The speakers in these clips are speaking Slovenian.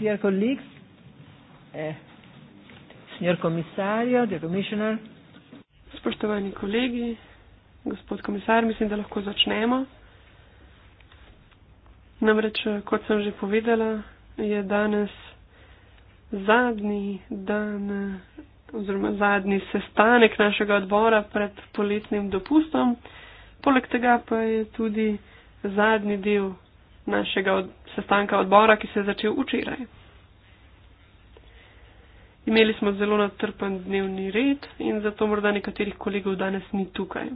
dear colleagues, eh, senior commissario, dear commissioner. Spoštovani kolegi, gospod komisar, mislim, da lahko začnemo. Namreč, kot sem že povedala, je danes zadnji dan oziroma zadnji sestanek našega odbora pred poletnim dopustom. Poleg tega pa je tudi zadnji del našega od, sestanka odbora, ki se je začel včeraj. Imeli smo zelo natrpen dnevni red in zato morda nekaterih kolegov danes ni tukaj.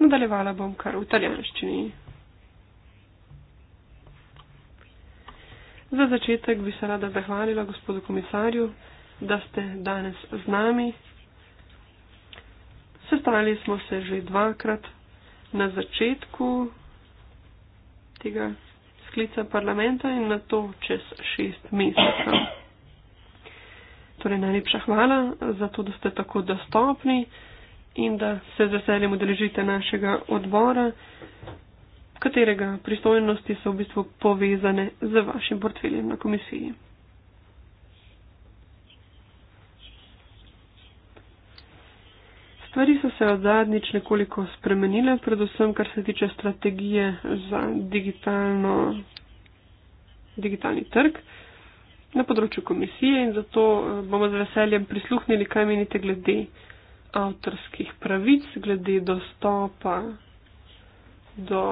Nadaljevala bom kar v italijanščini. Za začetek bi se rada zahvalila gospodu komisarju, da ste danes z nami. Sestali smo se že dvakrat na začetku tega sklica parlamenta in na to čez šest mesecev. Torej, najlepša hvala za to, da ste tako dostopni in da se z veseljem udeležite našega odbora, katerega pristojnosti so v bistvu povezane z vašim portfeljem na komisiji. Stvari so se od zadnjič nekoliko spremenile, predvsem kar se tiče strategije za digitalno, digitalni trg na področju komisije in zato eh, bomo z veseljem prisluhnili, kaj menite glede avtorskih pravic, glede dostopa do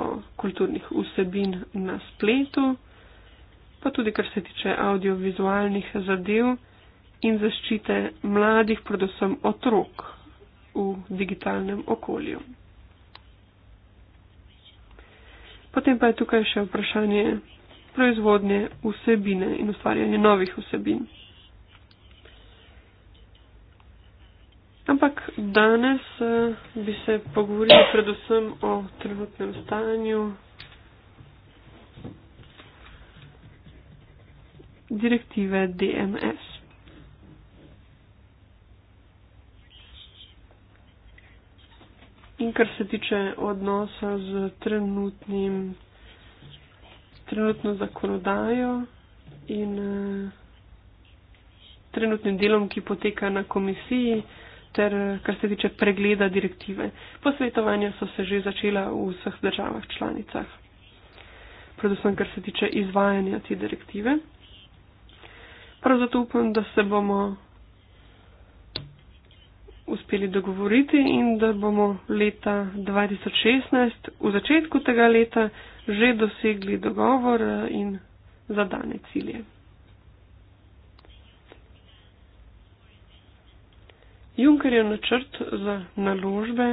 kulturnih vsebin na spletu, pa tudi kar se tiče audiovizualnih zadev in zaščite mladih, predvsem otrok v digitalnem okolju. Potem pa je tukaj še vprašanje proizvodnje vsebine in ustvarjanje novih vsebin. Ampak danes eh, bi se pogovorili predvsem o trenutnem stanju direktive DMS. In kar se tiče odnosa z trenutnim, trenutno zakonodajo in eh, trenutnim delom, ki poteka na komisiji, ter eh, kar se tiče pregleda direktive. Posvetovanja so se že začela v vseh državah članicah, predvsem kar se tiče izvajanja te direktive. Prav zato upam, da se bomo uspeli dogovoriti in da bomo leta 2016, v začetku tega leta, že dosegli dogovor eh, in zadane cilje. Junker je načrt za naložbe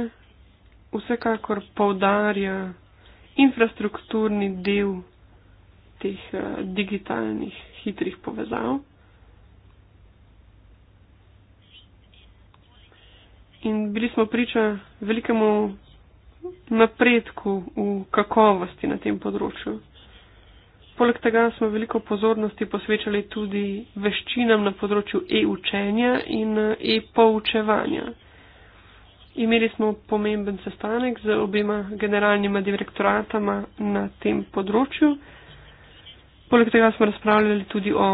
vsekakor povdarja infrastrukturni del teh eh, digitalnih hitrih povezav. in bili smo priča velikemu napredku v kakovosti na tem področju. Poleg tega smo veliko pozornosti posvečali tudi veščinam na področju e-učenja in e-poučevanja. Imeli smo pomemben sestanek z obema generalnima direktoratama na tem področju. Poleg tega smo razpravljali tudi o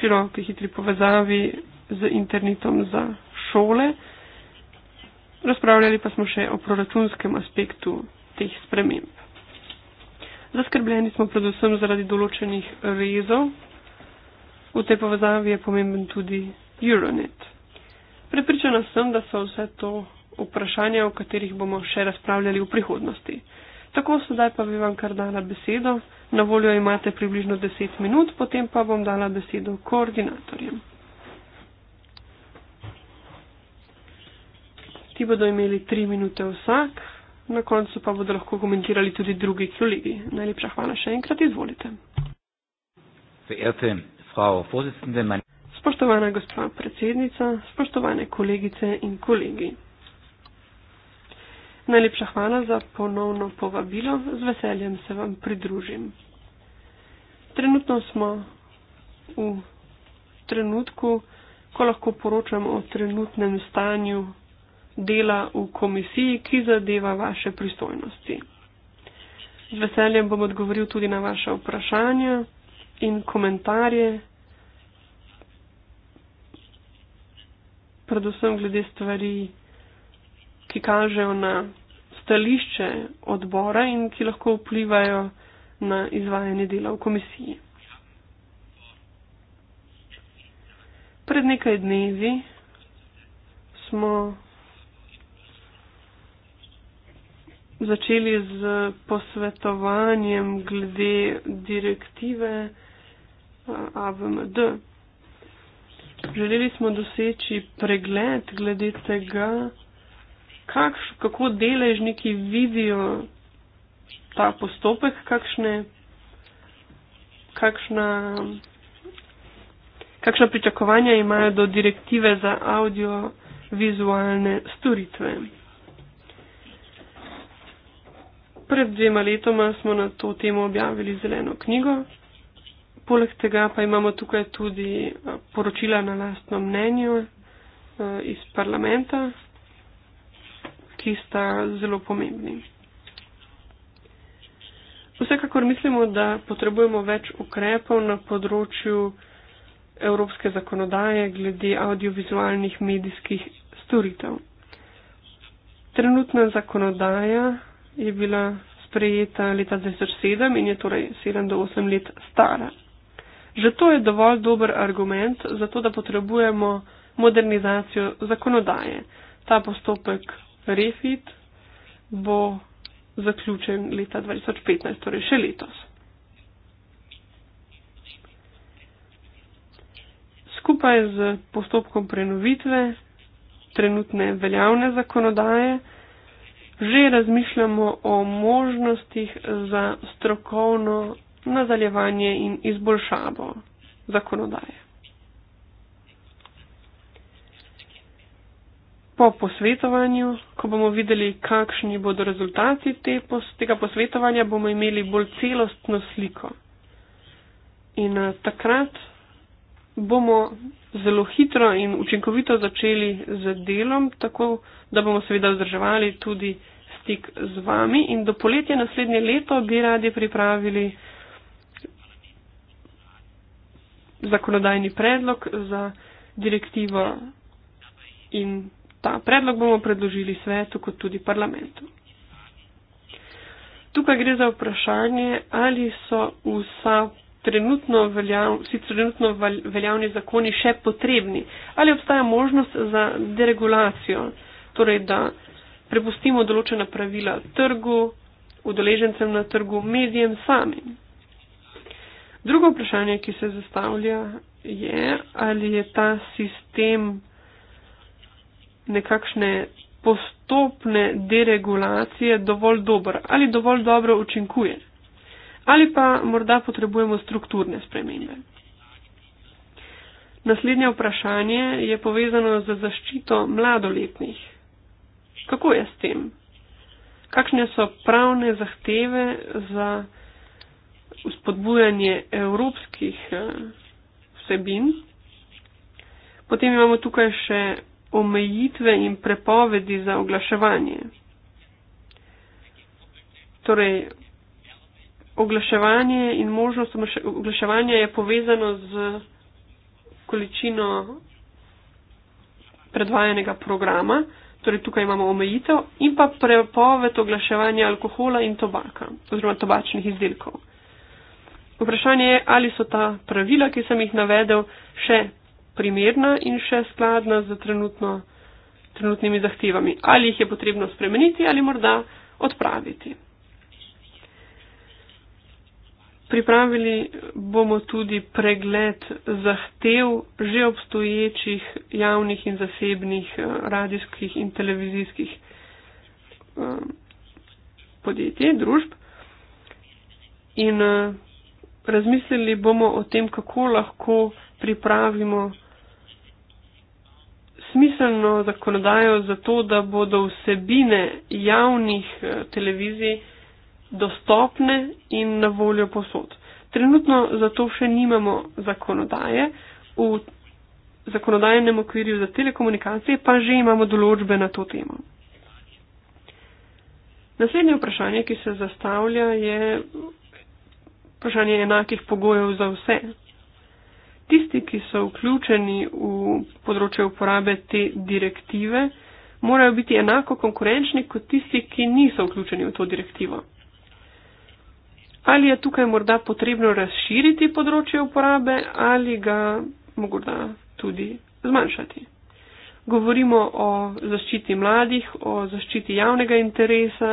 široki hitri povezavi z internetom za šole. Razpravljali pa smo še o proračunskem aspektu teh sprememb. Zaskrbljeni smo predvsem zaradi določenih rezov. V tej povezavi je pomemben tudi Euronet. Prepričana sem, da so vse to vprašanja, o katerih bomo še razpravljali v prihodnosti. Tako sedaj pa bi vam kar dala besedo. Na voljo imate približno 10 minut, potem pa bom dala besedo koordinatorjem. Ti bodo imeli tri minute vsak, na koncu pa bodo lahko komentirali tudi drugi kolegi. Najlepša hvala še enkrat, izvolite. Spoštovana gospa predsednica, spoštovane kolegice in kolegi. Najlepša hvala za ponovno povabilo, z veseljem se vam pridružim. Trenutno smo v trenutku, ko lahko poročam o trenutnem stanju dela v komisiji, ki zadeva vaše pristojnosti. Z veseljem bom odgovoril tudi na vaše vprašanja in komentarje, predvsem glede stvari, ki kažejo na stališče odbora in ki lahko vplivajo na izvajanje dela v komisiji. Pred nekaj dnevi smo začeli z posvetovanjem glede direktive eh, AVMD. Želeli smo doseči pregled glede tega, kak, kako deležniki vidijo ta postopek, kakšne, kakšna, kakšna pričakovanja imajo do direktive za audio-vizualne storitve. pred dvema letoma smo na to temo objavili zeleno knjigo. Poleg tega pa imamo tukaj tudi eh, poročila na lastno mnenju eh, iz parlamenta, ki sta zelo pomembni. Vsekakor mislimo, da potrebujemo več ukrepov na področju evropske zakonodaje glede audiovizualnih medijskih storitev. Trenutna zakonodaja je bila sprejeta leta 2007 in je torej 7 do 8 let stara. Že to je dovolj dober argument za to, da potrebujemo modernizacijo zakonodaje. Ta postopek refit bo zaključen leta 2015, torej še letos. Skupaj z postopkom prenovitve trenutne veljavne zakonodaje, že razmišljamo o možnostih za strokovno nadaljevanje in izboljšavo zakonodaje. Po posvetovanju, ko bomo videli, kakšni bodo rezultati te pos tega posvetovanja, bomo imeli bolj celostno sliko. In eh, takrat bomo zelo hitro in učinkovito začeli z delom, tako da bomo seveda vzdrževali tudi stik z vami in do poletja naslednje leto bi radi pripravili zakonodajni predlog za direktivo in ta predlog bomo predložili svetu kot tudi parlamentu. Tukaj gre za vprašanje, ali so vsa trenutno, veljav, vsi trenutno veljavni zakoni še potrebni? Ali obstaja možnost za deregulacijo, torej da prepustimo določena pravila trgu, udeležencem na trgu, medijem samim? Drugo vprašanje, ki se zastavlja, je, ali je ta sistem nekakšne postopne deregulacije dovolj dober ali dovolj dobro učinkuje ali pa morda potrebujemo strukturne spremembe. Naslednje vprašanje je povezano z zaščito mladoletnih. Kako je s tem? Kakšne so pravne zahteve za spodbujanje evropskih eh, vsebin? Potem imamo tukaj še omejitve in prepovedi za oglaševanje. Torej, oglaševanje in možnost oglaševanja je povezano z količino predvajanega programa, torej tukaj imamo omejitev, in pa prepoved oglaševanja alkohola in tobaka oziroma tobačnih izdelkov. Vprašanje je, ali so ta pravila, ki sem jih navedel, še primerna in še skladna z trenutno, trenutnimi zahtevami, ali jih je potrebno spremeniti ali morda odpraviti. Pripravili bomo tudi pregled zahtev že obstoječih javnih in zasebnih eh, radijskih in televizijskih eh, podjetij, družb. In eh, razmislili bomo o tem, kako lahko pripravimo smiselno zakonodajo za to, da bodo vsebine javnih televizij dostopne in na voljo posod. Trenutno zato še nimamo zakonodaje. V zakonodajnem okvirju za telekomunikacije pa že imamo določbe na to temo. Naslednje vprašanje, ki se zastavlja, je vprašanje enakih pogojev za vse. Tisti, ki so vključeni v področje uporabe te direktive, morajo biti enako konkurenčni kot tisti, ki niso vključeni v to direktivo ali je tukaj morda potrebno razširiti področje uporabe ali ga morda tudi zmanjšati. Govorimo o zaščiti mladih, o zaščiti javnega interesa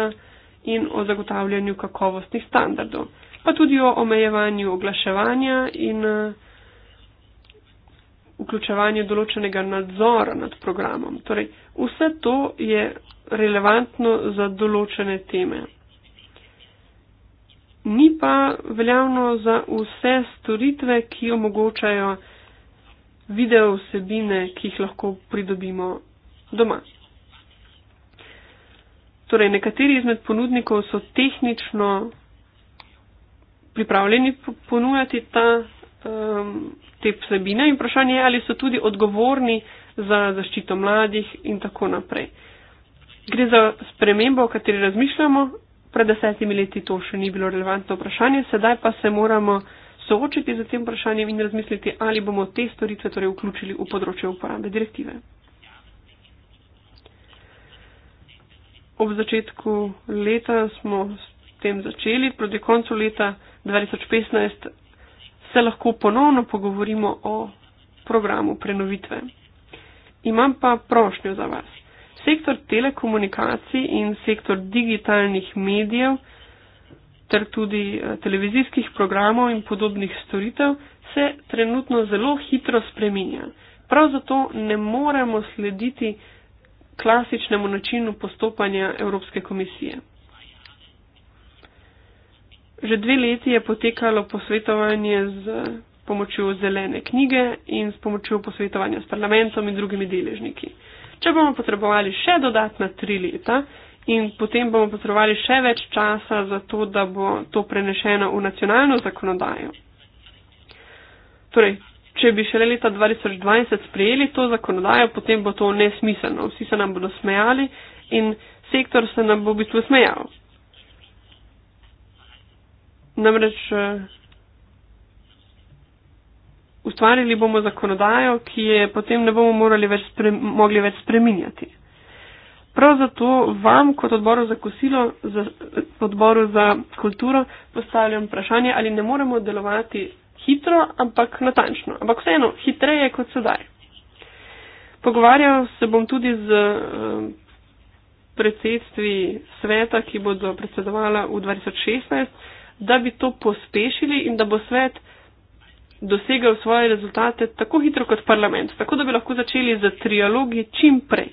in o zagotavljanju kakovostnih standardov, pa tudi o omejevanju oglaševanja in eh, vključevanju določenega nadzora nad programom. Torej, vse to je relevantno za določene teme ni pa veljavno za vse storitve, ki omogočajo video vsebine, ki jih lahko pridobimo doma. Torej, nekateri izmed ponudnikov so tehnično pripravljeni ponujati ta, um, te vsebine in vprašanje je, ali so tudi odgovorni za zaščito mladih in tako naprej. Gre za spremembo, o kateri razmišljamo, pred desetimi leti to še ni bilo relevantno vprašanje, sedaj pa se moramo soočiti z tem vprašanjem in razmisliti, ali bomo te storitve torej vključili v področje uporabe direktive. Ob začetku leta smo s tem začeli, proti koncu leta 2015 se lahko ponovno pogovorimo o programu prenovitve. Imam pa prošnjo za vas sektor telekomunikacij in sektor digitalnih medijev ter tudi eh, televizijskih programov in podobnih storitev se trenutno zelo hitro spreminja. Prav zato ne moremo slediti klasičnemu načinu postopanja Evropske komisije. Že dve leti je potekalo posvetovanje z pomočjo zelene knjige in s pomočjo posvetovanja s parlamentom in drugimi deležniki če bomo potrebovali še dodatna tri leta in potem bomo potrebovali še več časa za to, da bo to prenešeno v nacionalno zakonodajo. Torej, če bi šele leta 2020 sprejeli to zakonodajo, potem bo to nesmiselno. Vsi se nam bodo smejali in sektor se nam bo v bistvu smejal. Namreč eh, ustvarili bomo zakonodajo, ki je potem ne bomo več spre, mogli več spreminjati. Prav zato vam kot odboru za kosilo, za, odboru za kulturo postavljam vprašanje, ali ne moremo delovati hitro, ampak natančno. Ampak vseeno, hitreje kot sedaj. Pogovarjal se bom tudi z eh, predsedstvi sveta, ki bodo predsedovala v 2016, da bi to pospešili in da bo svet dosegel svoje rezultate tako hitro kot parlament, tako da bi lahko začeli z trialogi čim prej.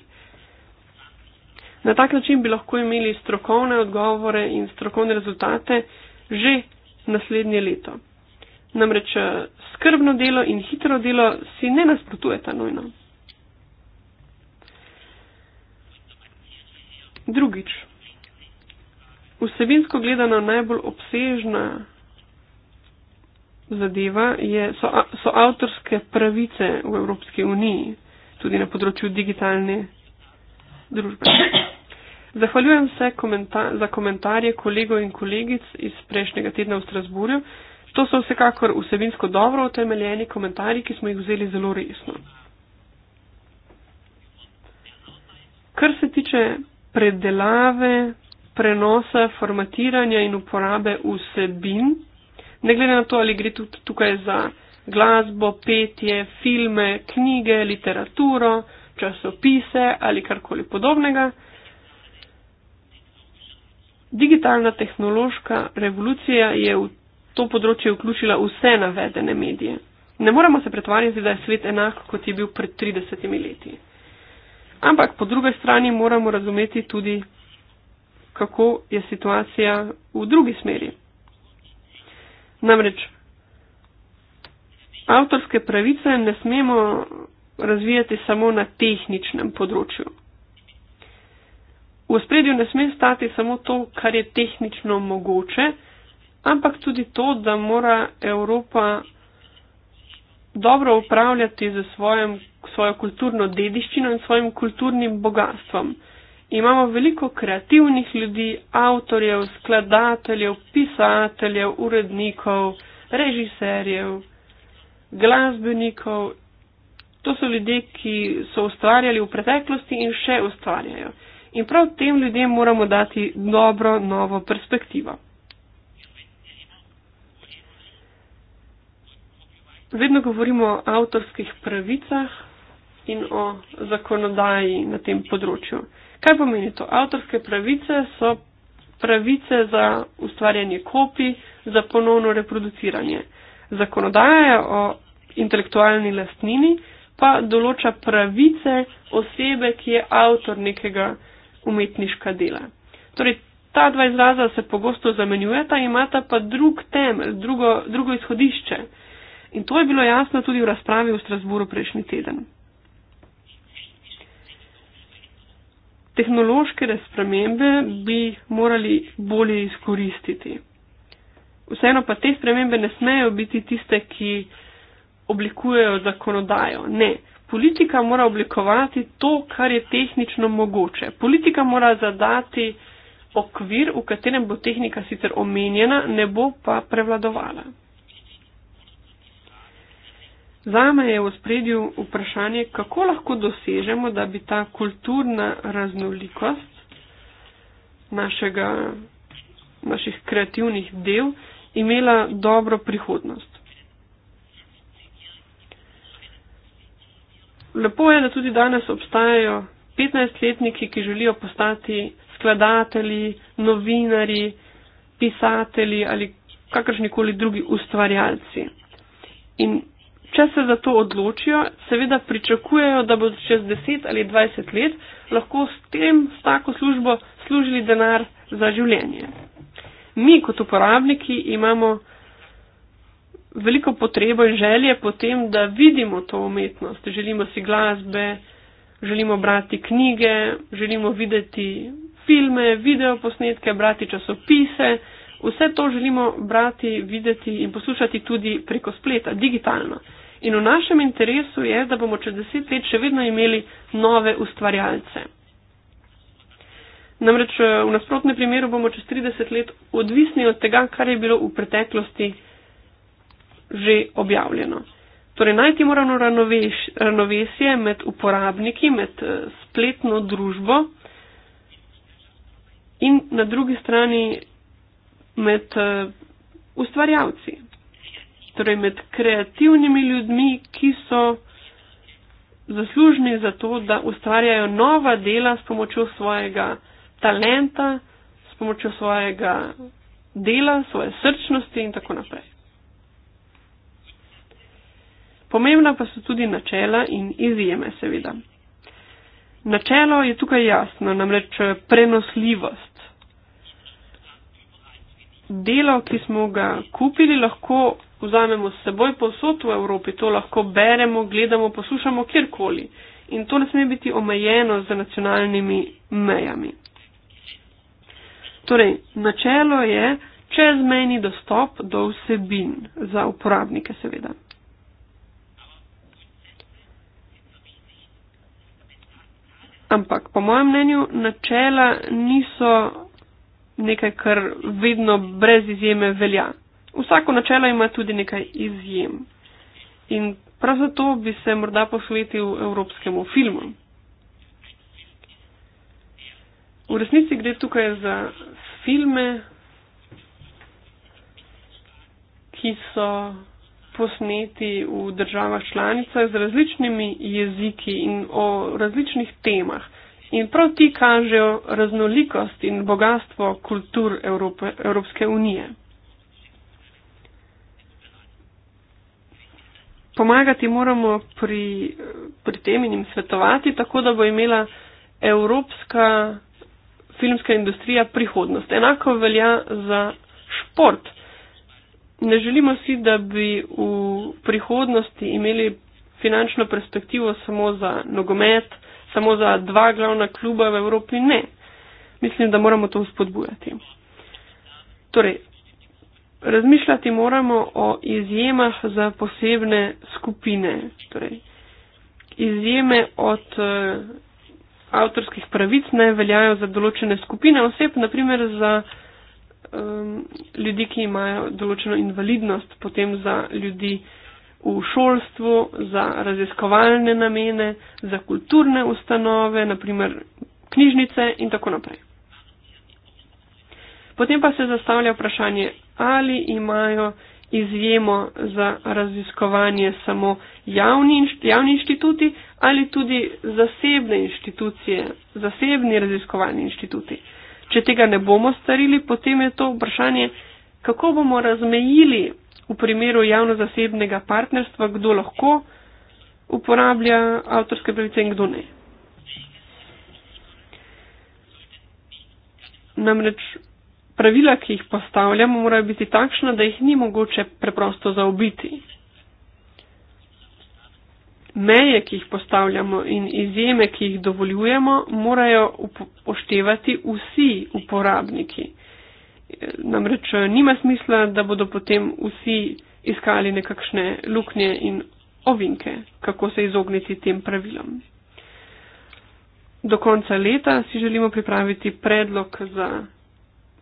Na tak način bi lahko imeli strokovne odgovore in strokovne rezultate že naslednje leto. Namreč eh, skrbno delo in hitro delo si ne nasprotujeta nujno. Drugič. Vsebinsko gledano najbolj obsežna zadeva je, so, so avtorske pravice v Evropski uniji, tudi na področju digitalne družbe. Zahvaljujem se komenta za komentarje kolego in kolegic iz prejšnjega tedna v Strasburju. To so vsekakor vsebinsko dobro utemeljeni komentarji, ki smo jih vzeli zelo resno. Kar se tiče predelave, prenosa, formatiranja in uporabe vsebin, ne glede na to, ali gre tudi tukaj za glasbo, petje, filme, knjige, literaturo, časopise ali karkoli podobnega. Digitalna tehnološka revolucija je v to področje vključila vse navedene medije. Ne moramo se pretvarjati, da je svet enak, kot je bil pred 30 leti. Ampak po drugi strani moramo razumeti tudi, kako je situacija v drugi smeri. Namreč avtorske pravice ne smemo razvijati samo na tehničnem področju. V spredju ne sme stati samo to, kar je tehnično mogoče, ampak tudi to, da mora Evropa dobro upravljati z svojo kulturno dediščino in svojim kulturnim bogatstvom imamo veliko kreativnih ljudi, avtorjev, skladateljev, pisateljev, urednikov, režiserjev, glasbenikov. To so ljudje, ki so ustvarjali v preteklosti in še ustvarjajo. In prav tem ljudem moramo dati dobro, novo perspektivo. Vedno govorimo o avtorskih pravicah in o zakonodaji na tem področju. Kaj pomeni to? Avtorske pravice so pravice za ustvarjanje kopij, za ponovno reproduciranje. Zakonodaja o intelektualni lastnini pa določa pravice osebe, ki je avtor nekega umetniška dela. Torej, ta dva izraza se pogosto zamenjujeta, imata pa drug temelj, drugo, drugo izhodišče. In to je bilo jasno tudi v razpravi v Strasburu prejšnji teden. tehnološke spremembe bi morali bolje izkoristiti. Vseeno pa te spremembe ne smejo biti tiste, ki oblikujejo zakonodajo. Ne, politika mora oblikovati to, kar je tehnično mogoče. Politika mora zadati okvir, v katerem bo tehnika sicer omenjena, ne bo pa prevladovala. Zame je v spredju vprašanje, kako lahko dosežemo, da bi ta kulturna raznolikost našega, naših kreativnih del imela dobro prihodnost. Lepo je, da tudi danes obstajajo 15-letniki, ki želijo postati skladatelji, novinari, pisatelji ali kakršnikoli drugi ustvarjalci. In če se za to odločijo, seveda pričakujejo, da bodo čez 10 ali 20 let lahko s tem, s tako službo, služili denar za življenje. Mi kot uporabniki imamo veliko potrebo in želje potem, da vidimo to umetnost. Želimo si glasbe, želimo brati knjige, želimo videti filme, videoposnetke, brati časopise. Vse to želimo brati, videti in poslušati tudi preko spleta, digitalno in v našem interesu je, da bomo čez deset let še vedno imeli nove ustvarjalce. Namreč eh, v nasprotnem primeru bomo čez 30 let odvisni od tega, kar je bilo v preteklosti že objavljeno. Torej najti moramo ravnovesje med uporabniki, med eh, spletno družbo in na drugi strani med eh, ustvarjalci, torej med kreativnimi ljudmi, ki so zaslužni za to, da ustvarjajo nova dela s pomočjo svojega talenta, s pomočjo svojega dela, svoje srčnosti in tako naprej. Pomembna pa so tudi načela in izjeme, seveda. Načelo je tukaj jasno, namreč prenosljivost. Delo, ki smo ga kupili, lahko vzamemo s seboj posod v Evropi, to lahko beremo, gledamo, poslušamo kjerkoli. In to ne sme biti omejeno z nacionalnimi mejami. Torej, načelo je čezmejni dostop do vsebin za uporabnike, seveda. Ampak, po mojem mnenju, načela niso nekaj, kar vedno brez izjeme velja vsako načelo ima tudi nekaj izjem. In prav zato bi se morda posvetil evropskemu filmu. V resnici gre tukaj za filme, ki so posneti v državah članicah z različnimi jeziki in o različnih temah. In prav ti kažejo raznolikost in bogatstvo kultur Evrope, Evropske unije. pomagati moramo pri, pri tem in jim svetovati, tako da bo imela evropska filmska industrija prihodnost. Enako velja za šport. Ne želimo si, da bi v prihodnosti imeli finančno perspektivo samo za nogomet, samo za dva glavna kluba v Evropi. Ne. Mislim, da moramo to vzpodbujati. Torej, Razmišljati moramo o izjemah za posebne skupine, torej izjeme od uh, avtorskih pravic ne veljajo za določene skupine oseb, naprimer za um, ljudi, ki imajo določeno invalidnost, potem za ljudi v šolstvu, za raziskovalne namene, za kulturne ustanove, naprimer knjižnice in tako naprej. Potem pa se zastavlja vprašanje, ali imajo izjemo za raziskovanje samo javni, javni inštituti ali tudi zasebne inštitucije, zasebni raziskovalni inštituti. Če tega ne bomo starili, potem je to vprašanje, kako bomo razmejili v primeru javno-zasebnega partnerstva, kdo lahko uporablja avtorske pravice in kdo ne. Namreč pravila, ki jih postavljamo, morajo biti takšna, da jih ni mogoče preprosto zaobiti. Meje, ki jih postavljamo in izjeme, ki jih dovoljujemo, morajo upoštevati vsi uporabniki. Namreč nima smisla, da bodo potem vsi iskali nekakšne luknje in ovinke, kako se izogniti tem pravilom. Do konca leta si želimo pripraviti predlog za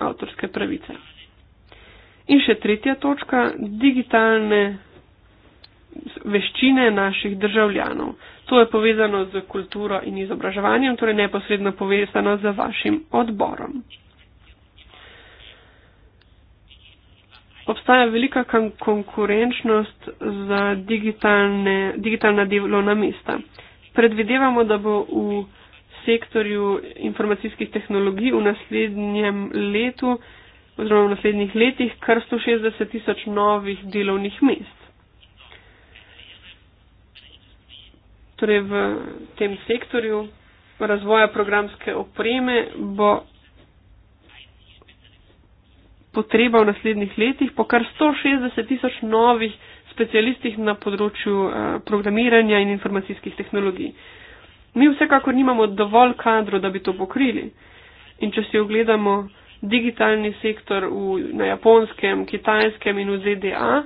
avtorske pravice. In še tretja točka, digitalne veščine naših državljanov. To je povezano z kulturo in izobraževanjem, torej neposredno povezano z vašim odborom. Obstaja velika konkurenčnost za digitalna delovna mesta. Predvidevamo, da bo v sektorju informacijskih tehnologij v naslednjem letu oziroma v naslednjih letih kar 160 tisoč novih delovnih mest. Torej v tem sektorju razvoja programske opreme bo potreba v naslednjih letih po kar 160 tisoč novih specialistih na področju eh, programiranja in informacijskih tehnologij mi vsekakor nimamo dovolj kadrov, da bi to pokrili. In če si ogledamo digitalni sektor v, na japonskem, kitajskem in v ZDA,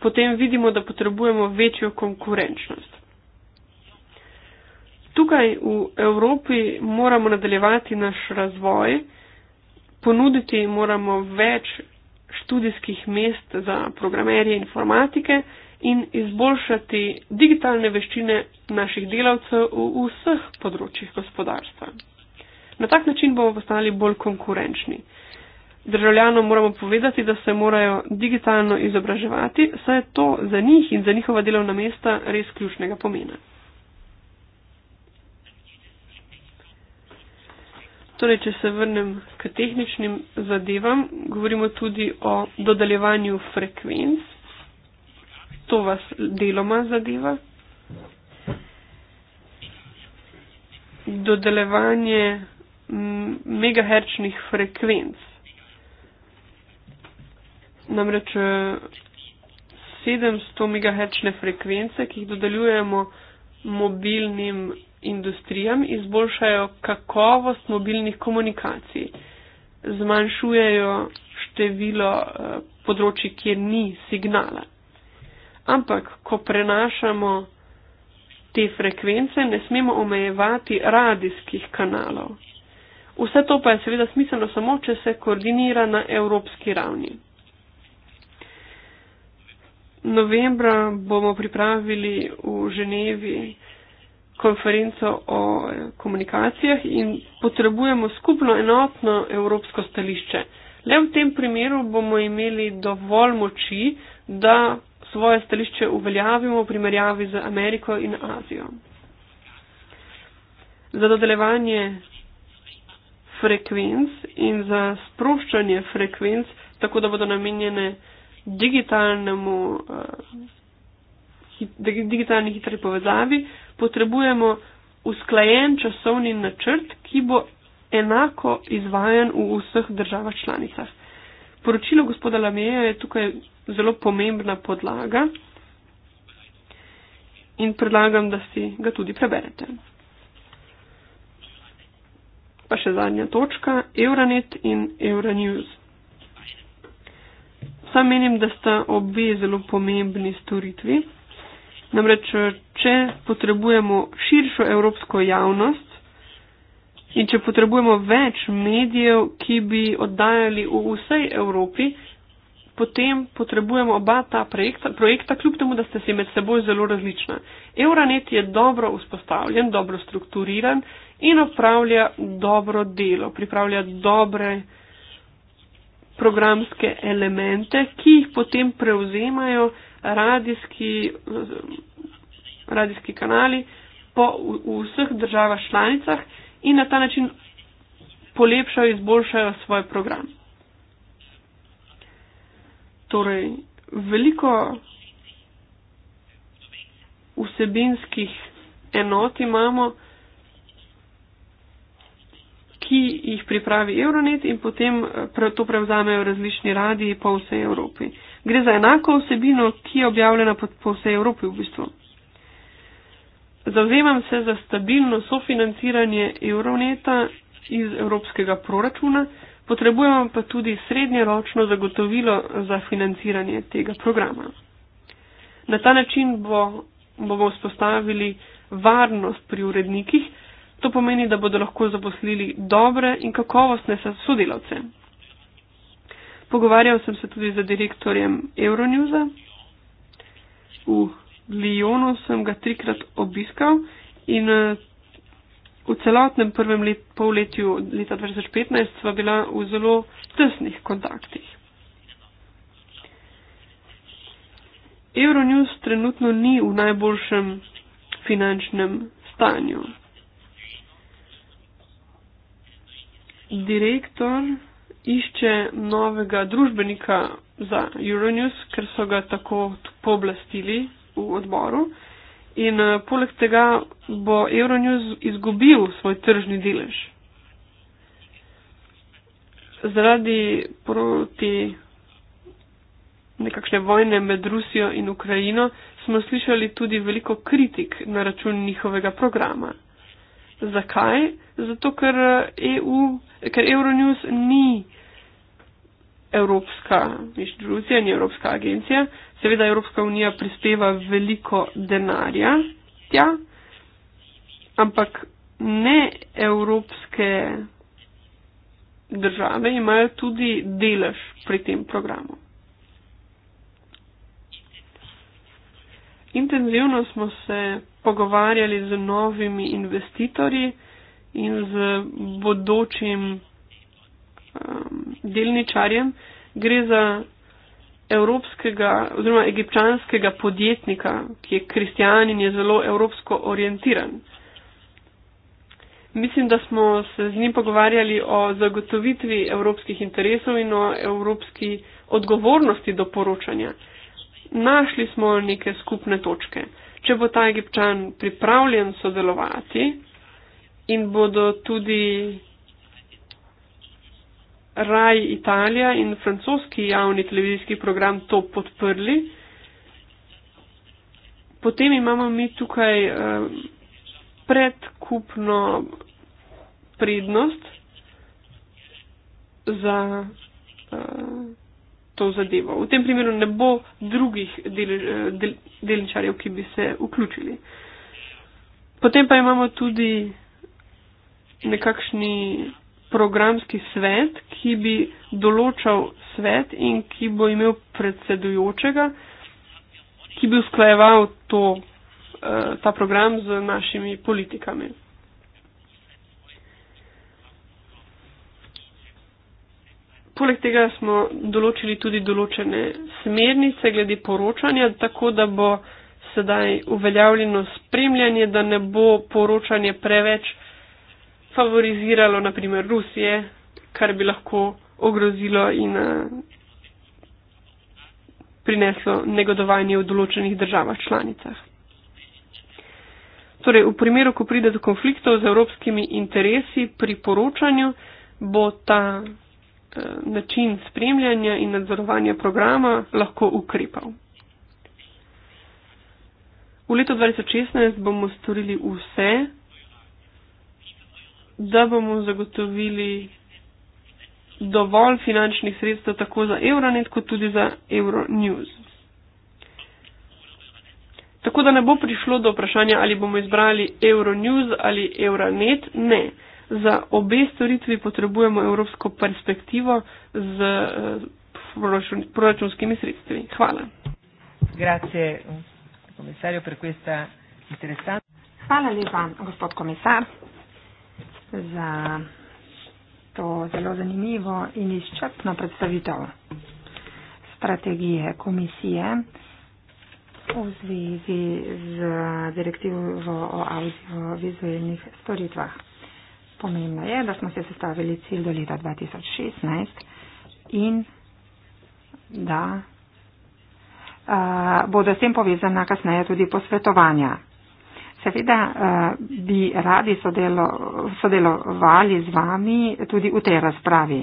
potem vidimo, da potrebujemo večjo konkurenčnost. Tukaj v Evropi moramo nadaljevati naš razvoj, ponuditi moramo več študijskih mest za programerje informatike, in izboljšati digitalne veščine naših delavcev v vseh področjih gospodarstva. Na tak način bomo postali bolj konkurenčni. Državljanom moramo povedati, da se morajo digitalno izobraževati, saj je to za njih in za njihova delovna mesta res ključnega pomena. Torej, če se vrnem k tehničnim zadevam, govorimo tudi o dodeljevanju frekvenc, to vas deloma zadeva. Dodelevanje megahertznih frekvenc. Namreč 700 eh, megahertzne frekvence, ki jih dodeljujemo mobilnim industrijam, izboljšajo kakovost mobilnih komunikacij, zmanjšujejo število eh, področji, kjer ni signala Ampak, ko prenašamo te frekvence, ne smemo omejevati radijskih kanalov. Vse to pa je seveda smiselno samo, če se koordinira na evropski ravni. Novembra bomo pripravili v Ženevi konferenco o komunikacijah in potrebujemo skupno enotno evropsko stališče. Le v tem primeru bomo imeli dovolj moči, da svoje stališče uveljavimo v primerjavi z Ameriko in Azijo. Za dodelevanje frekvenc in za sproščanje frekvenc, tako da bodo namenjene digitalnemu, eh, digitalni hitri povezavi, potrebujemo usklajen časovni načrt, ki bo enako izvajan v vseh državah članicah. Poročilo gospoda Lameja je tukaj zelo pomembna podlaga in predlagam, da si ga tudi preberete. Pa še zadnja točka, Euronet in Euronews. Sam menim, da sta obe zelo pomembni storitvi. Namreč, če potrebujemo širšo evropsko javnost, In če potrebujemo več medijev, ki bi oddajali v vsej Evropi, potem potrebujemo oba ta projekta, projekta kljub temu, da ste se med seboj zelo različna. Euronet je dobro vzpostavljen, dobro strukturiran in opravlja dobro delo, pripravlja dobre programske elemente, ki jih potem prevzemajo radijski, radijski kanali po vseh državah članicah in na ta način polepšajo, izboljšajo svoj program. Torej, veliko vsebinskih enot imamo, ki jih pripravi Euronet in potem to prevzamejo različni radiji po vsej Evropi. Gre za enako vsebino, ki je objavljena po vsej Evropi v bistvu. Zavzemam se za stabilno sofinanciranje evroneta iz evropskega proračuna, potrebujemo pa tudi srednjeročno zagotovilo za financiranje tega programa. Na ta način bo, bomo vzpostavili varnost pri urednikih, to pomeni, da bodo lahko zaposlili dobre in kakovostne sodelavce. Pogovarjal sem se tudi za direktorjem Euronewsa v Lijonu sem ga trikrat obiskal in eh, v celotnem prvem let, polletju leta 2015 sva bila v zelo tesnih kontaktih. Euronews trenutno ni v najboljšem finančnem stanju. Direktor išče novega družbenika za Euronews, ker so ga tako pooblastili v odboru. In uh, poleg tega bo Euronews izgubil svoj tržni delež. Zaradi proti nekakšne vojne med Rusijo in Ukrajino smo slišali tudi veliko kritik na račun njihovega programa. Zakaj? Zato, ker, eh, EU, ker Euronews ni evropska inštitucija, ni evropska agencija, uh, seveda Evropska unija prispeva veliko denarja tja, ampak ne evropske države imajo tudi delež pri tem programu. Intenzivno smo se pogovarjali z novimi investitorji in z bodočim um, delničarjem. Gre za evropskega oziroma egipčanskega podjetnika, ki je kristijan in je zelo evropsko orientiran. Mislim, da smo se z njim pogovarjali o zagotovitvi evropskih interesov in o evropski odgovornosti do poročanja. Našli smo neke skupne točke. Če bo ta egipčan pripravljen sodelovati in bodo tudi Rai Italija in francoski javni televizijski program to podprli. Potem imamo mi tukaj eh, predkupno prednost za eh, to zadevo. V tem primeru ne bo drugih del, eh, del, delničarjev, ki bi se vključili. Potem pa imamo tudi nekakšni programski svet, ki bi določal svet in ki bo imel predsedujočega, ki bi usklajeval to, eh, ta program z našimi politikami. Poleg tega smo določili tudi določene smernice glede poročanja, tako da bo sedaj uveljavljeno spremljanje, da ne bo poročanje preveč favoriziralo naprimer Rusije, kar bi lahko ogrozilo in eh, prineslo negodovanje v določenih državah članicah. Torej, v primeru, ko pride do konfliktov z evropskimi interesi pri poročanju, bo ta eh, način spremljanja in nadzorovanja programa lahko ukrepal. V letu 2016 bomo storili vse, da bomo zagotovili dovolj finančnih sredstev tako za Euronet, kot tudi za Euronews. Tako da ne bo prišlo do vprašanja, ali bomo izbrali Euronews ali Euronet. Ne. Za obe storitvi potrebujemo evropsko perspektivo z proračun, proračunskimi sredstvi. Hvala. Grazie, komisarju, per questa interesante. Hvala lepa, gospod komisar za to zelo zanimivo in izčrpno predstavitev strategije komisije v zvezi z direktivo o audiovizualnih storitvah. Pomembno je, da smo se sestavili cilj do leta 2016 in da a, bodo s tem povezana kasneje tudi posvetovanja. Seveda eh, bi radi sodelo, sodelovali z vami tudi v tej razpravi.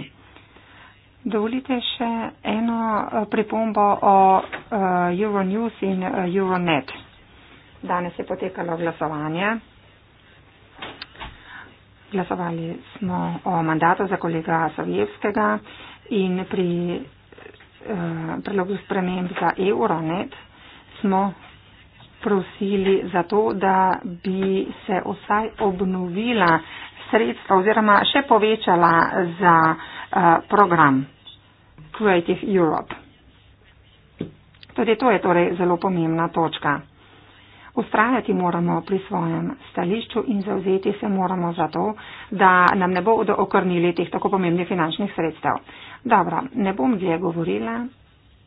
Dovolite še eno eh, pripombo o eh, Euronews in Euronet. Danes je potekalo glasovanje. Glasovali smo o mandatu za kolega Sovjevskega in pri eh, predlogu sprememb za Euronet smo prosili za to, da bi se vsaj obnovila sredstva oziroma še povečala za uh, program Creative Europe. Tudi to je torej zelo pomembna točka. Ustrajati moramo pri svojem stališču in zauzeti se moramo za to, da nam ne bodo okrnili teh tako pomembnih finančnih sredstev. Dobro, ne bom dlje govorila.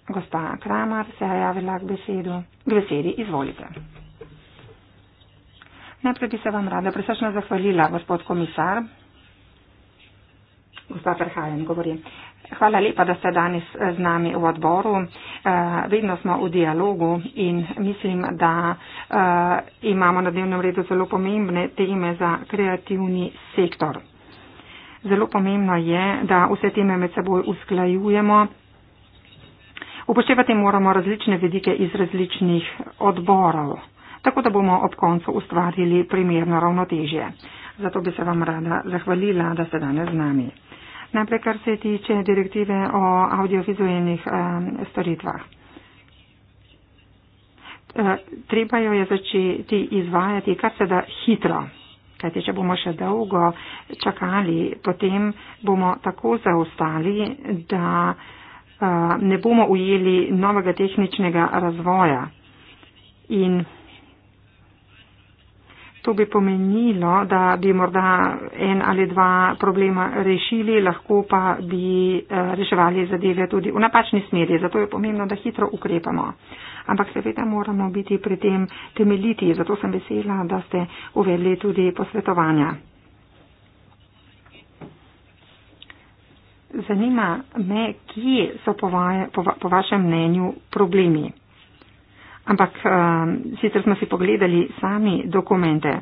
Gospa Kramar se je javila k besedu. K besedi izvolite. Najprej bi se vam rada presrečno zahvalila, gospod komisar. Gospa Ferhajen govori. Hvala lepa, da ste danes eh, z nami v odboru. Eh, vedno smo v dialogu in mislim, da eh, imamo na dnevnem redu zelo pomembne teme za kreativni sektor. Zelo pomembno je, da vse teme med seboj usklajujemo Upoštevati moramo različne vedike iz različnih odborov, tako da bomo ob koncu ustvarili primerno ravnotežje. Zato bi se vam rada zahvalila, da ste danes z nami. Najprej, kar se tiče direktive o audiovizualnih um, storitvah. E, treba jo je začeti izvajati kar se da hitro, kajti če bomo še dolgo čakali, potem bomo tako zaostali, da ne bomo ujeli novega tehničnega razvoja. In to bi pomenilo, da bi morda en ali dva problema rešili, lahko pa bi reševali zadeve tudi v napačni smeri. Zato je pomembno, da hitro ukrepamo. Ampak seveda moramo biti pri tem temeljiti. Zato sem vesela, da ste uvedli tudi posvetovanja. Zanima me, kje so po, vaje, po, po vašem mnenju problemi. Ampak uh, sicer smo si pogledali sami dokumente.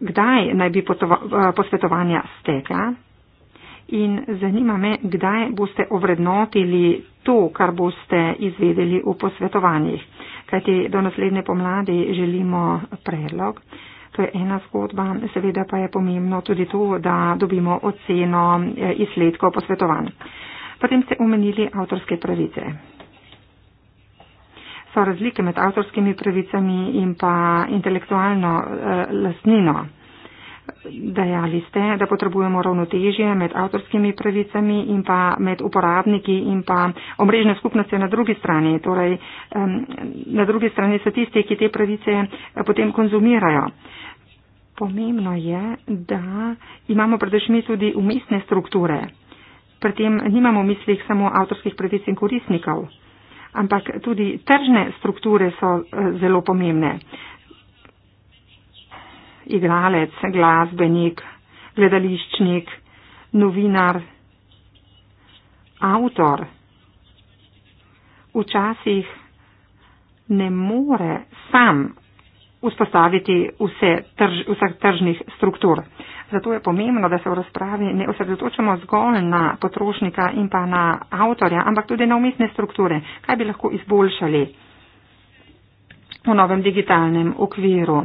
Kdaj naj bi potova, uh, posvetovanja stekla? In zanima me, kdaj boste ovrednotili to, kar boste izvedeli v posvetovanjih. Kajti do naslednje pomladi želimo predlog. Uh, je ena zgodba, seveda pa je pomembno tudi to, da dobimo oceno eh, izsledkov posvetovanj. Potem ste omenili avtorske pravice. So razlike med avtorskimi pravicami in pa intelektualno eh, lasnino. Dejali ste, da potrebujemo ravnotežje med avtorskimi pravicami in pa med uporabniki in pa omrežne skupnosti na drugi strani. Torej, na drugi strani so tisti, ki te pravice eh, potem konzumirajo pomembno je, da imamo predvsem tudi umestne strukture. Pri tem nimamo v mislih samo avtorskih pravic in koristnikov, ampak tudi tržne strukture so eh, zelo pomembne. Igralec, glasbenik, gledališčnik, novinar, avtor včasih ne more sam vzpostaviti vse trž, vseh tržnih struktur. Zato je pomembno, da se v razpravi ne osredotočamo zgolj na potrošnika in pa na avtorja, ampak tudi na umestne strukture. Kaj bi lahko izboljšali v novem digitalnem okviru?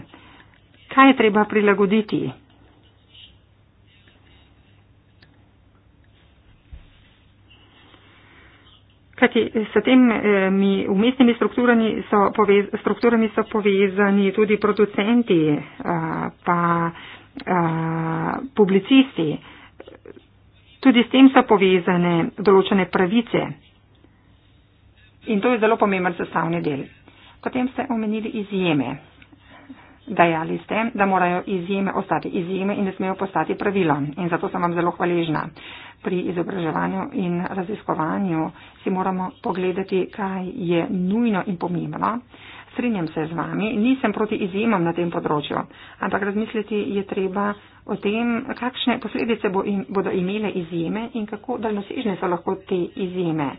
Kaj je treba prilagoditi? kajti s temi eh, umestnimi strukturami so, povez, strukturami so povezani tudi producenti, eh, pa eh, publicisti. Tudi s tem so povezane določene pravice. In to je zelo pomemben sestavni del. Potem ste omenili izjeme. Dajali ste, da morajo izjeme ostati izjeme in ne smejo postati pravilo. In zato sem vam zelo hvaležna. Uh, pri izobraževanju in raziskovanju si moramo pogledati, kaj je nujno in pomembno. Strinjam se z vami, nisem proti izjemam na tem področju, ampak razmisliti je treba o tem, kakšne posledice bo im, bodo imele izjeme in kako daljnosežne so lahko te izjeme.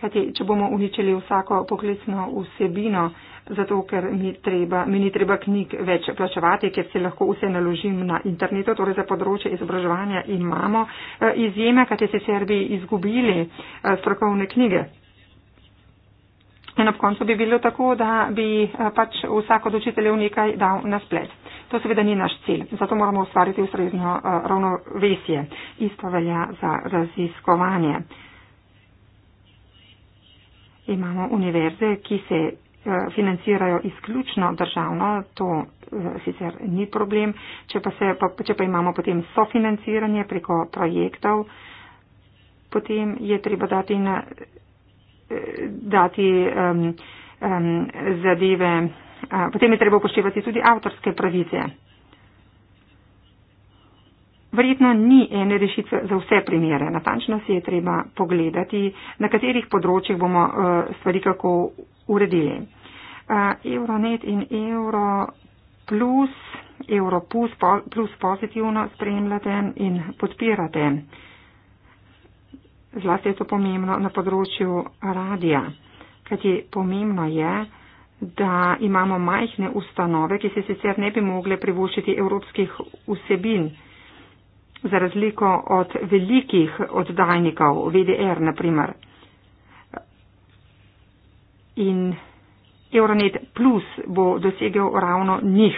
Kajti, če bomo uničili vsako poklicno vsebino, zato ker mi, treba, mi ni treba knjig več plačevati, ker se lahko vse naložim na internetu, torej za področje izobraževanja imamo eh, izjeme, kateri se Srbi izgubili eh, strokovne knjige. In ob koncu bi bilo tako, da bi eh, pač vsak od učiteljev nekaj dal na splet. To seveda ni naš cilj, zato moramo ustvariti ustrezno ravnovesje. Isto velja za raziskovanje. Imamo univerze, ki se Eh, financirajo izključno državno, to eh, sicer ni problem. Če pa, se, če pa imamo potem sofinanciranje preko projektov, potem je treba dati, na, eh, dati um, um, zadeve, potem je treba upoštevati tudi avtorske pravice. Verjetno ni ene rešitve za vse primere. Natančno si je treba pogledati, na katerih področjih bomo eh, stvari kako uredili. Eh, Euronet in Euro plus, Euro plus, plus pozitivno spremljate in podpirate. Zlasti je to pomembno na področju radija, kajti pomembno je, da imamo majhne ustanove, ki se sicer ne bi mogle privoščiti evropskih vsebin za razliko od velikih oddajnikov, VDR naprimer. In Euronet Plus bo dosegel ravno njih.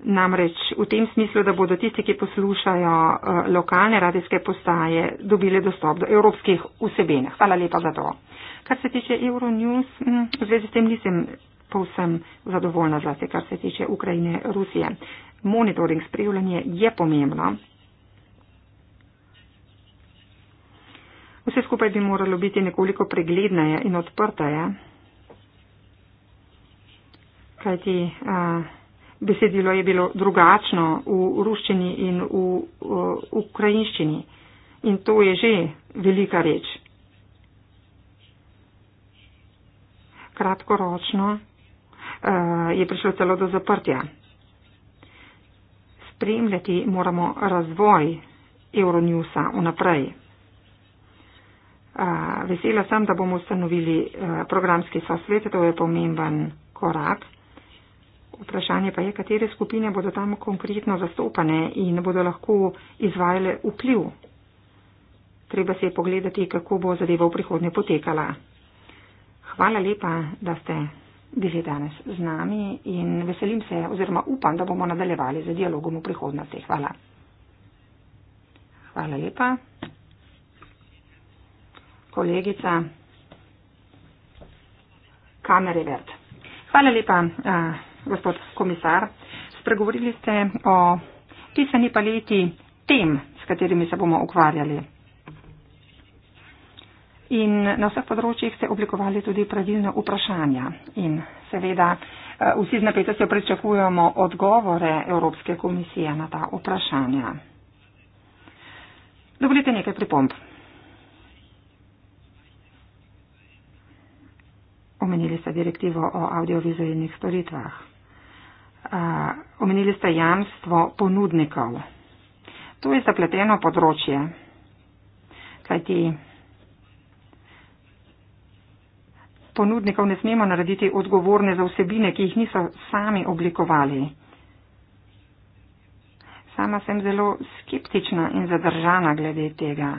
Namreč v tem smislu, da bodo tisti, ki poslušajo eh, lokalne radijske postaje, dobili dostop do evropskih vsebin. Hvala lepa za to. Kar se tiče Euronews, hm, v zvezi s tem nisem povsem zadovoljna zlasti, kar se tiče Ukrajine, Rusije. Monitoring spremljanje je pomembno. Vse skupaj bi moralo biti nekoliko pregledneje in odprteje. Kajti uh, besedilo je bilo drugačno v ruščini in v uh, ukrajinščini. In to je že velika reč. Kratkoročno uh, je prišlo celo do zaprtja. Spremljati moramo razvoj Euronewsa vnaprej vesela sem, da bomo ustanovili eh, programski sosvet, to je pomemben korak. Vprašanje pa je, katere skupine bodo tam konkretno zastopane in bodo lahko izvajale vpliv. Treba se je pogledati, kako bo zadeva v prihodnje potekala. Hvala lepa, da ste bili danes z nami in veselim se oziroma upam, da bomo nadaljevali z dialogom v prihodnosti. Hvala. Hvala lepa kolegica Kamerevert. Hvala lepa, uh, gospod komisar. Spregovorili ste o pisani paleti tem, s katerimi se bomo ukvarjali. In na vseh področjih ste oblikovali tudi pravilne vprašanja. In seveda eh, vsi z napetostjo pričakujemo odgovore Evropske komisije na ta vprašanja. Dovolite nekaj pripomp. omenili ste direktivo o audiovizualnih storitvah. Omenili ste jamstvo ponudnikov. To je zapleteno področje, kajti ponudnikov ne smemo narediti odgovorne za vsebine, ki jih niso sami oblikovali. Sama sem zelo skeptična in zadržana glede tega.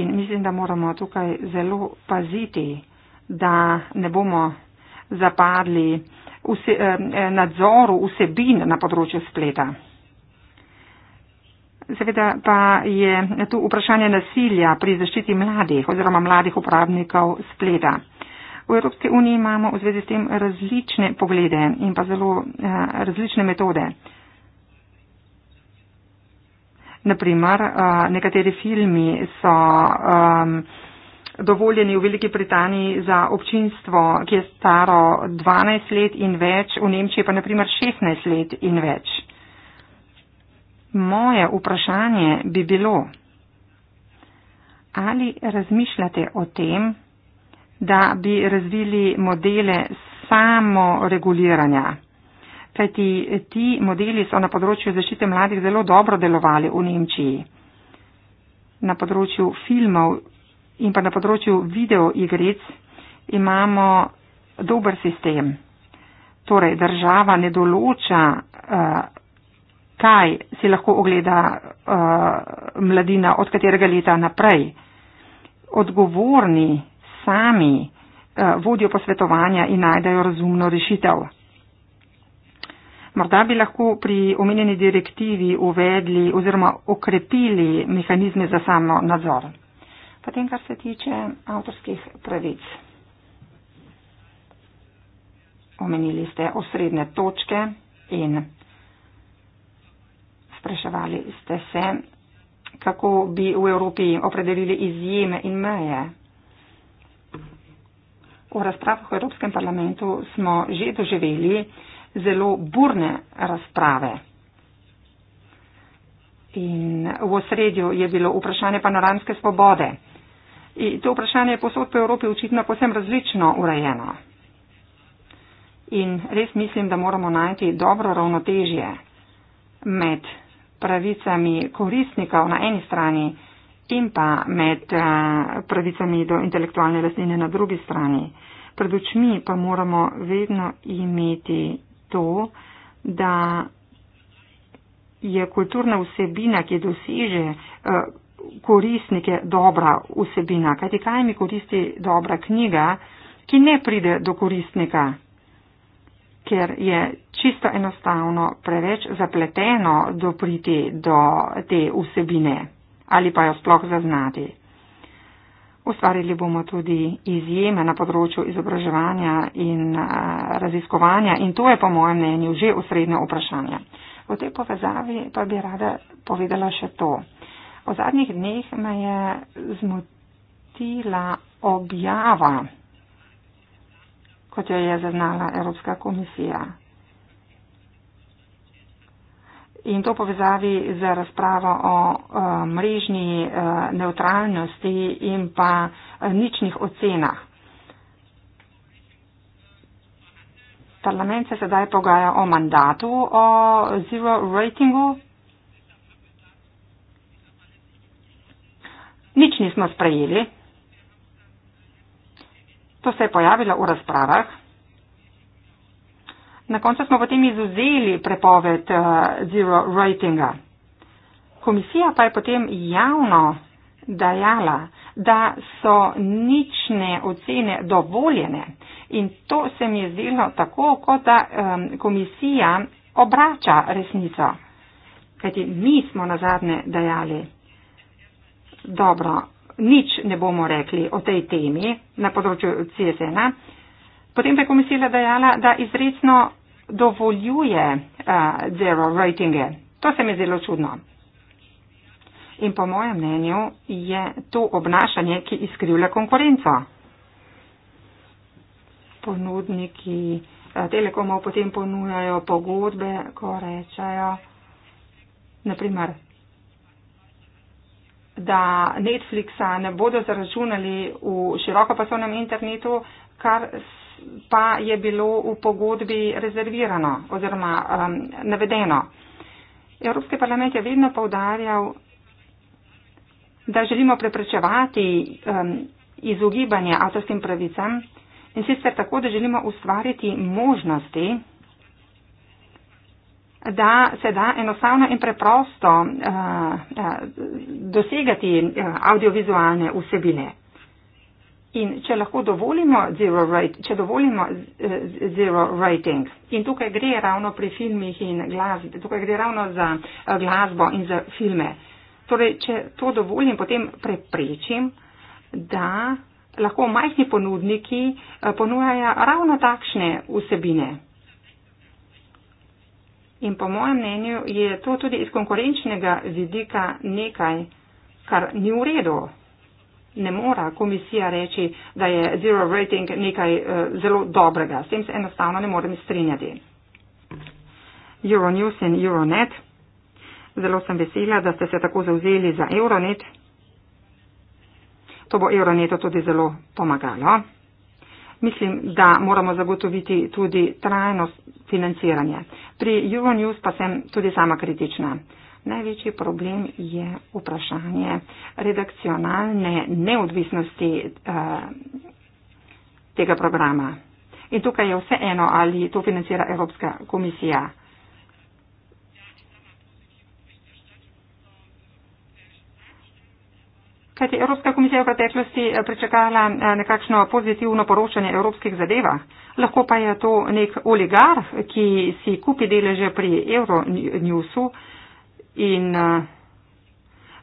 In mislim, da moramo tukaj zelo paziti da ne bomo zapadli vse, eh, nadzoru vsebin na področju spleta. Seveda pa je tu vprašanje nasilja pri zaščiti mladih oziroma mladih uporabnikov spleta. V Evropski uniji imamo v zvezi s tem različne poglede in pa zelo eh, različne metode. Naprimer, eh, nekateri filmi so. Eh, dovoljeni v Veliki Britaniji za občinstvo, ki je staro 12 let in več, v Nemčiji pa naprimer 16 let in več. Moje vprašanje bi bilo, ali razmišljate o tem, da bi razvili modele samoreguliranja. Kajti ti modeli so na področju zaščite mladih zelo dobro delovali v Nemčiji. Na področju filmov in pa na področju videoigric imamo dober sistem. Torej, država ne določa, uh, kaj si lahko ogleda uh, mladina, od katerega leta naprej. Odgovorni sami uh, vodijo posvetovanja in najdejo razumno rešitev. Morda bi lahko pri omenjeni direktivi uvedli oziroma okrepili mehanizme za samo nadzor. Potem, kar se tiče avtorskih pravic. Omenili ste osrednje točke in spraševali ste se, kako bi v Evropi opredelili izjeme in meje. V razpravah v Evropskem parlamentu smo že doživeli zelo burne razprave. In v osredju je bilo vprašanje panoramske svobode. In to vprašanje je posod po Evropi očitno posem različno urejeno. In res mislim, da moramo najti dobro ravnotežje med pravicami koristnikov na eni strani in pa med eh, pravicami do intelektualne lastnine na drugi strani. Pred očmi pa moramo vedno imeti to, da je kulturna vsebina, ki doseže eh, koristnik je dobra vsebina. Kajti kaj mi koristi dobra knjiga, ki ne pride do koristnika, ker je čisto enostavno preveč zapleteno dopriti do te vsebine ali pa jo sploh zaznati. Ustvarili bomo tudi izjeme na področju izobraževanja in eh, raziskovanja in to je po mojem mnenju že osrednje vprašanje. V tej povezavi pa bi rada povedala še to. V zadnjih dneh me je zmotila objava, kot jo je zaznala Evropska komisija. In to povezavi z razpravo o eh, mrežni eh, neutralnosti in pa eh, ničnih ocenah. Parlament se sedaj pogaja o mandatu, o zero ratingu, Nič nismo sprejeli. To se je pojavilo v razpravah. Na koncu smo potem izuzeli prepoved uh, zero ratinga. Komisija pa je potem javno dajala, da so nične ocene dovoljene. In to se mi je zdelo tako, kot da um, komisija obrača resnico. Kajti mi smo na zadnje dajali dobro, nič ne bomo rekli o tej temi na področju CSN. -a. Potem pa je komisija dejala, da izredno dovoljuje uh, zero ratinge. To se mi je zelo čudno. In po mojem mnenju je to obnašanje, ki izkrivlja konkurenco. Ponudniki eh, telekomov potem ponujajo pogodbe, ko rečejo, naprimer, da Netflixa ne bodo zaračunali v širokopasovnem internetu, kar pa je bilo v pogodbi rezervirano oziroma um, navedeno. Evropski parlament je vedno povdarjal, da želimo preprečevati um, izogibanje avtorskim pravicam in sicer tako, da želimo ustvariti možnosti, da se da enostavno in preprosto eh, eh, dosegati eh, audiovizualne vsebine. In če lahko dovolimo zero, rate, če dovolimo zero rating, in tukaj gre ravno pri filmih in glasbi, tukaj gre ravno za glasbo in za filme, torej če to dovolim, potem preprečim, da lahko majhni ponudniki ponujajo ravno takšne vsebine. In po mojem mnenju je to tudi iz konkurenčnega vidika nekaj, kar ni v redu. Ne mora komisija reči, da je zero rating nekaj uh, zelo dobrega. S tem se enostavno ne morem strinjati. Euronews in Euronet. Zelo sem vesela, da ste se tako zauzeli za Euronet. To bo Euronetu tudi zelo pomagalo. Mislim, da moramo zagotoviti tudi trajnost financiranja. Pri Euronews pa sem tudi sama kritična. Največji problem je vprašanje redakcionalne neodvisnosti uh, tega programa. In tukaj je vse eno, ali to financira Evropska komisija. Kajti Evropska komisija je v preteklosti eh, pričakala eh, nekakšno pozitivno poročanje evropskih zadevah, lahko pa je to nek oligarh, ki si kupi deleže pri Euronewsu in eh,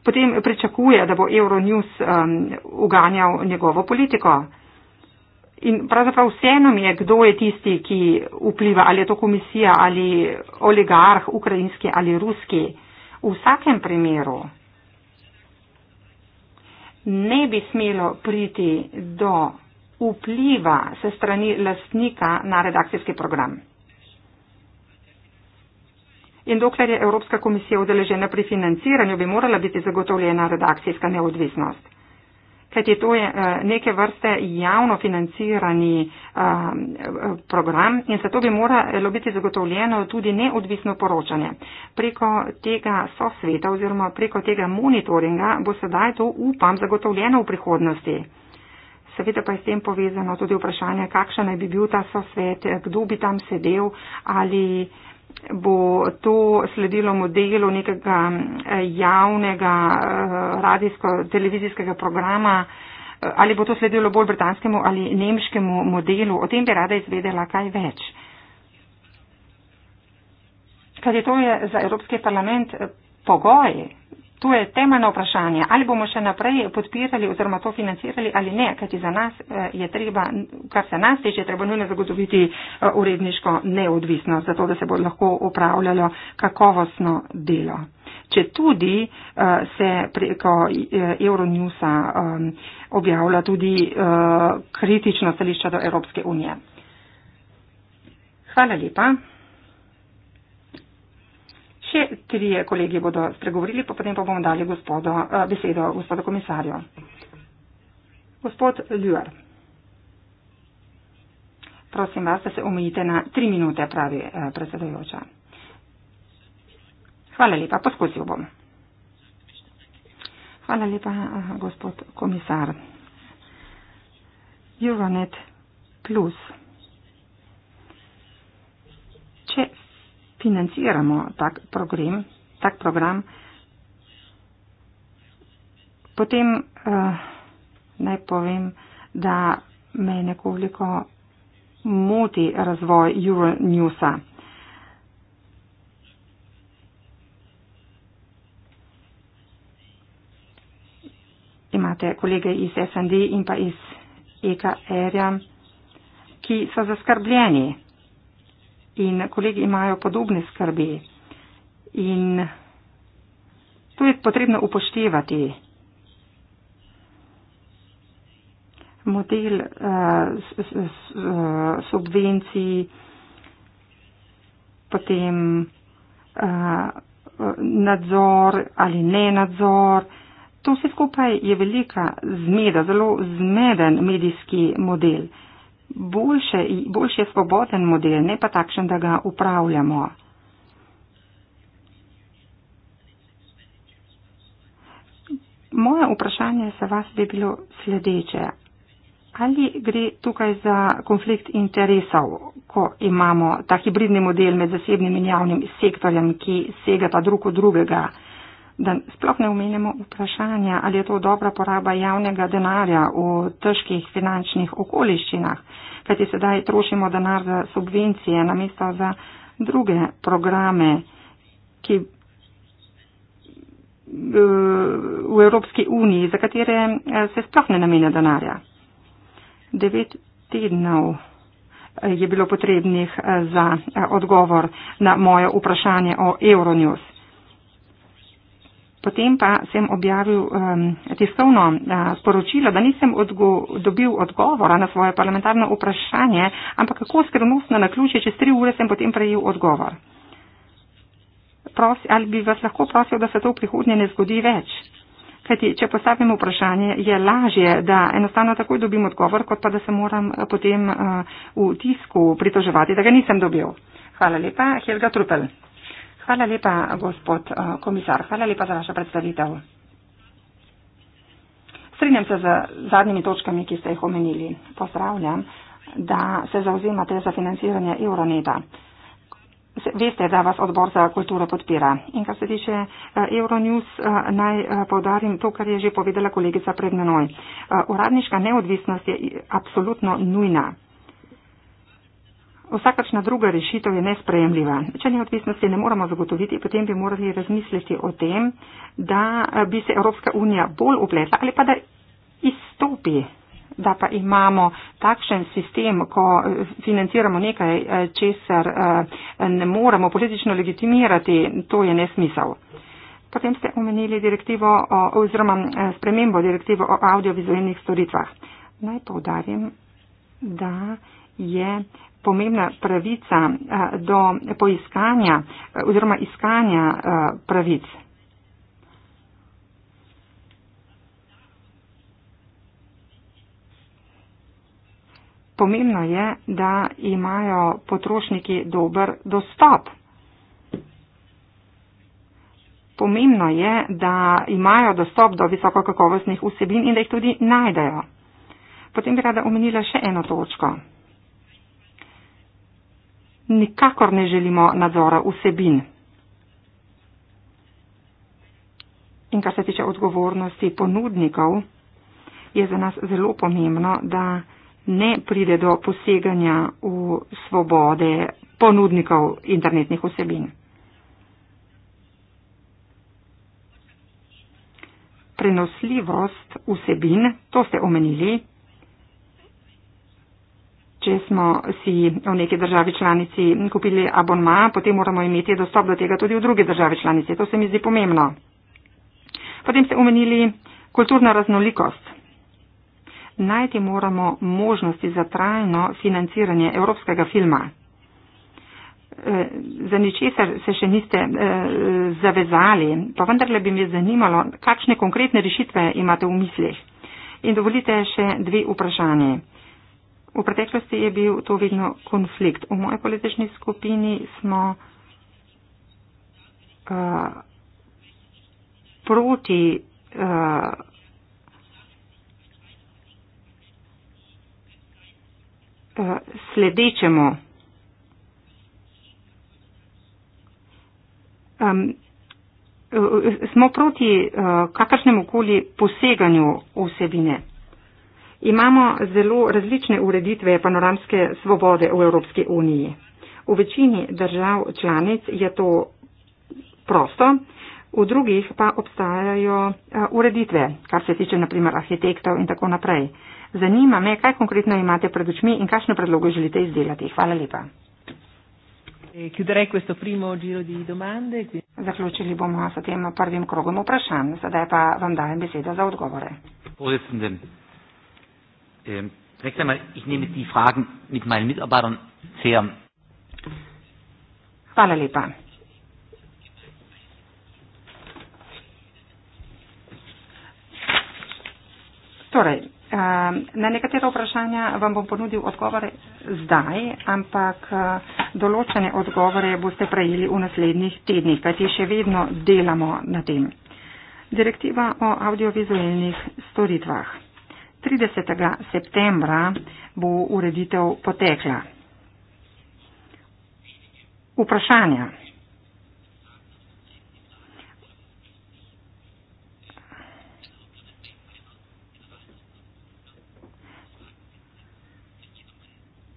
potem pričakuje, da bo Euronews uganjal njegovo politiko. In pravzaprav vseeno mi je, kdo je tisti, ki vpliva, ali je to komisija, ali oligarh, ukrajinski ali ruski. V vsakem primeru ne bi smelo priti do vpliva se strani lastnika na redakcijski program. In dokler je Evropska komisija udeležena pri financiranju, bi morala biti zagotovljena redakcijska neodvisnost kajti to je eh, neke vrste javno financirani eh, program in zato bi moralo biti zagotovljeno tudi neodvisno poročanje. Preko tega sosveta oziroma preko tega monitoringa bo sedaj to upam zagotovljeno v prihodnosti. Seveda pa je s tem povezano tudi vprašanje, kakšen naj bi bil ta sosvet, eh, kdo bi tam sedel ali bo to sledilo modelu nekega eh, javnega eh, radijsko-televizijskega programa eh, ali bo to sledilo bolj britanskemu ali nemškemu modelu. O tem bi rada izvedela kaj več. Kaj je to za Evropski parlament pogoj? To je temeljno vprašanje, ali bomo še naprej podpirali oziroma to financirali ali ne, kajti za nas eh, je treba, kar se nas tiče, treba nujno zagotoviti eh, uredniško neodvisnost, zato da se bo lahko upravljalo kakovostno delo. Če tudi eh, se preko Euronewsa objavlja tudi kritično stališče do Evropske unije. Hvala lepa. Še trije kolegi bodo spregovorili, pa potem pa bomo dali gospodo, eh, besedo gospodu komisarju. Gospod Ljuer, prosim vas, da se omejite na tri minute, pravi eh, predsedojoča. Hvala lepa, poskusil bom. Hvala lepa, eh, gospod komisar. Juvanet plus. financiramo tak program, tak program potem uh, naj povem, da me nekoliko moti razvoj Euronewsa. Imate kolege iz SND in pa iz EKR-ja, ki so zaskrbljeni in kolegi imajo podobne skrbi. In to je potrebno upoštevati. Model uh, subvencij, potem uh, nadzor ali ne nadzor, to vse skupaj je velika zmeda, zelo zmeden medijski model. Uh, boljše, boljše svoboden model, ne pa takšen, da ga upravljamo. Moje vprašanje za vas bi bilo sledeče. Ali gre tukaj za konflikt interesov, ko imamo ta hibridni model med zasebnim in javnim sektorjem, ki segata drug od drugega? da sploh ne omenjamo vprašanja, ali je to dobra poraba javnega denarja v težkih finančnih okoliščinah, kajti sedaj trošimo denar za subvencije namesto za druge programe, ki eh, v Evropski uniji, za katere eh, se sploh ne namenja denarja. Devet tednov eh, je bilo potrebnih za odgovor na moje vprašanje o Euronews. Potem pa sem objavil um, tiskovno uh, sporočilo, da nisem odgo dobil odgovora na svoje parlamentarno vprašanje, ampak kako skrivnostno na ključe, čez tri ure sem potem prejel odgovor. Pros, ali bi vas lahko prosil, da se to v prihodnje ne zgodi več? Kajti, če postavim vprašanje, je lažje, da enostavno takoj dobim odgovor, kot pa da se moram uh, potem uh, v tisku pritoževati, da ga nisem dobil. Hvala lepa, Helga Trupel. Hvala lepa, gospod eh, komisar. Hvala lepa za vašo predstavitev. Strinjam se z zadnjimi točkami, ki ste jih omenili. Pozdravljam, da se zauzemate za financiranje Euroneta. Veste, da vas odbor za kulturo podpira. In kar se tiče eh, Euronews, eh, naj povdarim to, kar je že povedala kolegica pred menoj. Uradniška neodvisnost je absolutno nujna. Vsakačna druga rešitev je nesprejemljiva. Če neodvisnosti ne moremo zagotoviti, potem bi morali razmisliti o tem, da eh, bi se Evropska unija bolj upletla ali pa da izstopi, da pa imamo takšen sistem, ko eh, financiramo nekaj, eh, česar ne moremo politično legitimirati, to je nesmisel. Potem ste omenili direktivo o, oziroma spremembo direktivo o audiovizualnih storitvah. Naj povdarim, da je pomembna pravica eh, do poiskanja eh, oziroma iskanja eh, pravic. Pomembno je, da imajo potrošniki dober dostop. Pomembno je, da imajo dostop do visokokakovostnih vsebin in da jih tudi najdejo. Potem bi rada omenila še eno točko nikakor ne želimo nadzora vsebin. In kar se tiče odgovornosti ponudnikov, je za nas zelo pomembno, da ne pride do poseganja v svobode ponudnikov internetnih vsebin. Prenosljivost vsebin, to ste omenili, Če smo si v neki državi članici kupili abonma, potem moramo imeti dostop do tega tudi v druge države članice. To se mi zdi pomembno. Potem ste omenili kulturno raznolikost. Najti moramo možnosti za trajno financiranje evropskega filma. E, za ničesar se še niste e, zavezali, pa vendarle bi me zanimalo, kakšne konkretne rešitve imate v mislih. In dovolite še dve vprašanje. V preteklosti je bil to vedno konflikt. V moji politični skupini smo uh, proti uh, uh, sledečemu. Um, smo proti uh, kakršnemu koli poseganju osebine imamo zelo različne ureditve panoramske svobode v Evropski uniji. V večini držav članic je to prosto, v drugih pa obstajajo eh, ureditve, kar se tiče naprimer arhitektov in tako naprej. Zanima me, kaj konkretno imate pred očmi in kakšne predloge želite izdelati. Hvala lepa. Eh, Zaključili bomo s tem prvim krogom vprašanj, sedaj pa vam dajem besedo za odgovore. Povedzim. Ähm, zunächst einmal, ich nehme die Fragen mit meinen Mitarbeitern sehr. Hvala lepa. Torej, ehm, na nekatera vprašanja vam bom ponudil odgovore zdaj, ampak eh, določene odgovore boste prejeli v naslednjih tednih, kajti še vedno delamo na tem. Direktiva o audiovizualnih storitvah. 30. septembra bo ureditev potekla. Vprašanja.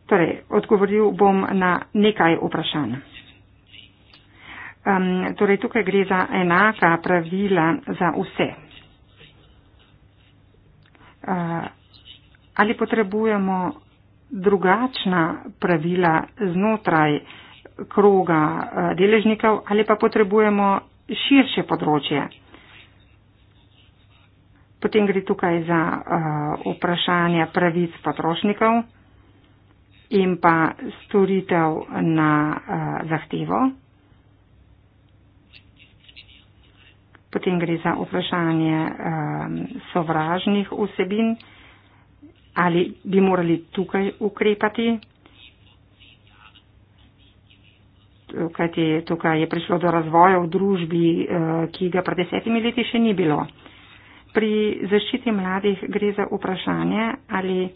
Torej, odgovoril bom na nekaj vprašanj. Um, torej, tukaj gre za enaka pravila za vse. Eh, ali potrebujemo drugačna pravila znotraj kroga eh, deležnikov ali pa potrebujemo širše področje. Potem gre tukaj za eh, vprašanje pravic potrošnikov in pa storitev na zahtevo. Potem gre za vprašanje uh, sovražnih vsebin, ali bi morali tukaj ukrepati. Tukaj, tukaj je prišlo do razvoja v družbi, uh, ki ga pred desetimi leti še ni bilo. Pri zaščiti mladih gre za vprašanje, ali.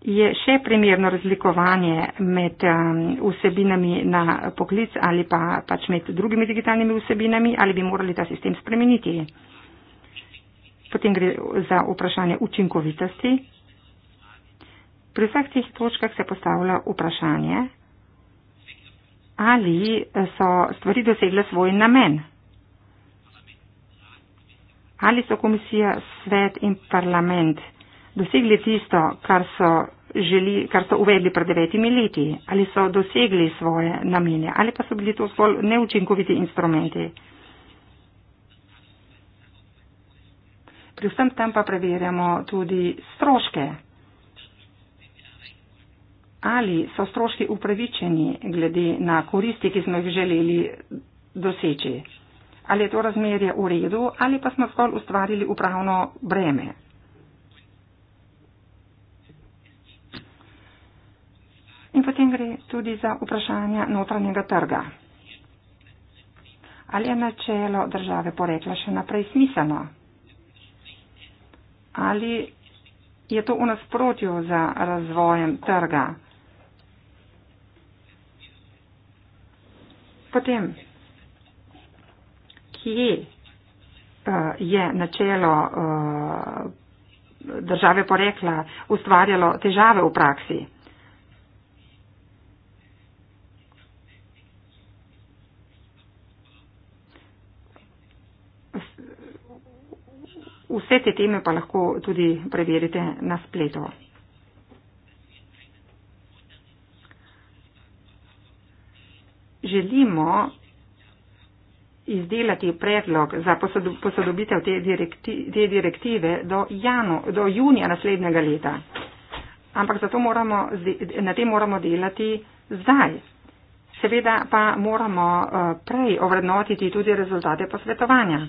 je še primerno razlikovanje med um, vsebinami na poklic ali pa pač med drugimi digitalnimi vsebinami ali bi morali ta sistem spremeniti. Potem gre za vprašanje učinkovitosti. Pri vseh teh točkah se postavlja vprašanje, ali so stvari dosegle svoj namen. Ali so komisija, svet in parlament dosegli tisto, kar so, želi, kar so uvedli pred devetimi leti, ali so dosegli svoje namene, ali pa so bili to zgolj neučinkoviti instrumenti. Pri vsem tem pa preverjamo tudi stroške. Ali so stroški upravičeni glede na koristi, ki smo jih želeli doseči? Ali je to razmerje v redu, ali pa smo zgolj ustvarili upravno breme, in potem gre tudi za vprašanja notranjega trga. Ali je načelo države porekla še naprej smiselno? Ali je to v nasprotju za razvojem trga? Potem, kje eh, je načelo eh, države porekla ustvarjalo težave v praksi? Vse te teme pa lahko tudi preverite na spletu. Želimo izdelati predlog za posodobitev te direktive, te direktive do, janu, do junija naslednjega leta. Ampak moramo, na tem moramo delati zdaj. Seveda pa moramo eh, prej ovrednotiti tudi rezultate posvetovanja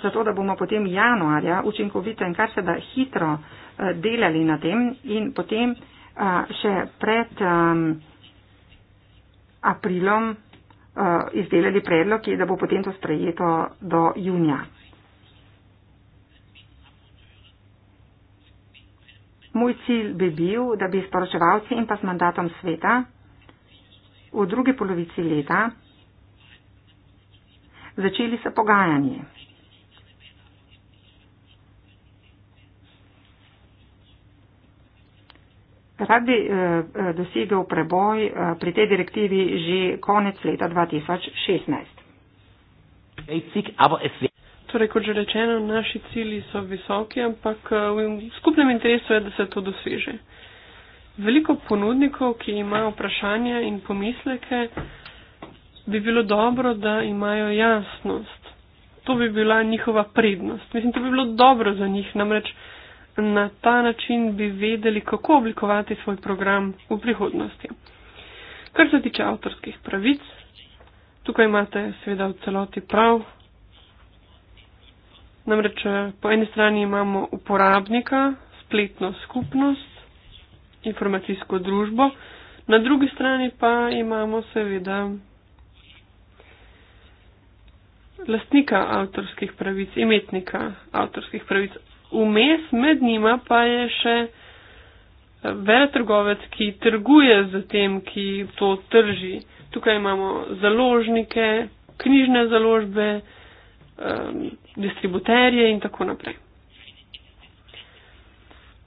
zato da bomo potem januarja učinkovito in kar se da hitro eh, delali na tem in potem eh, še pred ehm, aprilom eh, izdelali predlog, da bo potem to sprejeto do junija. Moj cilj bi bil, da bi sporočevalci in pa s mandatom sveta v drugi polovici leta začeli se pogajanje. Rad bi eh, eh, dosegel preboj eh, pri tej direktivi že konec leta 2016. Torej, kot že rečeno, naši cilji so visoki, ampak eh, v skupnem interesu je, da se to doseže. Veliko ponudnikov, ki imajo vprašanja in pomisleke, bi bilo dobro, da imajo jasnost. To bi bila njihova prednost. Mislim, to bi bilo dobro za njih. Namreč na ta način bi vedeli, kako oblikovati svoj program v prihodnosti. Kar se tiče avtorskih pravic, tukaj imate seveda v celoti prav. Namreč eh, po eni strani imamo uporabnika, spletno skupnost, informacijsko družbo, na drugi strani pa imamo seveda lastnika avtorskih pravic, imetnika avtorskih pravic, vmes med njima pa je še veletrgovec, ki trguje z tem, ki to trži. Tukaj imamo založnike, knjižne založbe, distributerje in tako naprej.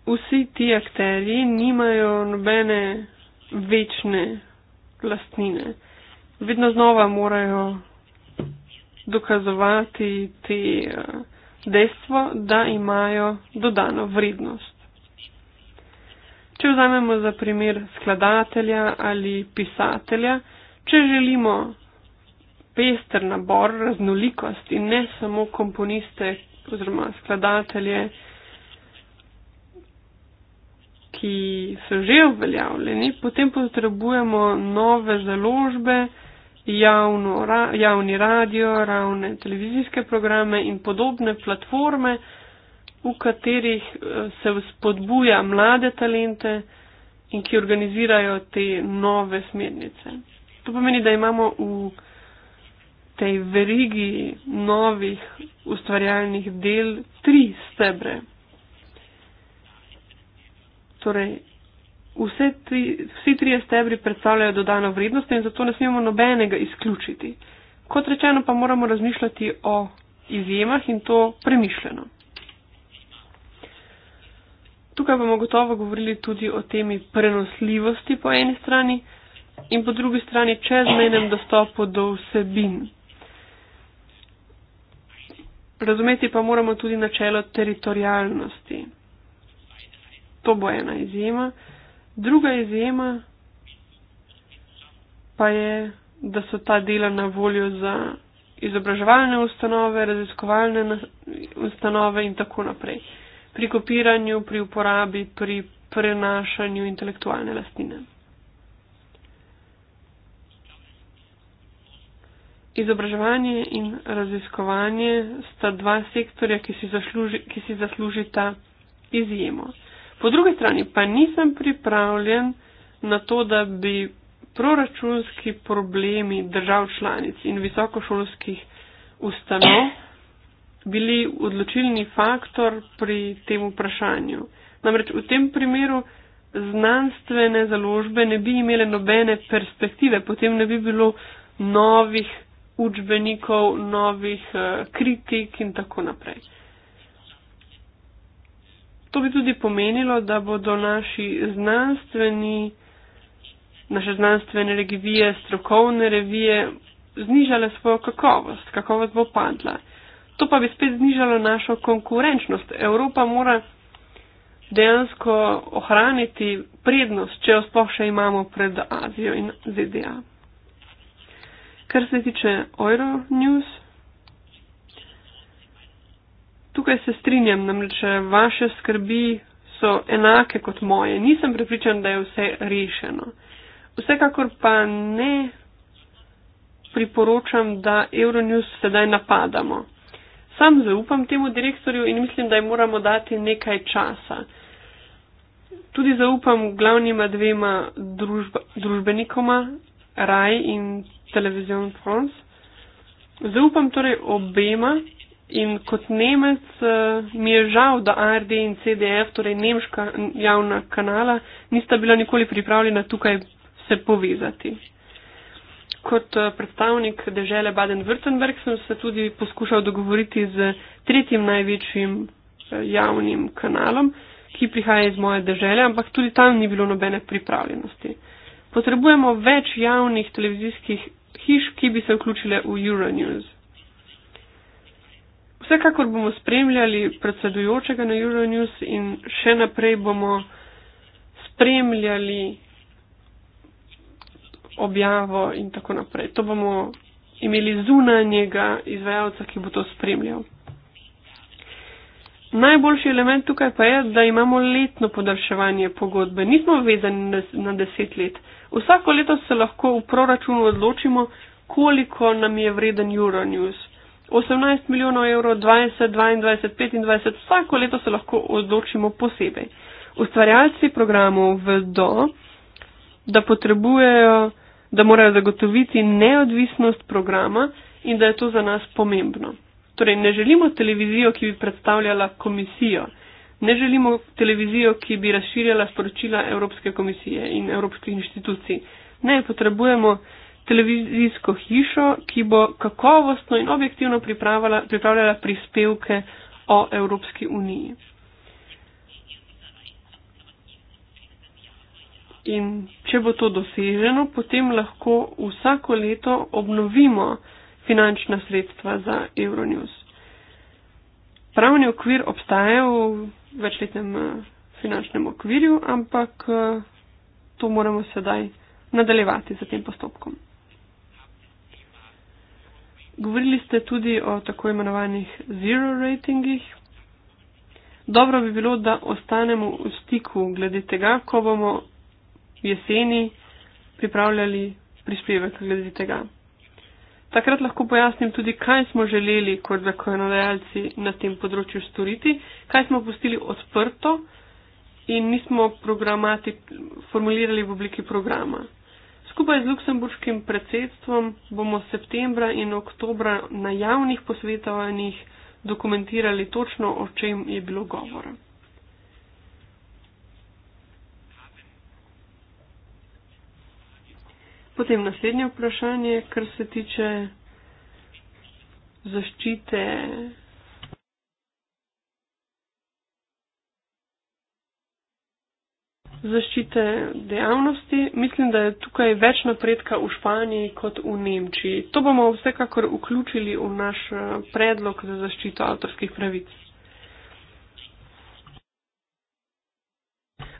Vsi ti akteri nimajo nobene večne lastnine. Vedno znova morajo dokazovati te uh, dejstvo, da imajo dodano vrednost. Če vzamemo za primer skladatelja ali pisatelja, če želimo pester nabor raznolikosti in ne samo komponiste oziroma skladatelje, ki so že uveljavljeni, potem potrebujemo nove založbe, javno, ra, javni radio, ravne televizijske programe in podobne platforme, v katerih eh, se spodbuja mlade talente in ki organizirajo te nove smernice. To pomeni, da imamo v tej verigi novih ustvarjalnih del tri stebre. Torej, vse tri, vsi trije stebri predstavljajo dodano vrednost in zato ne smemo nobenega izključiti. Kot rečeno, pa moramo razmišljati o izjemah in to premišljeno. Tukaj bomo gotovo govorili tudi o temi prenosljivosti po eni strani in po drugi strani čezmenem dostopu do vsebin. Razumeti pa moramo tudi načelo teritorijalnosti. To bo ena izjema. Druga izjema pa je, da so ta dela na voljo za izobraževalne ustanove, raziskovalne ustanove in tako naprej. Pri kopiranju, pri uporabi, pri prenašanju intelektualne lastnine. Izobraževanje in raziskovanje sta dva sektorja, ki si, zasluži, ki si zaslužita izjemo. Po drugi strani pa nisem pripravljen na to, da bi proračunski problemi držav članic in visokošolskih ustanov bili odločilni faktor pri tem vprašanju. Namreč v tem primeru znanstvene založbe ne bi imele nobene perspektive, potem ne bi bilo novih učbenikov, novih uh, kritik in tako naprej. To bi tudi pomenilo, da bodo naši znanstveni, naše znanstvene revije, strokovne revije znižale svojo kakovost, kakovost bo padla. To pa bi spet znižalo našo konkurenčnost. Evropa mora dejansko ohraniti prednost, če jo sploh še imamo pred Azijo in ZDA. Kar se tiče Euronews, Tukaj se strinjam, namreč eh, vaše skrbi so enake kot moje. Nisem prepričan, da je vse rešeno. Vsekakor pa ne priporočam, da Euronews sedaj napadamo. Sam zaupam temu direktorju in mislim, da jim moramo dati nekaj časa. Tudi zaupam glavnima dvema družba, družbenikoma, Raj in Televizion France. Zaupam torej obema. In kot Nemec eh, mi je žal, da ARD in CDF, torej nemška javna kanala, nista bila nikoli pripravljena tukaj se povezati. Kot eh, predstavnik dežele Baden-Württemberg sem se tudi poskušal dogovoriti z tretjim največjim eh, javnim kanalom, ki prihaja iz moje dežele, ampak tudi tam ni bilo nobene pripravljenosti. Potrebujemo več javnih televizijskih hiš, ki bi se vključile v Euronews. Vsekakor bomo spremljali predsedujočega na Euronews in še naprej bomo spremljali objavo in tako naprej. To bomo imeli zunanjega izvajalca, ki bo to spremljal. Najboljši element tukaj pa je, da imamo letno podaljševanje pogodbe. Nismo vezani na deset let. Vsako leto se lahko v proračunu odločimo, koliko nam je vreden Euronews. 18 milijonov evrov, 20, 22, 25, vsako leto se lahko odločimo posebej. Ustvarjalci programov vedo, da potrebujejo, da morajo zagotoviti neodvisnost programa in da je to za nas pomembno. Torej, ne želimo televizijo, ki bi predstavljala komisijo. Ne želimo televizijo, ki bi razširjala sporočila Evropske komisije in Evropskih inštitucij. Ne, potrebujemo televizijsko hišo, ki bo kakovostno in objektivno pripravljala prispevke o Evropski uniji. In če bo to doseženo, potem lahko vsako leto obnovimo finančna sredstva za Euronews. Pravni okvir obstaja v večletnem eh, finančnem okvirju, ampak eh, to moramo sedaj nadaljevati z tem postopkom. Govorili ste tudi o tako imenovanih zero ratingih. Dobro bi bilo, da ostanemo v stiku glede tega, ko bomo jeseni pripravljali prispevek glede tega. Takrat lahko pojasnim tudi, kaj smo želeli kot zakonodajalci na tem področju storiti, kaj smo pustili odprto in nismo formulirali v obliki programa skupaj z luksemburškim predsedstvom bomo septembra in oktobra na javnih posvetovanjih dokumentirali točno, o čem je bilo govora. Potem naslednje vprašanje, kar se tiče zaščite zaščite dejavnosti. Mislim, da je tukaj več napredka v Španiji kot v Nemčiji. To bomo vsekakor vključili v naš eh, predlog za zaščito avtorskih pravic.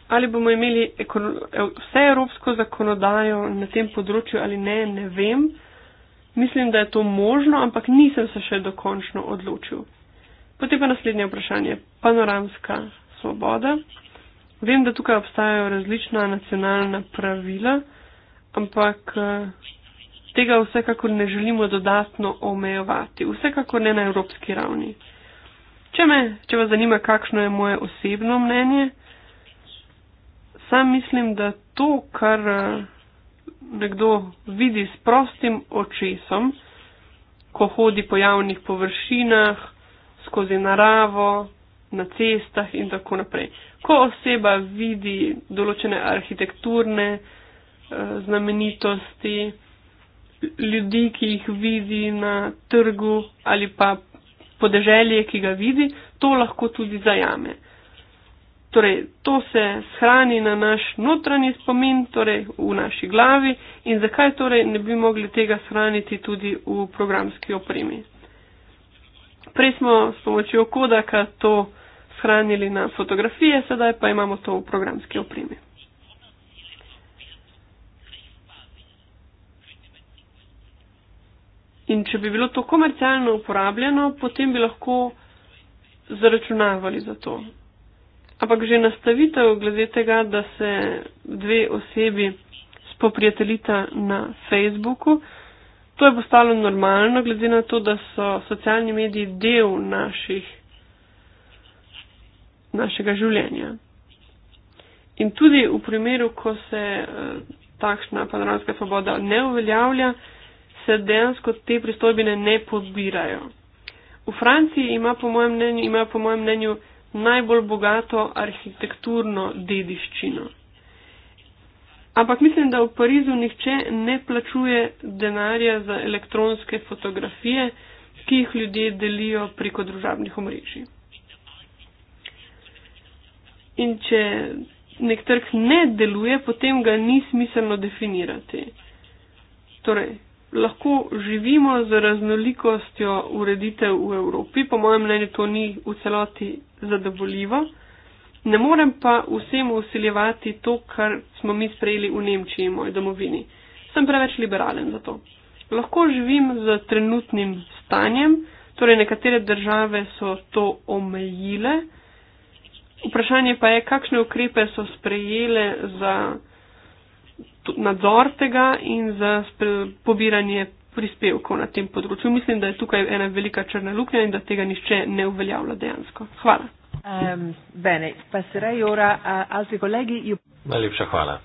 Ali bomo imeli vse evropsko zakonodajo na tem področju ali ne, ne vem. Mislim, da je to možno, ampak nisem se še dokončno odločil. Potem pa naslednje vprašanje. Panoramska svoboda. Vem, da tukaj obstajajo različna nacionalna pravila, ampak eh, tega vsekakor ne želimo dodatno omejevati, vsekakor ne na evropski ravni. Če me, če vas zanima, kakšno je moje osebno mnenje, sam mislim, da to, kar eh, nekdo vidi s prostim očesom, ko hodi po javnih površinah, skozi naravo, na cestah in tako naprej. Ko oseba vidi določene arhitekturne eh, znamenitosti, ljudi, ki jih vidi na trgu ali pa podeželje, ki ga vidi, to lahko tudi zajame. Torej, to se shrani na naš notranji spomin, torej v naši glavi in zakaj torej ne bi mogli tega shraniti tudi v programski opremi. Prej smo s pomočjo kodaka to shranili na fotografije, sedaj pa imamo to v programski opremi. In če bi bilo to komercialno uporabljeno, potem bi lahko zaračunavali za to. Ampak že nastavitev glede tega, da se dve osebi spoprijateljita na Facebooku, to je postalo normalno, glede na to, da so socialni mediji del naših našega življenja. In tudi v primeru, ko se eh, takšna panoramska svoboda ne uveljavlja, se dejansko te pristojbine ne podbirajo. V Franciji ima po mojem mnenju, ima po mojem mnenju najbolj bogato arhitekturno dediščino. Ampak mislim, da v Parizu nihče ne plačuje denarja za elektronske fotografije, ki jih ljudje delijo preko družabnih omrežij. In če nek trg ne deluje, potem ga ni smiselno definirati. Torej, lahko živimo z raznolikostjo ureditev v Evropi, po mojem mnenju to ni v celoti zadovoljivo. Ne morem pa vsemu usiljevati to, kar smo mi sprejeli v Nemčiji, moj domovini. Sem preveč liberalen za to. Lahko živim z trenutnim stanjem, torej nekatere države so to omejile. Vprašanje pa je, kakšne ukrepe so sprejele za nadzor tega in za pobiranje prispevkov na tem področju. Mislim, da je tukaj ena velika črna luknja in da tega nišče ne uveljavlja dejansko. Hvala. Um, bene, pa se raj ora, ali kolegi. Ju... Najlepša hvala.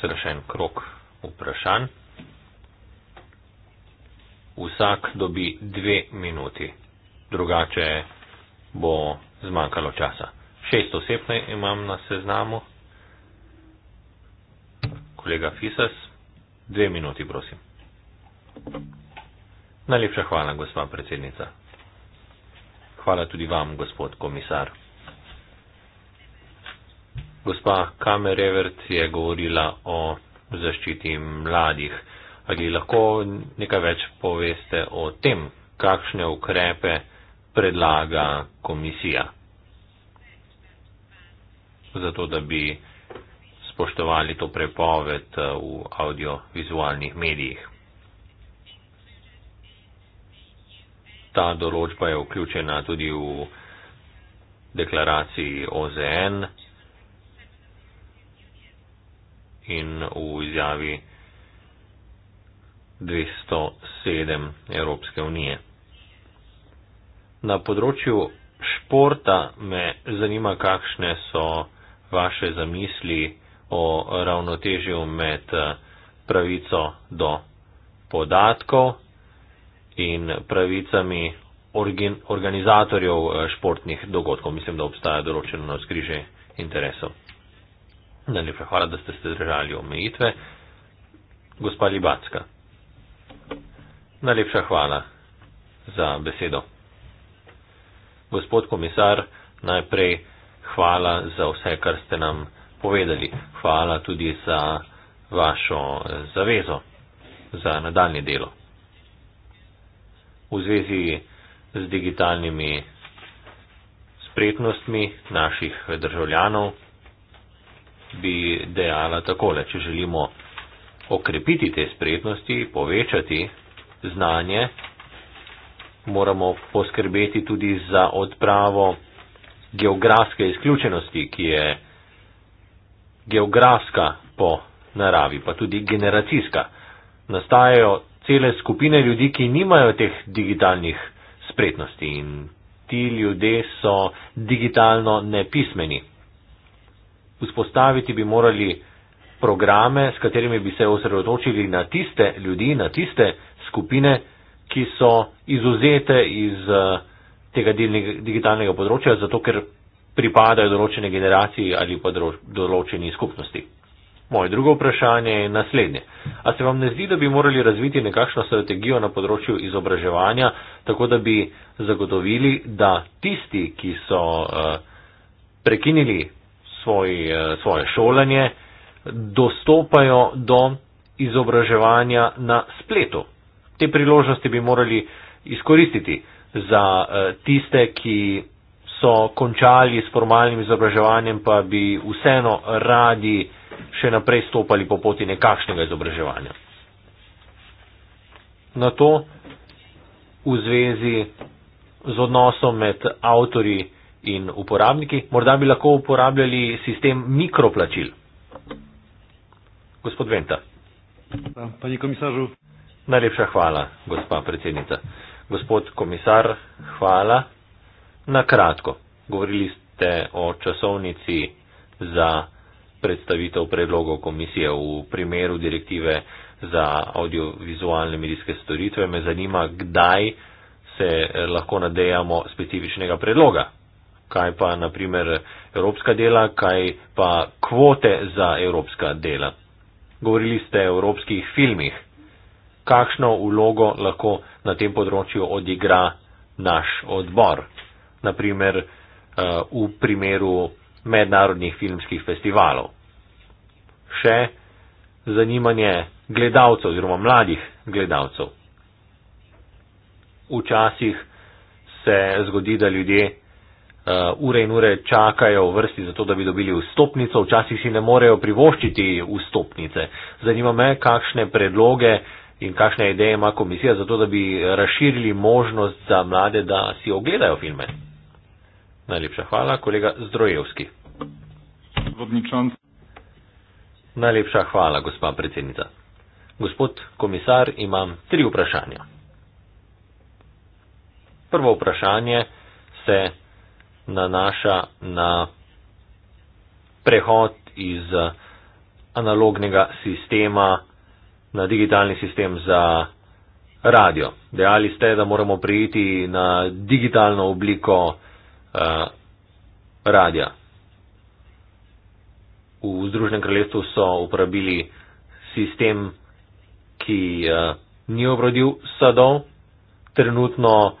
Srešen krok vprašanj. Vsak dobi dve minuti, drugače bo zmanjkalo časa. Šest oseb imam na seznamu. Kolega Fisas, dve minuti, prosim. Najlepša hvala, gospa predsednica. Hvala tudi vam, gospod komisar. Gospa Kamerevert je govorila o zaščiti mladih. Ali lahko nekaj več poveste o tem, kakšne ukrepe predlaga komisija. Zato, da bi spoštovali to prepoved eh, v audiovizualnih medijih. Ta določba je vključena tudi v deklaraciji OZN in v izjavi 207 Evropske unije. Na področju športa me zanima, kakšne so vaše zamisli o ravnotežju med eh, pravico do podatkov in pravicami organizatorjev eh, športnih dogodkov. Mislim, da obstaja določeno razkrižje interesov. Najlepša hvala, da ste se držali omejitve. Gospa Libacka. Najlepša hvala za besedo gospod komisar, najprej hvala za vse, kar ste nam povedali. Hvala tudi za vašo zavezo za nadaljne delo. V zvezi z digitalnimi spretnostmi naših državljanov bi dejala takole, če želimo okrepiti te spretnosti, povečati znanje moramo poskrbeti tudi za odpravo geografske izključenosti, ki je geografska po naravi, pa tudi generacijska. Nastajajo cele skupine ljudi, ki nimajo teh digitalnih spretnosti in ti ljudje so digitalno nepismeni. Vzpostaviti bi morali programe, s katerimi bi se osredotočili na tiste ljudi, na tiste skupine, ki so izuzete iz eh, tega digitalnega področja, zato ker pripadajo določene generaciji ali pa določeni skupnosti. Moje drugo vprašanje je naslednje. A se vam ne zdi, da bi morali razviti nekakšno strategijo na področju izobraževanja, tako da bi zagotovili, da tisti, ki so eh, prekinili svoj, eh, svoje šolanje, dostopajo do izobraževanja na spletu? te priložnosti bi morali izkoristiti za eh, tiste, ki so končali s formalnim izobraževanjem, pa bi vseeno radi še naprej stopali po poti nekakšnega izobraževanja. Na to v zvezi z odnosom med avtori in uporabniki, morda bi lahko uporabljali sistem mikroplačil. Gospod Venta. Pani komisarju, Najlepša hvala, gospa predsednica. Gospod komisar, hvala. Na kratko, govorili ste o časovnici za predstavitev predlogov komisije v primeru direktive za audiovizualne medijske storitve. Me zanima, kdaj se lahko nadejamo specifičnega predloga. Kaj pa naprimer evropska dela, kaj pa kvote za evropska dela. Govorili ste o evropskih filmih kakšno vlogo lahko na tem področju odigra naš odbor. Naprimer eh, v primeru mednarodnih filmskih festivalov. Še zanimanje gledalcev oziroma mladih gledalcev. Včasih se zgodi, da ljudje eh, ure in ure čakajo v vrsti za to, da bi dobili vstopnico, včasih si ne morejo privoščiti vstopnice. Zanima me, kakšne predloge in kakšne ideje ima komisija za to, da bi razširili možnost za mlade, da si ogledajo filme. Najlepša hvala, kolega Zdrojevski. Najlepša hvala, gospa predsednica. Gospod komisar, imam tri vprašanja. Prvo vprašanje se nanaša na prehod iz analognega sistema na digitalni sistem za radio. Dejali ste, da moramo prijeti na digitalno obliko uh, radia. V Združenem kraljestvu so uporabili sistem, ki uh, ni obrodil sadov, trenutno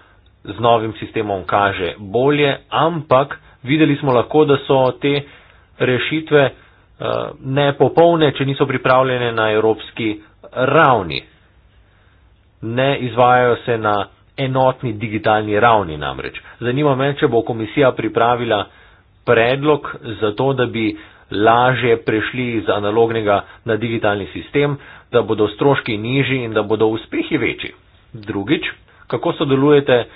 z novim sistemom kaže bolje, ampak videli smo lahko, da so te rešitve uh, nepopolne, če niso pripravljene na evropski način ravni. Ne izvajajo se na enotni digitalni ravni namreč. Zanima me, če bo komisija pripravila predlog za to, da bi lažje prešli iz analognega na digitalni sistem, da bodo stroški nižji in da bodo uspehi večji. Drugič, kako sodelujete eh,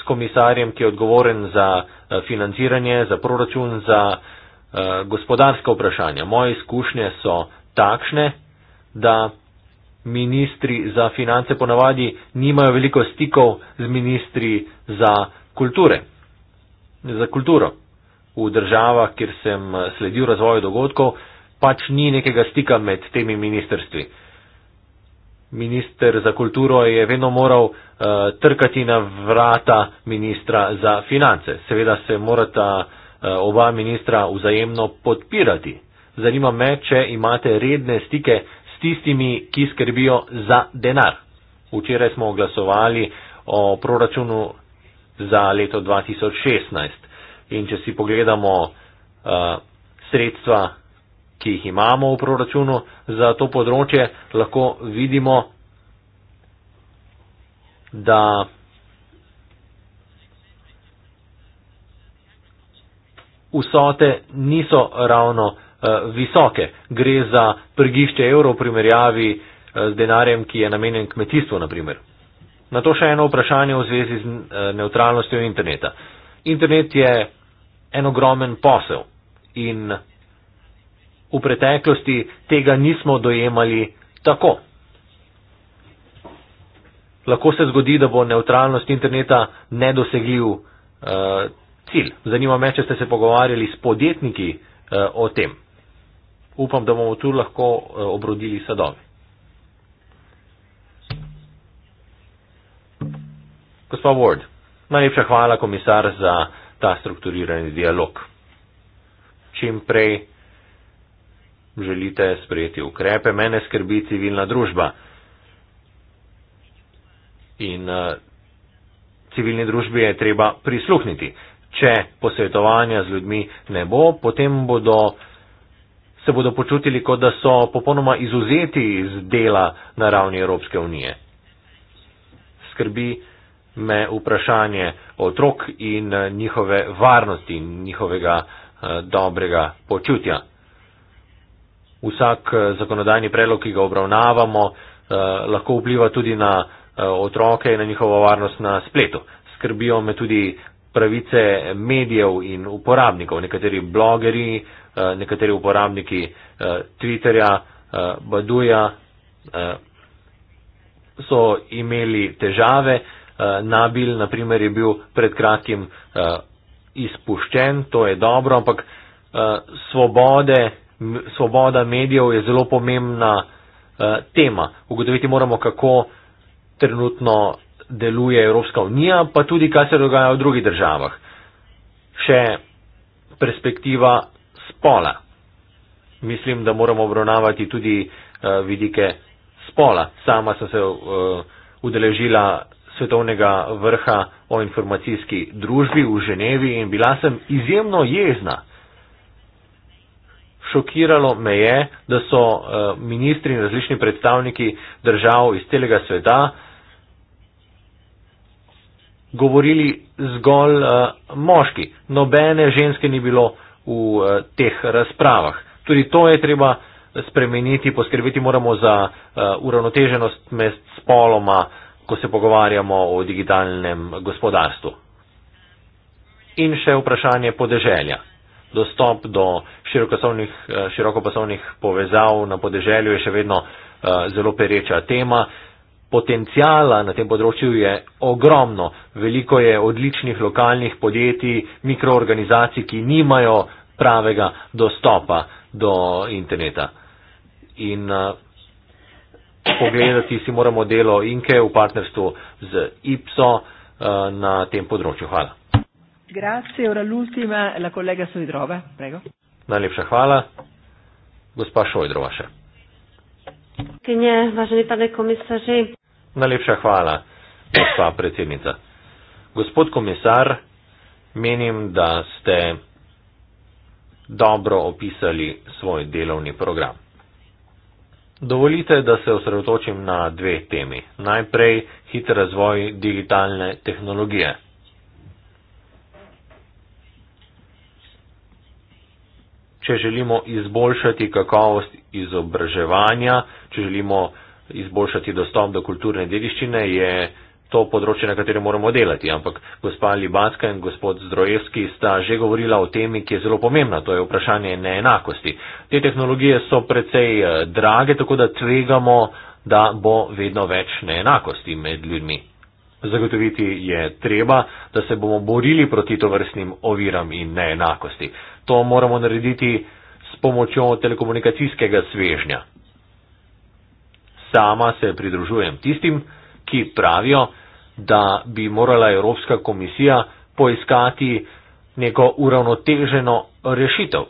s komisarjem, ki je odgovoren za eh, financiranje, za proračun, za eh, gospodarske vprašanja? Moje izkušnje so takšne, da ministri za finance ponavadi nimajo veliko stikov z ministri za kulture, za kulturo. V državah, kjer sem eh, sledil razvoju dogodkov, pač ni nekega stika med temi ministrstvi. Minister za kulturo je vedno moral uh, trkati na vrata ministra za finance. Seveda se morata uh, oba ministra vzajemno podpirati. Zanima me, če imate redne stike s tistimi, ki skrbijo za denar. Včeraj smo glasovali o proračunu za leto 2016 in če si pogledamo uh, sredstva, ki jih imamo v proračunu za to področje, lahko vidimo, da vsote niso ravno Eh, visoke. Gre za prgišče evrov v primerjavi eh, z denarjem, ki je namenjen kmetijstvu, na primer. Na to še eno vprašanje v zvezi z eh, neutralnostjo interneta. Internet je en ogromen posel in v preteklosti tega nismo dojemali tako. Lahko se zgodi, da bo neutralnost interneta nedosegljiv uh, cilj. Zanima me, če ste se pogovarjali s podjetniki uh, o tem upam, da bomo tu lahko eh, obrodili sadovi. Gospod Ward, najlepša hvala, komisar, za ta strukturirani dialog. Čim prej želite sprejeti ukrepe, mene skrbi civilna družba. In uh, civilni družbi je treba prisluhniti. Če posvetovanja z ljudmi ne bo, potem bodo uh, se bodo počutili, kot da so popolnoma izuzeti iz dela na ravni Evropske unije. Skrbi me vprašanje otrok in eh, njihove varnosti in njihovega eh, dobrega počutja. Vsak eh, zakonodajni predlog, ki ga obravnavamo, lahko vpliva tudi na otroke in na njihovo varnost na spletu. Skrbijo me tudi pravice medijev in uporabnikov. Nekateri blogeri uh, Eh, nekateri uporabniki eh, Twitterja, eh, Baduja so imeli težave. Nabil, na primer, je bil pred kratkim izpuščen, to je dobro, ampak svobode, svoboda medijev je zelo pomembna tema. Ugotoviti moramo, kako trenutno deluje Evropska unija, pa tudi, kaj se dogaja v drugih državah. Še perspektiva spola. Mislim, da moramo obravnavati tudi uh, vidike spola. Sama sem se uh, udeležila svetovnega vrha o informacijski družbi v Ženevi in bila sem izjemno jezna. Šokiralo me je, da so uh, ministri in različni predstavniki držav iz celega sveta govorili zgolj uh, moški. Nobene ženske ni bilo v eh, teh razpravah. Tudi to je treba spremeniti, poskrbeti moramo za eh, uravnoteženost med spoloma, ko se pogovarjamo o digitalnem gospodarstvu. In še vprašanje podeželja. Dostop do širokopasovnih eh, povezav na podeželju je še vedno zelo pereča tema. Potencijala na tem področju je ogromno. Veliko je odličnih lokalnih podjetij, mikroorganizacij, ki nimajo pravega dostopa do interneta. In uh, pogledati si moramo delo Inke v partnerstvu z IPSO uh, na tem področju. Hvala. Grazie, ora l'ultima, la collega Sojdrova, prego. Najlepša hvala, gospa Šojdrova še. Najlepša hvala, gospa predsednica. Gospod komisar, menim, da ste dobro opisali svoj delovni program. Dovolite, da se osredotočim na dve temi. Najprej hitr razvoj digitalne tehnologije. če želimo izboljšati kakovost izobraževanja, če želimo izboljšati dostop do kulturne dediščine, je to področje, na katerem moramo delati. Ampak gospa Libacka in gospod Zdrojevski sta že govorila o temi, ki je zelo pomembna, to je vprašanje neenakosti. Te tehnologije so precej eh, drage, tako da tvegamo, da bo vedno več neenakosti med ljudmi. Zagotoviti je treba, da se bomo borili proti tovrstnim oviram in neenakosti to moramo narediti s pomočjo telekomunikacijskega svežnja. Sama se pridružujem tistim, ki pravijo, da bi morala Evropska komisija poiskati neko uravnoteženo rešitev.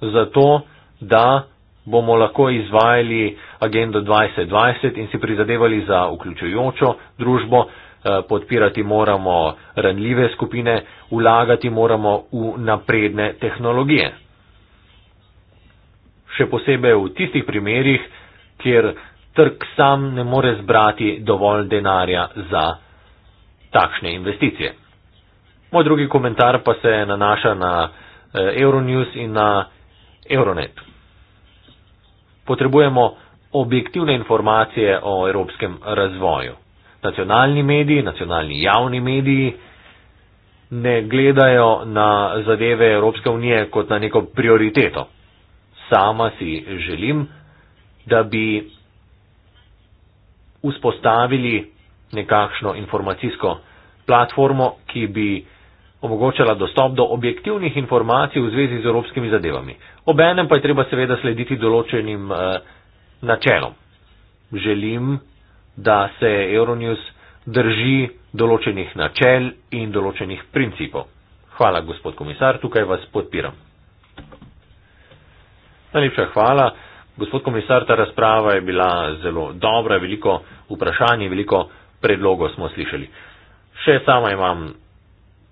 Zato, da bomo lahko izvajali agendo 2020 in si prizadevali za vključujočo družbo, Eh, podpirati moramo ranljive skupine, vlagati moramo v napredne tehnologije. Še posebej v tistih primerjih, kjer trg sam ne more zbrati dovolj denarja za takšne investicije. Moj drugi komentar pa se nanaša na eh, Euronews in na Euronet. Potrebujemo objektivne informacije o evropskem razvoju nacionalni mediji, nacionalni javni mediji ne gledajo na zadeve Evropske unije kot na neko prioriteto. Sama si želim, da bi vzpostavili nekakšno informacijsko platformo, ki bi omogočala dostop do objektivnih informacij v zvezi z evropskimi zadevami. Obenem pa je treba seveda slediti določenim eh, načelom. Želim, da se Euronews drži določenih načel in določenih principov. Hvala, gospod komisar, tukaj vas podpiram. Najlepša hvala. Gospod komisar, ta razprava je bila zelo dobra, veliko vprašanj, veliko predlogov smo slišali. Še sama imam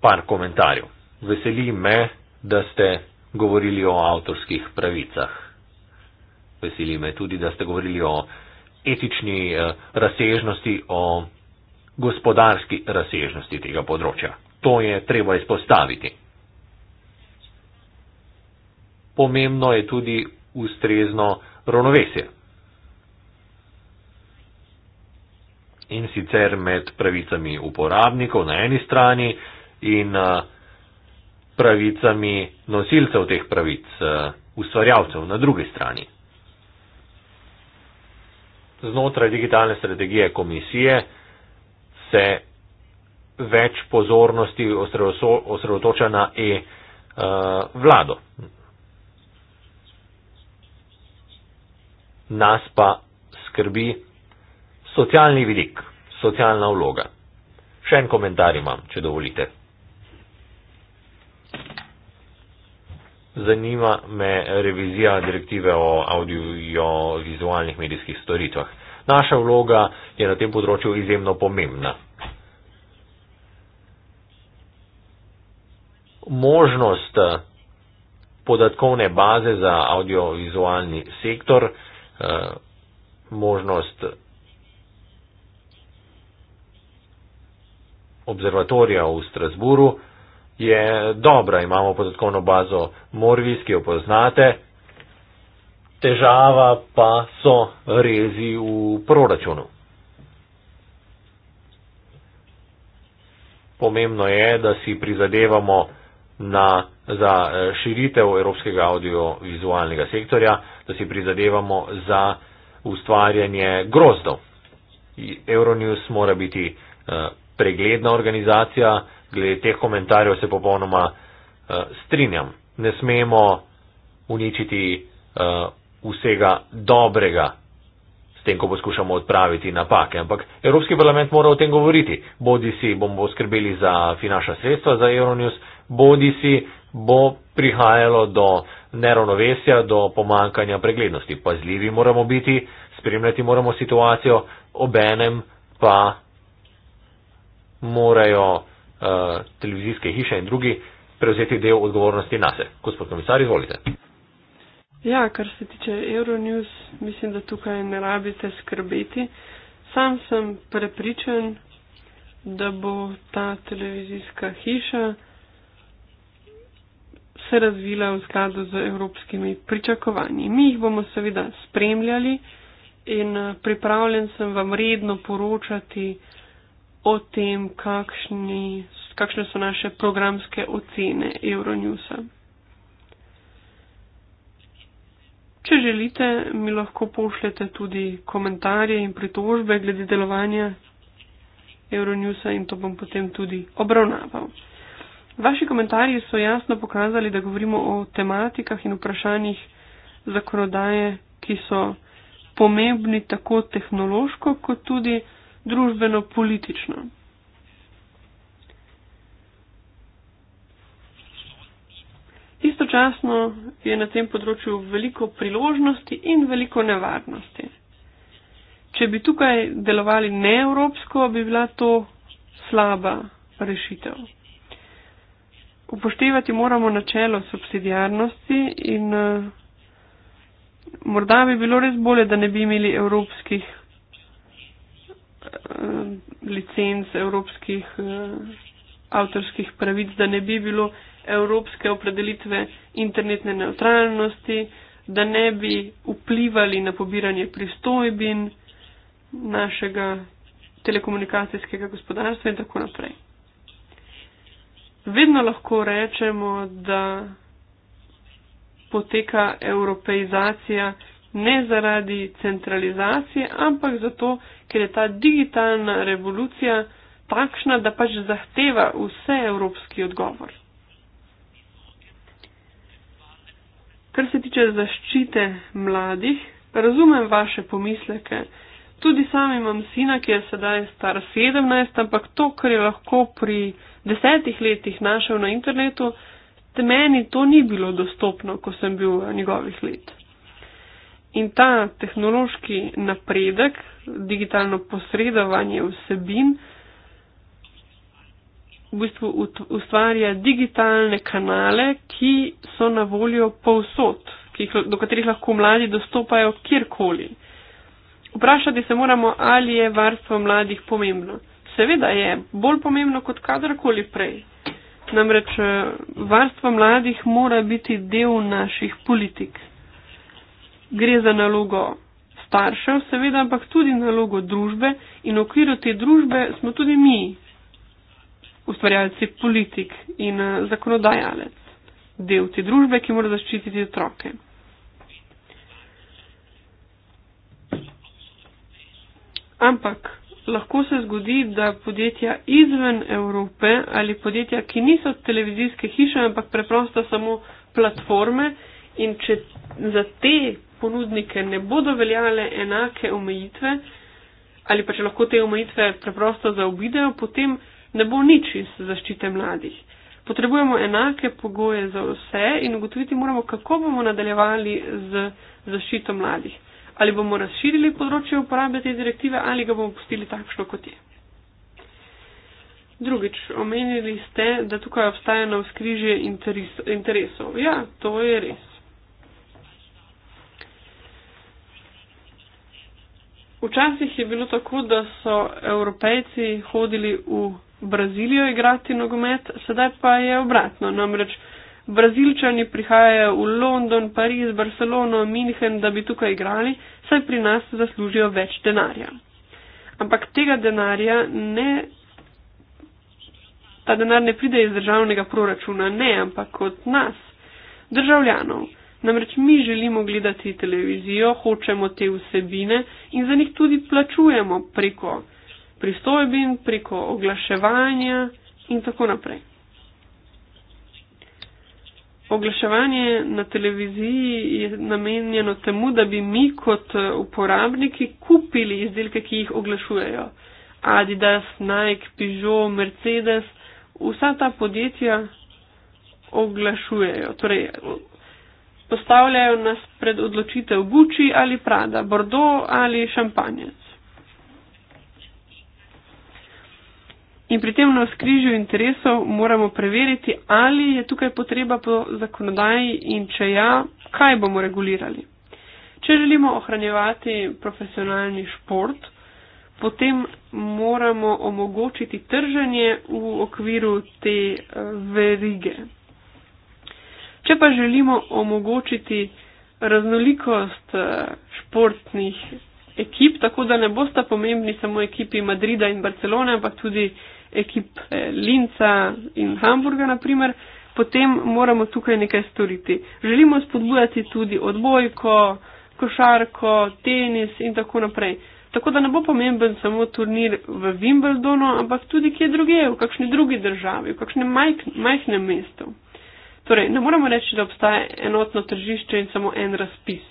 par komentarjev. Veseli me, da ste govorili o avtorskih pravicah. Veseli me tudi, da ste govorili o etični eh, razsežnosti, o gospodarski razsežnosti tega področja. To je treba izpostaviti. Pomembno je tudi ustrezno ravnovesje. In sicer med pravicami uporabnikov na eni strani in eh, pravicami nosilcev teh pravic, eh, ustvarjavcev na drugi strani znotraj digitalne strategije komisije se več pozornosti osredotoča na e-vlado. Eh, Nas pa skrbi socialni vidik, socialna vloga. Še en komentar imam, če dovolite. Zanima me revizija direktive o audiovizualnih medijskih storitvah. Naša vloga je na tem področju izjemno pomembna. Možnost eh, podatkovne baze za audiovizualni sektor, eh, možnost observatorija v Strasburu, je dobra, imamo podatkovno bazo Morvis, ki jo poznate, težava pa so rezi v proračunu. Pomembno je, da si prizadevamo na, za eh, širitev evropskega audiovizualnega sektorja, da si prizadevamo za ustvarjanje grozdov. Euronews mora biti eh, pregledna organizacija, glede teh komentarjev se popolnoma uh, strinjam. Ne smemo uničiti uh, vsega dobrega s tem, ko poskušamo odpraviti napake. Ampak Evropski parlament mora o tem govoriti. Bodi si bomo skrbeli za finančna sredstva za Euronews, bodi si bo prihajalo do neravnovesja, do pomankanja preglednosti. Pazljivi moramo biti, spremljati moramo situacijo, obenem pa morajo Eh, televizijske hiše in drugi prevzeti del odgovornosti na se. Gospod komisar, izvolite. Ja, kar se tiče Euronews, mislim, da tukaj ne rabite skrbeti. Sam sem prepričan, da bo ta televizijska hiša se razvila v skladu z evropskimi pričakovanji. Mi jih bomo seveda spremljali in eh, pripravljen sem vam redno poročati, o tem, kakšni, kakšne so naše programske ocene Euronewsa. Če želite, mi lahko pošljete tudi komentarje in pritožbe glede delovanja Euronewsa in to bom potem tudi obravnaval. Vaši komentarji so jasno pokazali, da govorimo o tematikah in vprašanjih zakonodaje, ki so pomembni tako tehnološko, kot tudi družbeno-politično. Istočasno je na tem področju veliko priložnosti in veliko nevarnosti. Če bi tukaj delovali neevropsko, bi bila to slaba rešitev. Upoštevati moramo načelo subsidijarnosti in uh, morda bi bilo res bolje, da ne bi imeli evropskih Eh, licenc evropskih eh, avtorskih pravic, da ne bi bilo evropske opredelitve internetne neutralnosti, da ne bi vplivali na pobiranje pristojbin našega telekomunikacijskega gospodarstva in tako naprej. Vedno lahko rečemo, da poteka evropeizacija ne zaradi centralizacije, ampak zato, ker je ta digitalna revolucija takšna, da pač zahteva vse evropski odgovor. Kar se tiče zaščite mladih, razumem vaše pomisleke. Tudi sam imam sina, ki je sedaj star 17, ampak to, kar je lahko pri desetih letih našel na internetu, meni to ni bilo dostopno, ko sem bil njegovih let. In ta tehnološki napredek, digitalno posredovanje vsebin, v bistvu ustvarja digitalne kanale, ki so na voljo povsod, do katerih lahko mladi dostopajo kjerkoli. Vprašati se moramo, ali je varstvo mladih pomembno. Seveda je bolj pomembno kot kadarkoli prej. Namreč eh, varstvo mladih mora biti del naših politik gre za nalogo staršev, seveda, ampak tudi nalogo družbe in v okviru te družbe smo tudi mi, ustvarjalci politik in eh, zakonodajalec, del te družbe, ki mora zaščititi otroke. Ampak lahko se zgodi, da podjetja izven Evrope ali podjetja, ki niso televizijske hiše, ampak preprosto samo platforme in če za te ponudnike ne bodo veljale enake omejitve ali pa če lahko te omejitve preprosto zaobidejo, potem ne bo nič iz zaščite mladih. Potrebujemo enake pogoje za vse in ugotoviti moramo, kako bomo nadaljevali z zaščito mladih. Ali bomo razširili področje uporabe te direktive ali ga bomo pustili takšno, kot je. Drugič, omenili ste, da tukaj obstaja na vzkrižje interesov. Ja, to je res. Včasih je bilo tako, da so evropejci hodili v Brazilijo igrati nogomet, sedaj pa je obratno. Namreč brazilčani prihajajo v London, Pariz, Barcelono, München, da bi tukaj igrali, saj pri nas zaslužijo več denarja. Ampak tega denarja ne. Ta denar ne pride iz državnega proračuna, ne, ampak od nas, državljanov. Namreč mi želimo gledati televizijo, hočemo te vsebine in za njih tudi plačujemo preko pristojbin, preko oglaševanja in tako naprej. Oglaševanje na televiziji je namenjeno temu, da bi mi kot uporabniki kupili izdelke, ki jih oglašujejo. Adidas, Nike, Peugeot, Mercedes, vsa ta podjetja oglašujejo. Torej, postavljajo nas pred odločitev Gucci ali Prada, Bordeaux ali Šampanjec. In pri tem na skrižju interesov moramo preveriti, ali je tukaj potreba po zakonodaji in če ja, kaj bomo regulirali. Če želimo ohranjevati profesionalni šport, potem moramo omogočiti trženje v okviru te eh, verige. Uh, Če pa želimo omogočiti raznolikost eh, športnih ekip, tako da ne bosta pomembni samo ekipi Madrida in Barcelone, ampak tudi ekip eh, Linca in Hamburga, naprimer, potem moramo tukaj nekaj storiti. Želimo spodbujati tudi odbojko, košarko, tenis in tako naprej. Tako da ne bo pomemben samo turnir v Wimbledonu, ampak tudi kje druge, v kakšni drugi državi, v kakšnem majhnem mestu. Torej, ne moremo reči, da obstaja enotno tržišče in samo en razpis.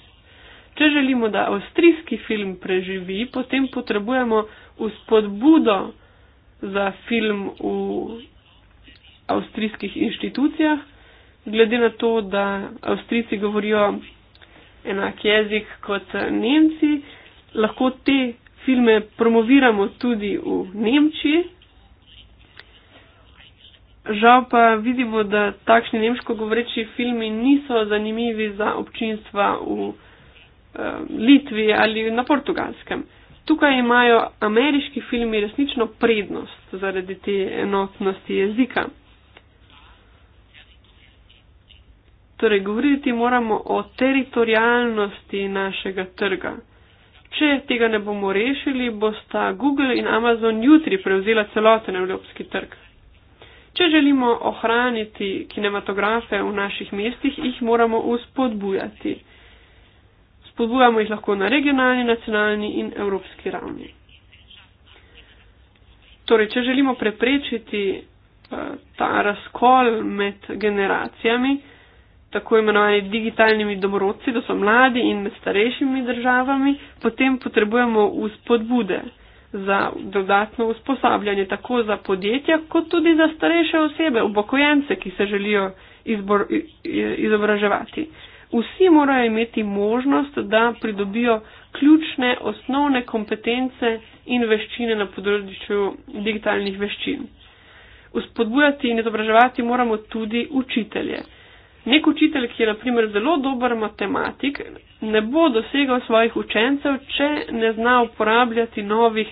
Če želimo, da avstrijski film preživi, potem potrebujemo vzpodbudo za film v avstrijskih inštitucijah, glede na to, da avstrijci govorijo enak jezik kot nemci, lahko te filme promoviramo tudi v Nemčiji, Žal pa vidimo, da takšni nemško govoreči filmi niso zanimivi za občinstva v eh, Litvi ali na portugalskem. Tukaj imajo ameriški filmi resnično prednost zaradi te enotnosti jezika. Torej, govoriti moramo o teritorijalnosti našega trga. Če tega ne bomo rešili, bosta Google in Amazon jutri prevzela celoten evropski trg. Če želimo ohraniti kinematografe v naših mestih, jih moramo uspodbujati. Spodbujamo jih lahko na regionalni, nacionalni in evropski ravni. Torej, če želimo preprečiti uh, ta razkol med generacijami, tako imenovani digitalnimi domorodci, to so mladi in med starejšimi državami, potem potrebujemo uspodbude. Uh, za dodatno usposabljanje tako za podjetja, kot tudi za starejše osebe, upokojence, ki se želijo izbor, izobraževati. Vsi morajo imeti možnost, da pridobijo ključne osnovne kompetence in veščine na področju digitalnih veščin. Uspodbujati in izobraževati moramo tudi učitelje. Nek učitelj, ki je naprimer zelo dober matematik, ne bo dosegal svojih učencev, če ne zna uporabljati novih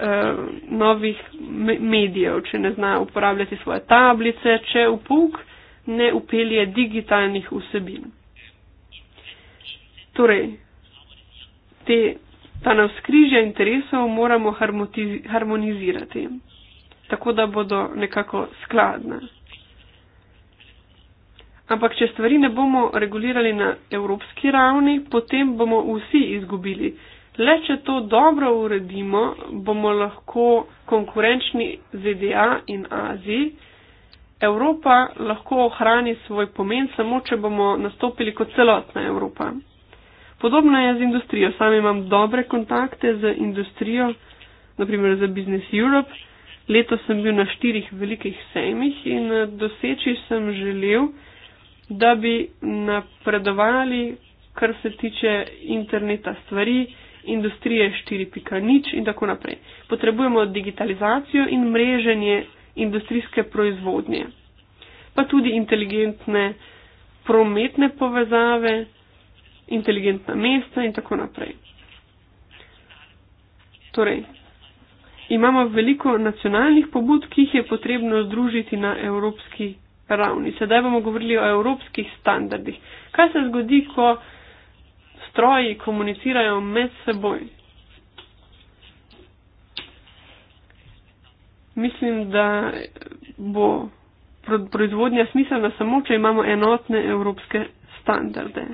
uh, novih me medijev, če ne zna uporabljati svoje tablice, če v pouk ne upelje digitalnih vsebin. Torej, te, ta navskrižja interesov moramo harmonizirati, tako da bodo nekako skladne. Ampak, če stvari ne bomo regulirali na evropski ravni, potem bomo vsi izgubili. Le če to dobro uredimo, bomo lahko konkurenčni ZDA in Aziji. Evropa lahko ohrani svoj pomen samo, če bomo nastopili kot celotna Evropa. Podobno je z industrijo. Sam imam dobre kontakte z industrijo, naprimer za Business Europe. Leto sem bil na štirih velikih sejmih in eh, doseči sem želel, da bi napredovali, kar se tiče interneta stvari, industrije 4.0 in tako naprej. Potrebujemo digitalizacijo in mreženje industrijske proizvodnje, pa tudi inteligentne prometne povezave, inteligentna mesta in tako naprej. Torej, imamo veliko nacionalnih pobud, ki jih je potrebno združiti na evropski ravni. Sedaj bomo govorili o evropskih standardih. Kaj se zgodi, ko stroji komunicirajo med seboj. Mislim, da bo proizvodnja smiselna samo, če imamo enotne evropske standarde.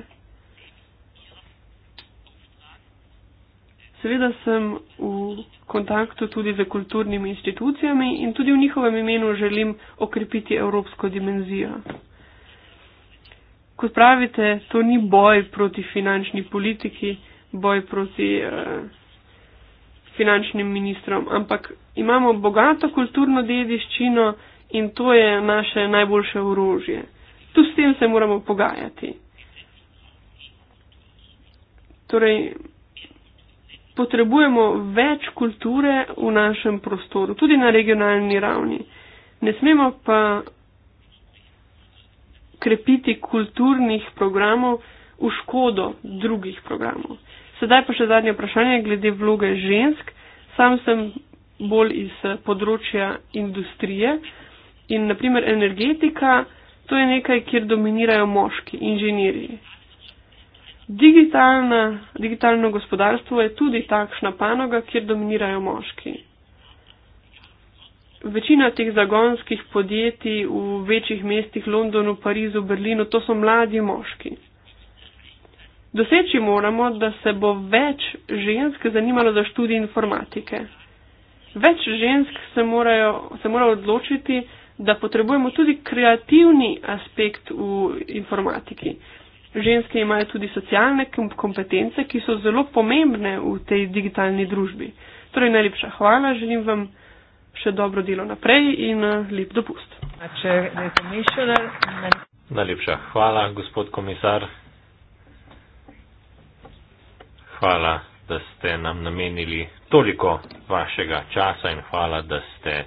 Seveda sem v kontaktu tudi z kulturnimi institucijami in tudi v njihovem imenu želim okrepiti evropsko dimenzijo kot pravite, to ni boj proti finančni politiki, boj proti uh, finančnim ministrom, ampak imamo bogato kulturno dediščino in to je naše najboljše orožje. Tu s tem se moramo pogajati. Torej, potrebujemo več kulture v našem prostoru, tudi na regionalni ravni. Ne smemo pa krepiti kulturnih programov v škodo drugih programov. Sedaj pa še zadnje vprašanje glede vloge žensk. Sam sem bolj iz eh, področja industrije in naprimer energetika, to je nekaj, kjer dominirajo moški, inženirji. Digitalna, digitalno gospodarstvo je tudi takšna panoga, kjer dominirajo moški večina teh zagonskih podjetij v večjih mestih, Londonu, Parizu, Berlinu, to so mladi moški. Doseči moramo, da se bo več žensk zanimalo za študij informatike. Več žensk se, morajo, se mora odločiti, da potrebujemo tudi kreativni aspekt v informatiki. Ženske imajo tudi socialne kompetence, ki so zelo pomembne v tej digitalni družbi. Torej, najlepša hvala, želim vam še dobro delo naprej in eh, lep dopust. Najlepša hvala, gospod komisar. Hvala, da ste nam namenili toliko vašega časa in hvala, da ste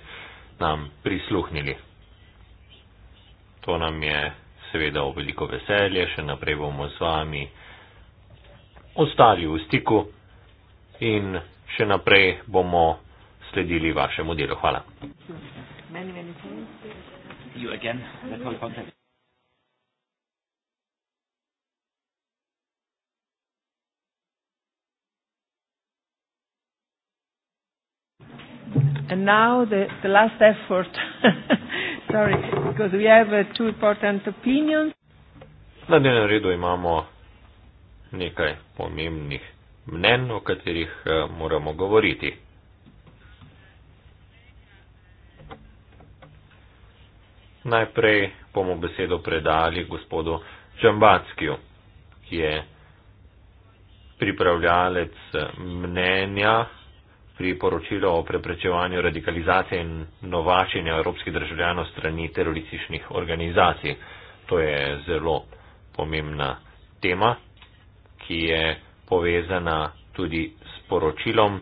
nam prisluhnili. To nam je seveda v veliko veselje, še naprej bomo z vami ostali v stiku in še naprej bomo sledili vašemu delu. Hvala. And now the, the last effort. Sorry, because we have uh, two important opinions. Na dnevnem redu imamo nekaj pomembnih mnen, o katerih uh, moramo govoriti. najprej bomo besedo predali gospodu Čambackiju, ki je pripravljalec mnenja pri poročilu o preprečevanju radikalizacije in novašenja evropskih državljanov strani terorističnih organizacij. To je zelo pomembna tema, ki je povezana tudi s poročilom,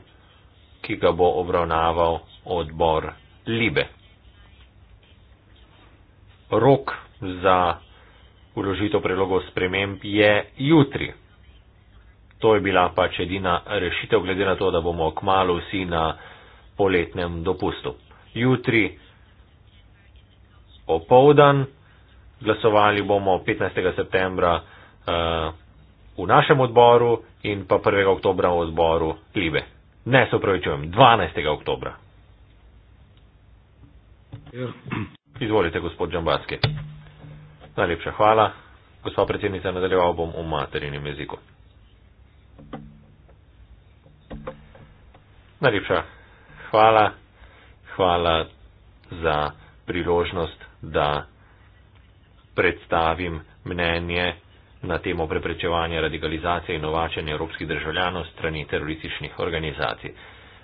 ki ga bo obravnaval odbor Libe rok za uložitev predlogov sprememb je jutri. To je bila pač edina rešitev, glede na to, da bomo kmalo vsi na poletnem dopustu. Jutri opovdan, glasovali bomo 15. septembra uh, v našem odboru in pa 1. oktobra v odboru Libe. Ne, se upravičujem, 12. oktobra. Ja. Izvolite, gospod Džambaski. Najlepša hvala. Gospod predsednica, nadaljeval bom v materinem jeziku. Najlepša hvala. Hvala za priložnost, da predstavim mnenje na temo preprečevanja radikalizacije in novačenja evropskih državljanov strani terorističnih organizacij.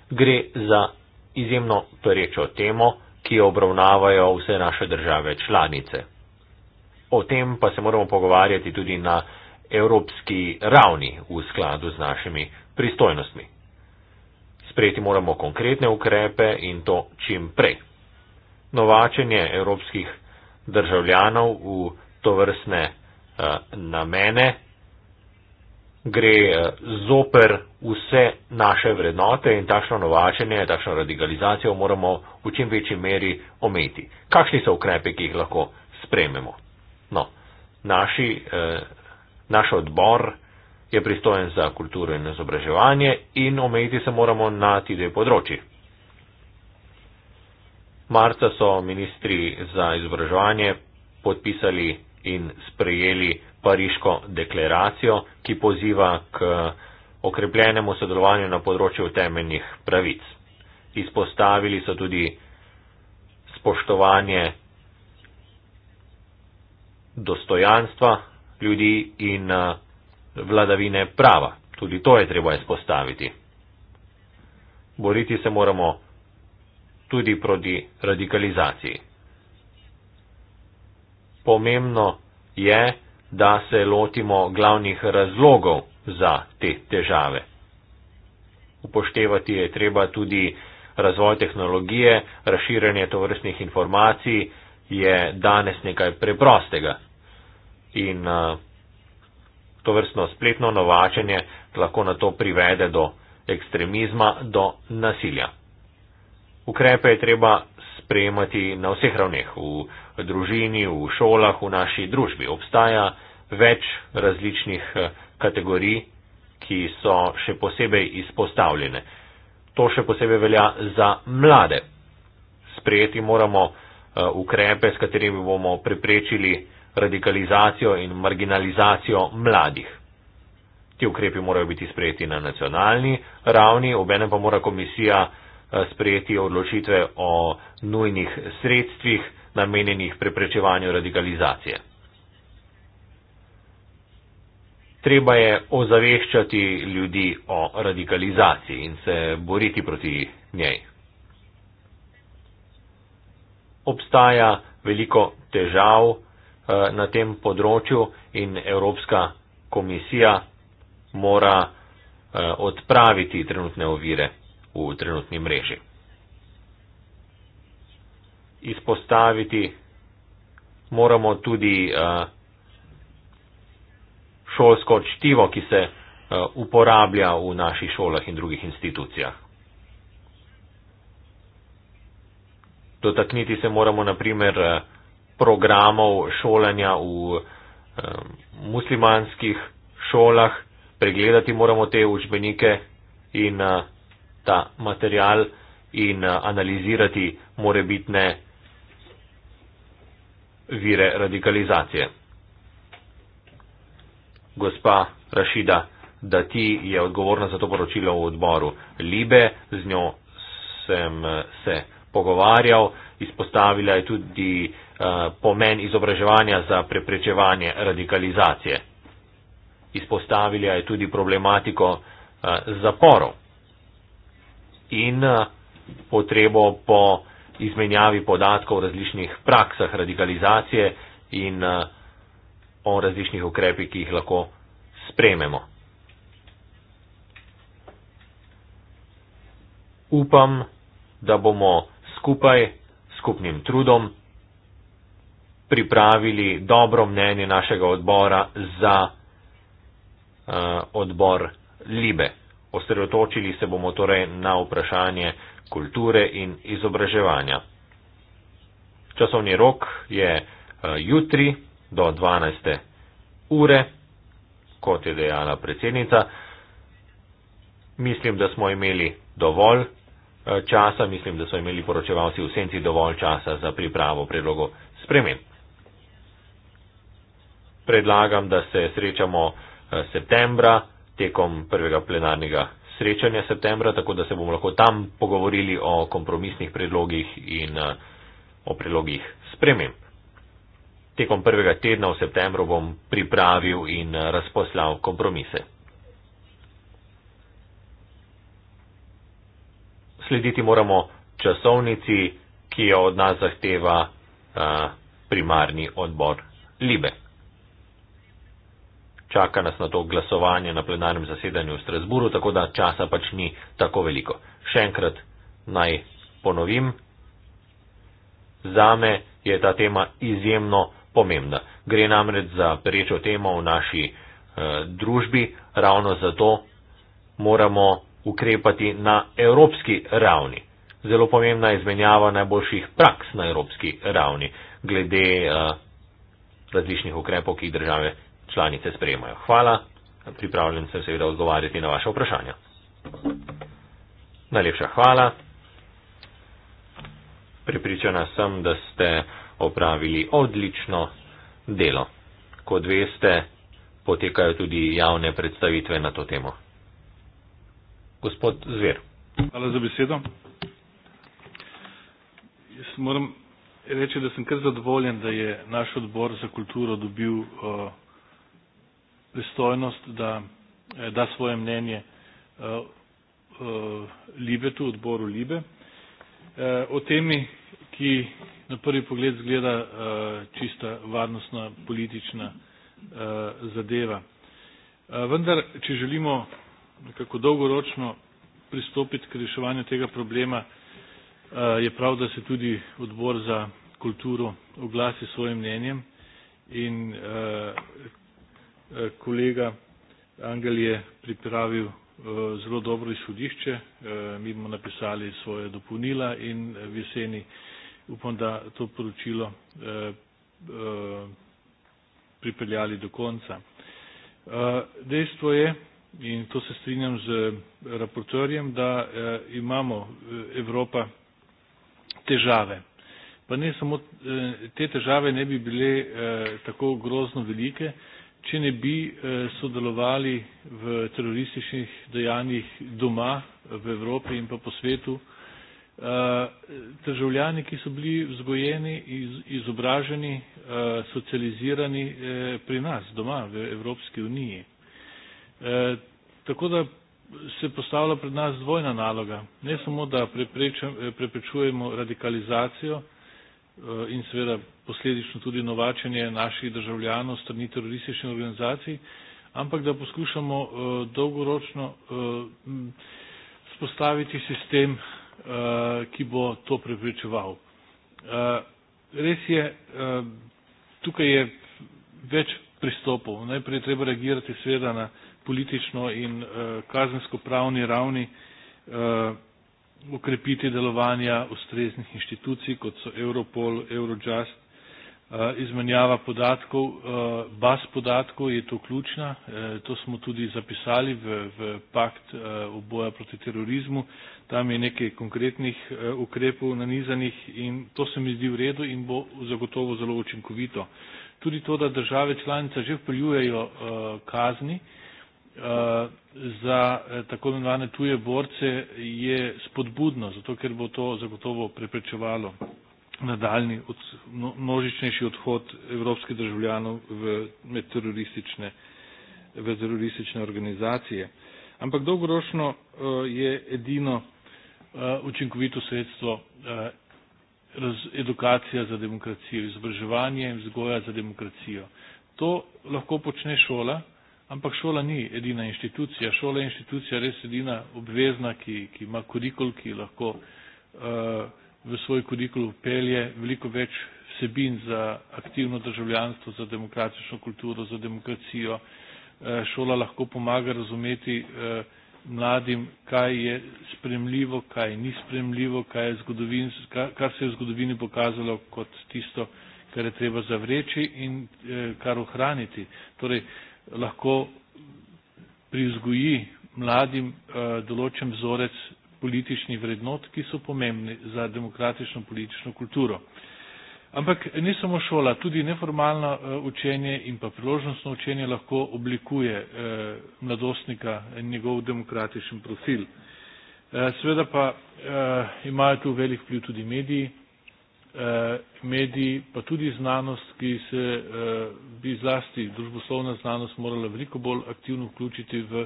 Gre za izjemno perečo temo ki jo obravnavajo vse naše države članice. O tem pa se moramo pogovarjati tudi na evropski ravni v skladu z našimi pristojnostmi. Sprejeti moramo konkretne ukrepe in to čim prej. Novačenje evropskih državljanov v to vrstne uh, eh, namene gre eh, zoper vse naše vrednote in takšno novačenje, takšno radikalizacijo moramo v čim večji meri ometi. Kakšni so ukrepe, ki jih lahko sprememo? No, naši, eh, naš odbor je pristojen za kulturo in izobraževanje in omejiti se moramo na ti dve področji. Marca so ministri za izobraževanje podpisali in sprejeli Pariško deklaracijo, ki poziva k okrepljenemu sodelovanju na področju temeljnih pravic. Izpostavili so tudi spoštovanje dostojanstva ljudi in eh, vladavine prava. Tudi to je treba izpostaviti. Boriti se moramo tudi proti radikalizaciji pomembno je, da se lotimo glavnih razlogov za te težave. Upoštevati je treba tudi razvoj tehnologije, razširanje tovrstnih informacij je danes nekaj preprostega. In uh, to vrstno spletno novačenje lahko na to privede do ekstremizma, do nasilja. Ukrepe je treba sprejemati na vseh ravneh, v v družini, v šolah, v naši družbi. Obstaja več različnih eh, kategorij, ki so še posebej izpostavljene. To še posebej velja za mlade. Sprejeti moramo eh, ukrepe, s katerimi bomo preprečili radikalizacijo in marginalizacijo mladih. Ti ukrepi morajo biti sprejeti na nacionalni ravni, obene pa mora komisija eh, sprejeti odločitve o nujnih sredstvih, namenjenih preprečevanju radikalizacije. Treba je ozaveščati ljudi o radikalizaciji in se boriti proti njej. Obstaja veliko težav eh, na tem področju in Evropska komisija mora eh, odpraviti trenutne ovire v trenutni mreži izpostaviti, moramo tudi eh, šolsko čtivo, ki se eh, uporablja v naših šolah in drugih institucijah. Dotakniti se moramo naprimer eh, programov šolanja v muslimanskih šolah, pregledati moramo te učbenike in ta material in analizirati morebitne vire radikalizacije. Gospa Rašida, da ti je odgovorna za to poročilo v odboru Libe, z njo sem se pogovarjal, izpostavila je tudi uh, pomen izobraževanja za preprečevanje radikalizacije. Izpostavila je tudi problematiko uh, zaporov in uh, potrebo po uh, izmenjavi podatkov o različnih praksah radikalizacije in eh, o različnih ukrepih, ki jih lahko sprememo. Upam, da bomo skupaj, skupnim trudom, pripravili dobro mnenje našega odbora za uh, odbor Libe. Osredotočili se bomo torej na vprašanje kulture in izobraževanja. Časovni rok je eh, jutri do 12. ure, kot je dejala predsednica. Mislim, da smo imeli dovolj eh, časa, mislim, da so imeli poročevalci v senci dovolj časa za pripravo predlogo spremen. Predlagam, da se srečamo eh, septembra tekom prvega plenarnega srečanja septembra, tako da se bomo lahko tam pogovorili o kompromisnih predlogih in eh, o predlogih sprememb. Tekom prvega tedna v septembru bom pripravil in eh, razposlal kompromise. Slediti moramo časovnici, ki jo od nas zahteva eh, primarni odbor Libe čaka nas na to glasovanje na plenarnem zasedanju v Strasburu, tako da časa pač ni tako veliko. Še enkrat naj ponovim. Zame je ta tema izjemno pomembna. Gre namreč za prečo temo v naši eh, družbi, ravno zato moramo ukrepati na evropski ravni. Zelo pomembna je izmenjava najboljših praks na evropski ravni glede eh, različnih ukrepov, ki jih države članice sprejemajo. Hvala, pripravljen sem seveda odgovarjati na vaše vprašanja. Najlepša hvala. Pripričana sem, da ste opravili odlično delo. Kot veste, potekajo tudi javne predstavitve na to temo. Gospod Zver. Hvala za besedo. Jaz moram reči, da sem kar zadovoljen, da je naš odbor za kulturo dobil uh, pristojnost, da eh, da svoje mnenje eh, eh, Libetu, odboru Libe. O temi, ki na prvi pogled zgleda čista varnostna politična zadeva. Vendar, če želimo nekako dolgoročno pristopiti k reševanju tega problema, je prav, da se tudi odbor za kulturo oglasi svojim mnenjem in Eh, kolega Angel je pripravil eh, zelo dobro izhodišče, eh, mi bomo napisali svoje dopolnila in v jeseni upam, da to poročilo pripeljali do konca. Dejstvo je, in to se strinjam z raportorjem, da imamo Evropa težave. Pa ne samo te težave ne bi bile tako grozno velike, če ne bi eh, sodelovali v terorističnih dejanjih doma v Evropi in pa po svetu, eh, državljani, ki so bili vzgojeni, izobraženi, eh, socializirani pri nas doma v Evropski uniji. Tako da se postavlja pred nas dvojna naloga. Ne samo, da preprečujemo radikalizacijo in seveda posledično tudi novačenje naših državljanov strani terorističnih organizacij, ampak da poskušamo uh, dolgoročno uh, eh, spostaviti sistem, uh, ki bo to preprečeval. Uh, res je, uh, tukaj je več pristopov. Najprej treba reagirati sveda na politično in uh, kazensko pravni ravni, ukrepiti uh, delovanja ustreznih inštitucij, kot so Europol, Eurojust, Eh, izmenjava podatkov, eh, baz podatkov je to ključna, eh, to smo tudi zapisali v, v pakt oboja proti terorizmu, tam je nekaj konkretnih ukrepov nanizanih in to se mi zdi v redu in bo zagotovo zelo učinkovito. Tudi to, da države članice že vpeljujejo kazni za tako imenovane tuje borce, je spodbudno, zato ker bo to zagotovo preprečevalo nadaljni od, množičnejši odhod evropskih državljanov v, med teroristične, v teroristične organizacije. Ampak dolgoročno uh, je edino uh, učinkovito sredstvo uh, raz, edukacija za demokracijo, izobraževanje in vzgoja za demokracijo. To lahko počne šola, ampak šola ni edina inštitucija. Šola je inštitucija res edina obvezna, ki, ki ima kurikul, ki lahko uh, v svoj kurikul pelje veliko več vsebin za aktivno državljanstvo, za demokratično kulturo, za demokracijo. Eh, šola lahko pomaga razumeti eh, mladim, kaj je spremljivo, kaj ni spremljivo, kaj kar se je v zgodovini pokazalo kot tisto, kar je treba zavreči in eh, kar ohraniti. Torej, lahko privzgoji mladim določen vzorec političnih vrednot, ki so pomembni za demokratično politično kulturo. Ampak ne samo šola, tudi neformalno eh, učenje in pa priložnostno učenje lahko oblikuje eh, mladostnika in njegov demokratičen profil. Eh, Sveda pa imajo tu velik vpliv tudi mediji, mediji pa tudi znanost, ki se bi zlasti družboslovna znanost morala veliko bolj aktivno vključiti v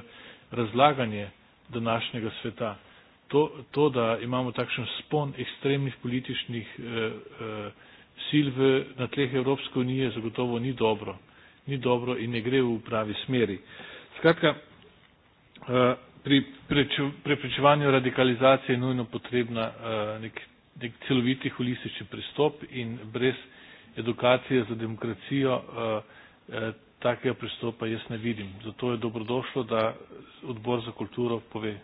razlaganje današnjega sveta to, to, da imamo takšen spon ekstremnih političnih eh, eh, sil v, na tleh Evropske unije, zagotovo ni dobro. Ni dobro in ne gre v pravi smeri. Skratka, eh, pri preprečevanju radikalizacije je nujno potrebna eh, nek, nek celoviti holističen pristop in brez edukacije za demokracijo eh, eh, takega pristopa jaz ne vidim. Zato je dobrodošlo, da odbor za kulturo pove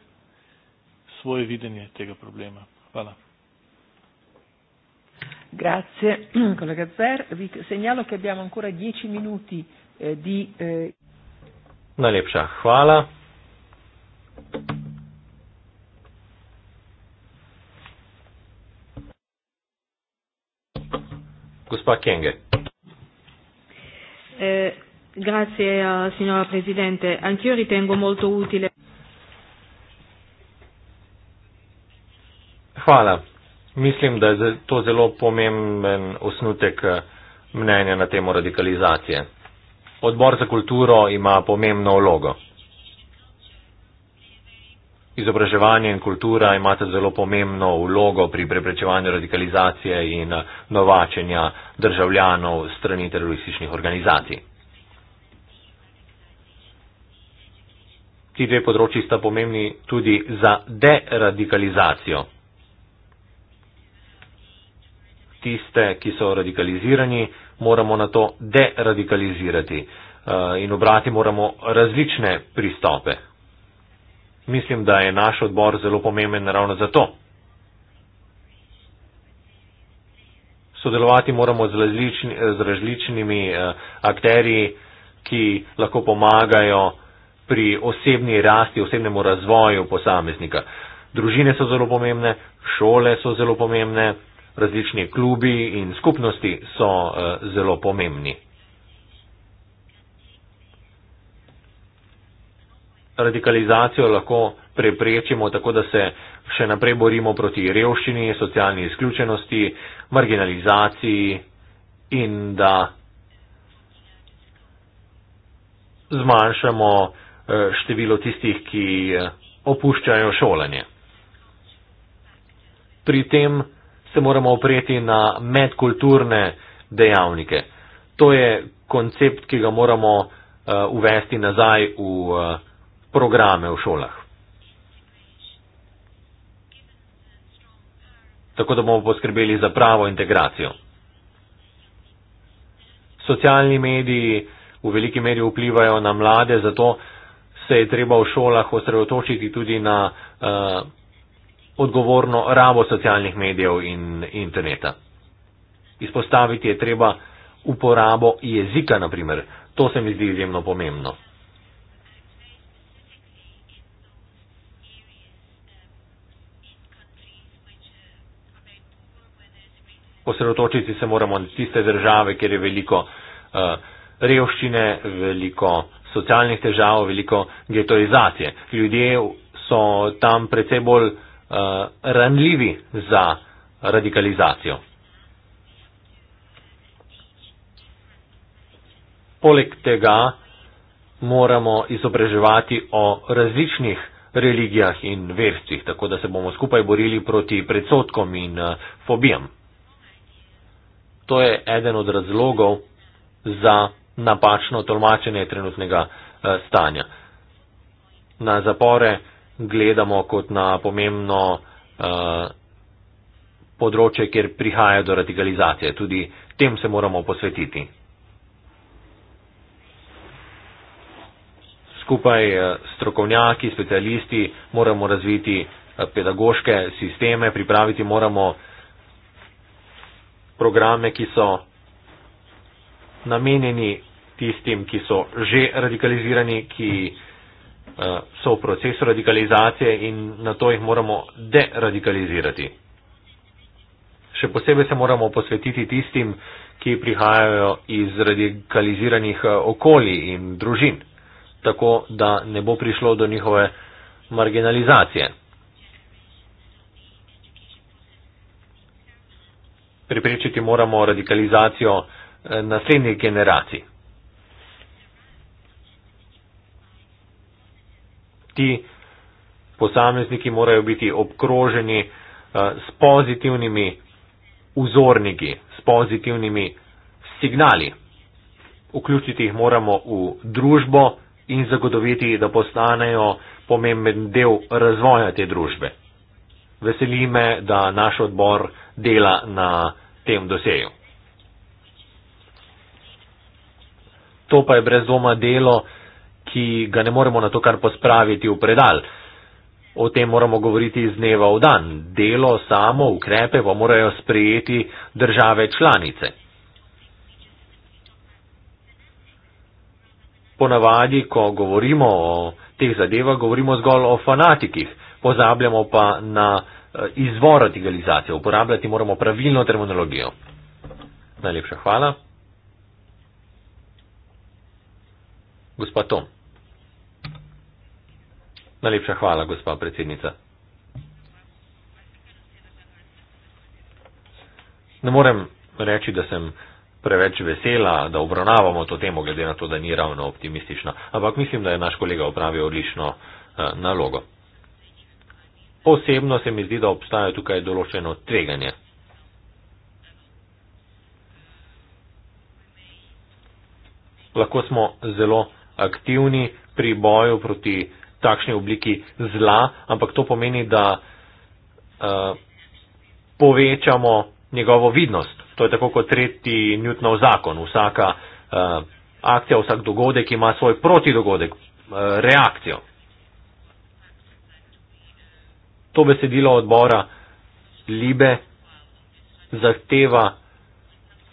tvoje videnje tega problema. Hvala. Grazie, collega Zer. Vi segnalo che abbiamo ancora 10 minuti eh, di. Eh... Najlepša hvala. Gospa Kenge. Eh, grazie, uh, signora Presidente. Anch'io ritengo molto utile. hvala. Mislim, da je to zelo pomemben osnutek eh, mnenja na temo radikalizacije. Odbor za kulturo ima pomembno vlogo. Izobraževanje in kultura imata zelo pomembno vlogo pri preprečevanju radikalizacije in eh, novačenja državljanov strani terorističnih organizacij. Ti dve področji sta pomembni tudi za deradikalizacijo tiste, ki so radikalizirani, moramo na to deradikalizirati eh, in obrati moramo različne pristope. Mislim, da je naš odbor zelo pomemben ravno zato. Sodelovati moramo z, različni, z različnimi eh, akterji, ki lahko pomagajo pri osebni rasti, osebnemu razvoju posameznika. Družine so zelo pomembne, šole so zelo pomembne, različni klubi in skupnosti so eh, zelo pomembni. Radikalizacijo lahko preprečimo tako, da se še naprej borimo proti revščini, socialni izključenosti, marginalizaciji in da zmanjšamo eh, število tistih, ki eh, opuščajo šolanje. Pri tem se moramo opreti na medkulturne dejavnike. To je koncept, ki ga moramo uh, uvesti nazaj v uh, programe v šolah. Tako da bomo poskrbeli za pravo integracijo. Socialni mediji v veliki meri vplivajo na mlade, zato se je treba v šolah osredotočiti tudi na uh, odgovorno rabo socialnih medijev in interneta. Izpostaviti je treba uporabo jezika, naprimer. To se mi zdi izjemno pomembno. Osredotočiti se moramo na tiste države, kjer je veliko uh, revščine, veliko socialnih težav, veliko getoizacije. Ljudje so tam predvsej bolj uh, Eh, ranljivi za radikalizacijo. Poleg tega moramo izobraževati o različnih religijah in verstvih, tako da se bomo skupaj borili proti predsotkom in eh, fobijam. To je eden od razlogov za napačno tolmačenje trenutnega eh, stanja. Na zapore gledamo kot na pomembno uh, področje, kjer prihaja do radikalizacije. Tudi tem se moramo posvetiti. Skupaj eh, strokovnjaki, specialisti moramo razviti eh, pedagoške sisteme, pripraviti moramo programe, ki so namenjeni tistim, ki so že radikalizirani, ki. Hmm Eh, so v procesu radikalizacije in na to jih moramo deradikalizirati. Še posebej se moramo posvetiti tistim, ki prihajajo iz radikaliziranih eh, okolij in družin, tako da ne bo prišlo do njihove marginalizacije. Pripričati moramo radikalizacijo eh, naslednjih generacij. ti posamezniki morajo biti obkroženi eh, s pozitivnimi vzorniki, s pozitivnimi signali. Vključiti jih moramo v družbo in zagotoviti, da postanejo pomemben del razvoja te družbe. Veseli me, da naš odbor dela na tem doseju. To pa je brez doma delo, ki ga ne moremo na to kar pospraviti v predal. O tem moramo govoriti iz dneva v dan. Delo samo, ukrepe pa morajo sprejeti države članice. Ponavadi, ko govorimo o teh zadevah, govorimo zgolj o fanatikih, pozabljamo pa na eh, izvor radikalizacije. Uporabljati moramo pravilno terminologijo. Najlepša hvala. Gospod Tom. Najlepša hvala, gospa predsednica. Ne morem reči, da sem preveč vesela, da obravnavamo to temo, glede na to, da ni ravno optimistična, ampak mislim, da je naš kolega opravil odlično eh, nalogo. Osebno se mi zdi, da obstaja tukaj določeno tveganje. Lahko smo zelo aktivni pri boju proti takšni obliki zla, ampak to pomeni, da uh, povečamo njegovo vidnost. To je tako kot tretji Newtonov zakon. Vsaka uh, akcija, vsak dogodek ima svoj protidogodek, uh, reakcijo. To besedilo odbora Libe zahteva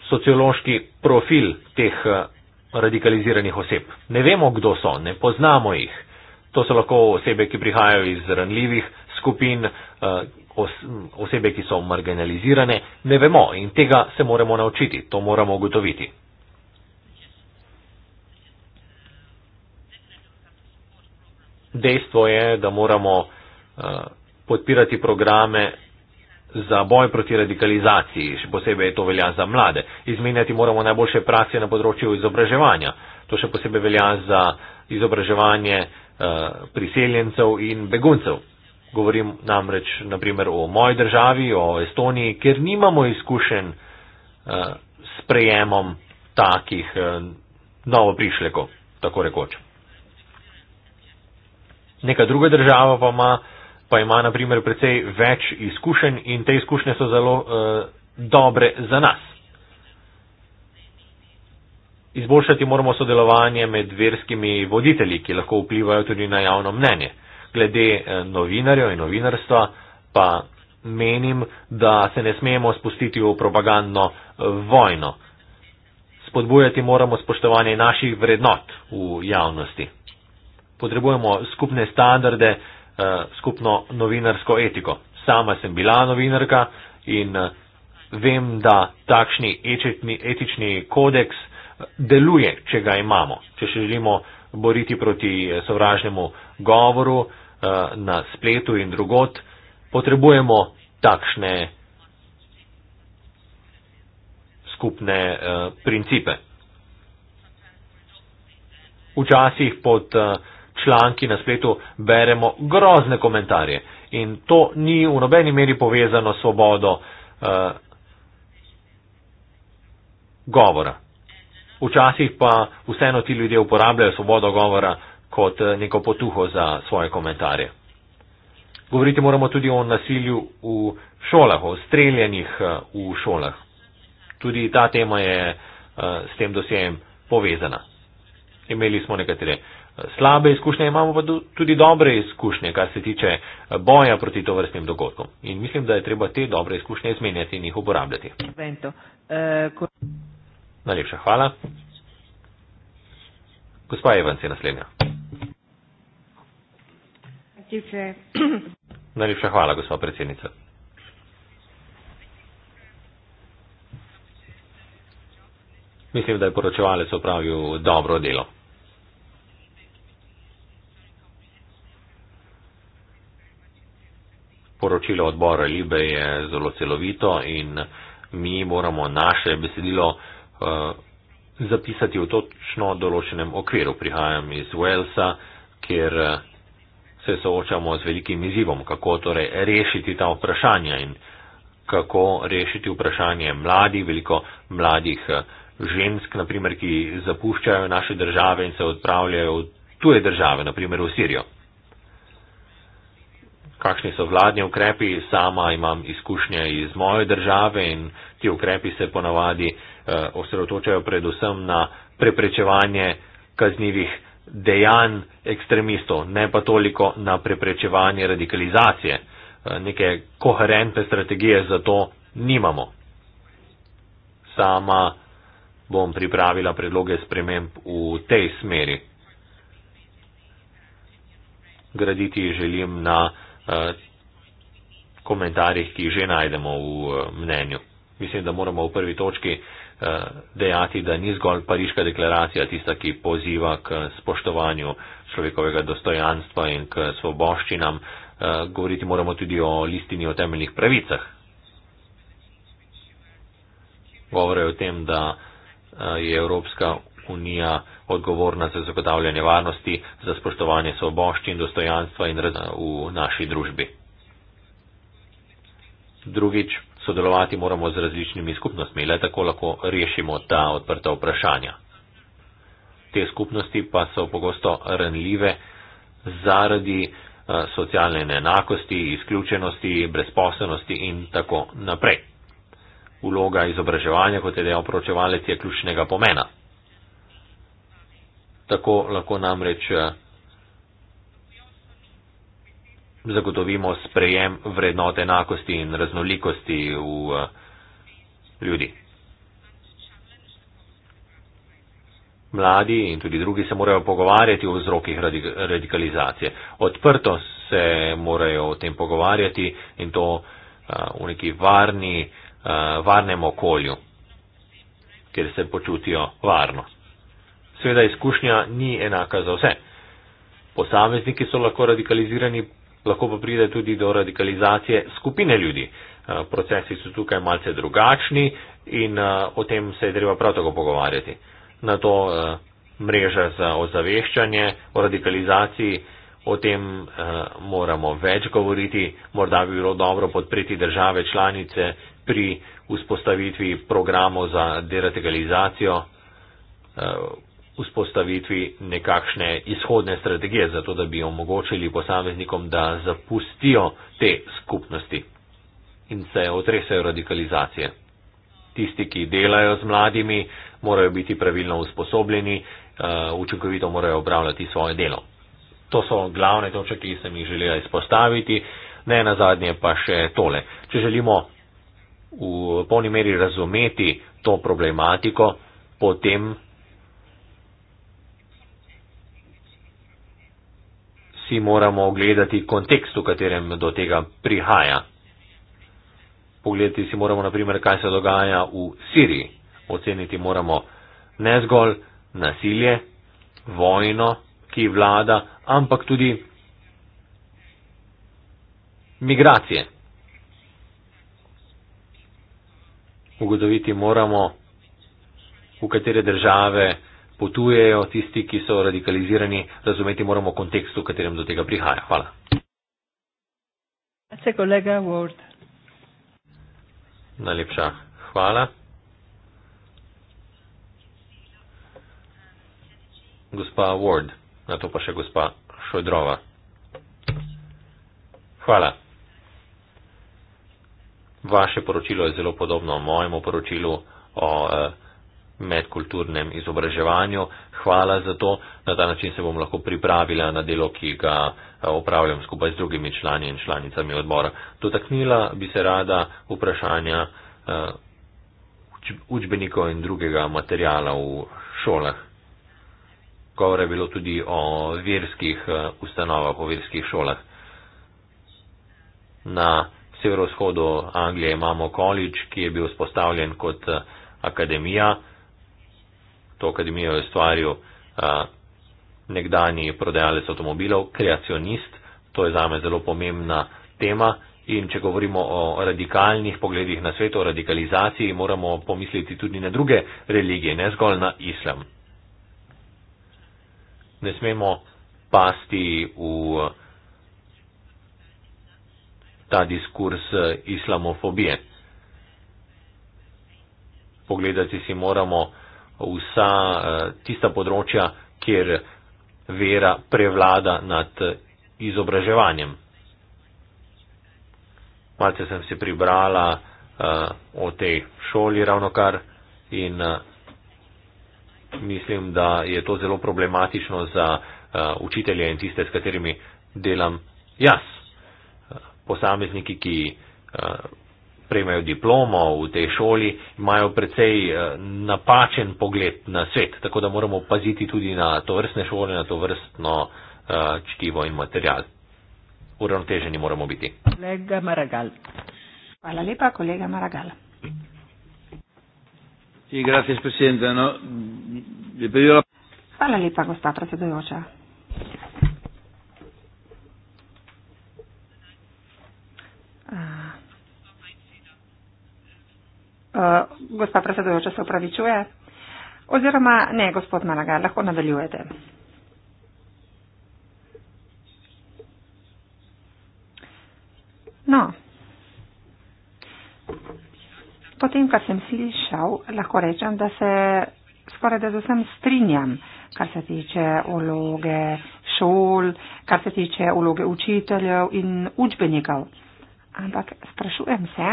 sociološki profil teh uh, radikaliziranih oseb. Ne vemo, kdo so, ne poznamo jih. To so lahko osebe, ki prihajajo iz ranljivih skupin, eh, osebe, ki so marginalizirane, ne vemo in tega se moramo naučiti, to moramo ugotoviti. Dejstvo je, da moramo eh, podpirati programe za boj proti radikalizaciji, še posebej to velja za mlade. Izmenjati moramo najboljše prakse na področju izobraževanja. To še posebej velja za izobraževanje uh, Eh, priseljencev in beguncev. Govorim namreč naprimer o moji državi, o Estoniji, ker nimamo izkušen eh, s prejemom takih eh, novo prišlekov, tako rekoč. Neka druga država pa ima, pa ima naprimer precej več izkušenj in te izkušnje so zelo dobre za nas. Izboljšati moramo sodelovanje med verskimi voditelji, ki lahko vplivajo tudi na javno mnenje. Glede eh, novinarjev in novinarstva pa menim, da se ne smemo spustiti v propagandno eh, vojno. Spodbujati moramo spoštovanje naših vrednot v javnosti. Potrebujemo skupne standarde, eh, skupno novinarsko etiko. Sama sem bila novinarka in vem, da takšni etični kodeks, deluje, če ga imamo. Če se želimo boriti proti eh, sovražnemu govoru eh, na spletu in drugot, potrebujemo takšne skupne eh, principe. Včasih pod članki na spletu beremo grozne komentarje in to ni v nobeni meri povezano s svobodo uh, govora. Včasih pa vseeno ti ljudje uporabljajo svobodo govora kot eh, neko potuho za svoje komentarje. Govoriti moramo tudi o nasilju v šolah, o streljanjih eh, v šolah. Tudi ta tema je eh, s tem dosjejem povezana. Imeli smo nekatere slabe izkušnje, imamo pa tudi dobre izkušnje, kar se tiče boja proti tovrstnim dogodkom. In mislim, da je treba te dobre izkušnje izmenjati in jih uporabljati. Uh, ko... Najlepša hvala. Gospa Evans je naslednja. Najlepša hvala, gospod predsednica. Mislim, da je poročevalec opravil dobro delo. Poročilo odbora Libe je zelo celovito in mi moramo naše besedilo Eh, zapisati v točno določenem okviru. Prihajam iz Walesa, kjer eh, se soočamo z velikim izzivom, kako torej rešiti ta vprašanja in kako rešiti vprašanje mladih, veliko mladih eh, žensk, naprimer, ki zapuščajo naše države in se odpravljajo v tuje države, naprimer v Sirijo. Kakšni so vladni ukrepi? Sama imam izkušnje iz moje države in ti ukrepi se ponavadi Eh, osredotočajo predvsem na preprečevanje kaznjivih dejanj ekstremistov, ne pa toliko na preprečevanje radikalizacije. Eh, neke koherente strategije za to nimamo. Sama bom pripravila predloge sprememb v tej smeri. Graditi želim na eh, komentarjih, ki jih že najdemo v mnenju. Mislim, da moramo v prvi točki uh, Eh, dejati, da ni zgolj pariška deklaracija tista, ki poziva k spoštovanju človekovega dostojanstva in k svoboščinam. Eh, govoriti moramo tudi o listini o temeljnih pravicah. Govore o tem, da eh, je Evropska unija odgovorna za zagotavljanje varnosti, za spoštovanje svoboščin, dostojanstva in razvoja v naši družbi. Drugič, sodelovati moramo z različnimi skupnostmi, le tako lahko rešimo ta odprta vprašanja. Te skupnosti pa so pogosto renljive zaradi eh, socialne neenakosti, izključenosti, brezposobnosti in tako naprej. Uloga izobraževanja, kot je dejal pročevalec, je ključnega pomena. Tako lahko namreč eh, zagotovimo sprejem vrednot enakosti in raznolikosti v eh, ljudi. Mladi in tudi drugi se morajo pogovarjati o vzrokih radikalizacije. Odprto se morajo o tem pogovarjati in to eh, v neki varni, eh, varnem okolju, kjer se počutijo varno. Sveda izkušnja ni enaka za vse. Posamezniki so lahko radikalizirani lahko pa pride tudi do radikalizacije skupine ljudi. Eh, procesi so tukaj malce drugačni in eh, o tem se je treba prav tako pogovarjati. Na to eh, mreža za ozaveščanje o radikalizaciji, o tem moramo več govoriti, morda bi bilo dobro podpreti države članice pri vzpostavitvi programov za deradikalizacijo, vzpostavitvi nekakšne izhodne strategije, zato da bi omogočili posameznikom, da zapustijo te skupnosti in se otresajo radikalizacije. Tisti, ki delajo z mladimi, morajo biti pravilno usposobljeni, eh, učinkovito morajo obravljati svoje delo. To so glavne točke, ki sem jih želela izpostaviti. Ne na zadnje pa še tole. Če želimo v polni meri razumeti to problematiko, potem si moramo ogledati kontekst, v katerem do tega prihaja. Pogledati si moramo, na primer, kaj se dogaja v Siriji. Oceniti moramo ne zgolj nasilje, vojno, ki vlada, ampak tudi migracije. Ugotoviti moramo, v katere države potujejo tisti, ki so radikalizirani, razumeti moramo kontekst, v katerem do tega prihaja. Hvala. Najlepša hvala. Gospa Ward, na to pa še gospa Šojdrova. Hvala. Vaše poročilo je zelo podobno mojemu poročilu o. Uh, medkulturnem izobraževanju. Hvala za to. Na ta način se bom lahko pripravila na delo, ki ga eh, opravljam skupaj z drugimi člani in članicami odbora. Dotaknila bi se rada vprašanja eh, učbenikov in drugega materijala v šolah. Govor je bilo tudi o verskih eh, ustanovah, o verskih šolah. Na severovzhodu Anglije imamo količ, ki je bil spostavljen kot akademija to akademijo je ustvaril nekdani prodajalec avtomobilov, kreacionist, to je zame zelo pomembna tema. In če govorimo o radikalnih pogledih na svet, o radikalizaciji, moramo pomisliti tudi na druge religije, ne zgolj na islam. Ne smemo pasti v ta diskurs islamofobije. Pogledati si moramo, vsa eh, tista področja, kjer vera prevlada nad izobraževanjem. Malce sem se pribrala uh, o tej šoli ravno kar in uh, mislim, da je to zelo problematično za uh, učitelje in tiste, s katerimi delam jaz. Posamezniki, ki uh, prejmejo diplomo v tej šoli, imajo precej eh, napačen pogled na svet. Tako da moramo paziti tudi na to vrstne šole, na to vrstno eh, čtivo in material. Uravnoteženi moramo biti. Kolega Maragal. Hvala lepa, kolega Maragal. No, Hvala lepa, gospod predsedujoča. Eh, gospa predsedujoča se upravičuje. Oziroma ne, gospod Malaga, lahko nadaljujete. No, potem, kar sem slišal, lahko rečem, da se skoraj da z vsem strinjam, kar se tiče uloge šol, kar se tiče uloge učiteljev in učbenikov. Ampak sprašujem se,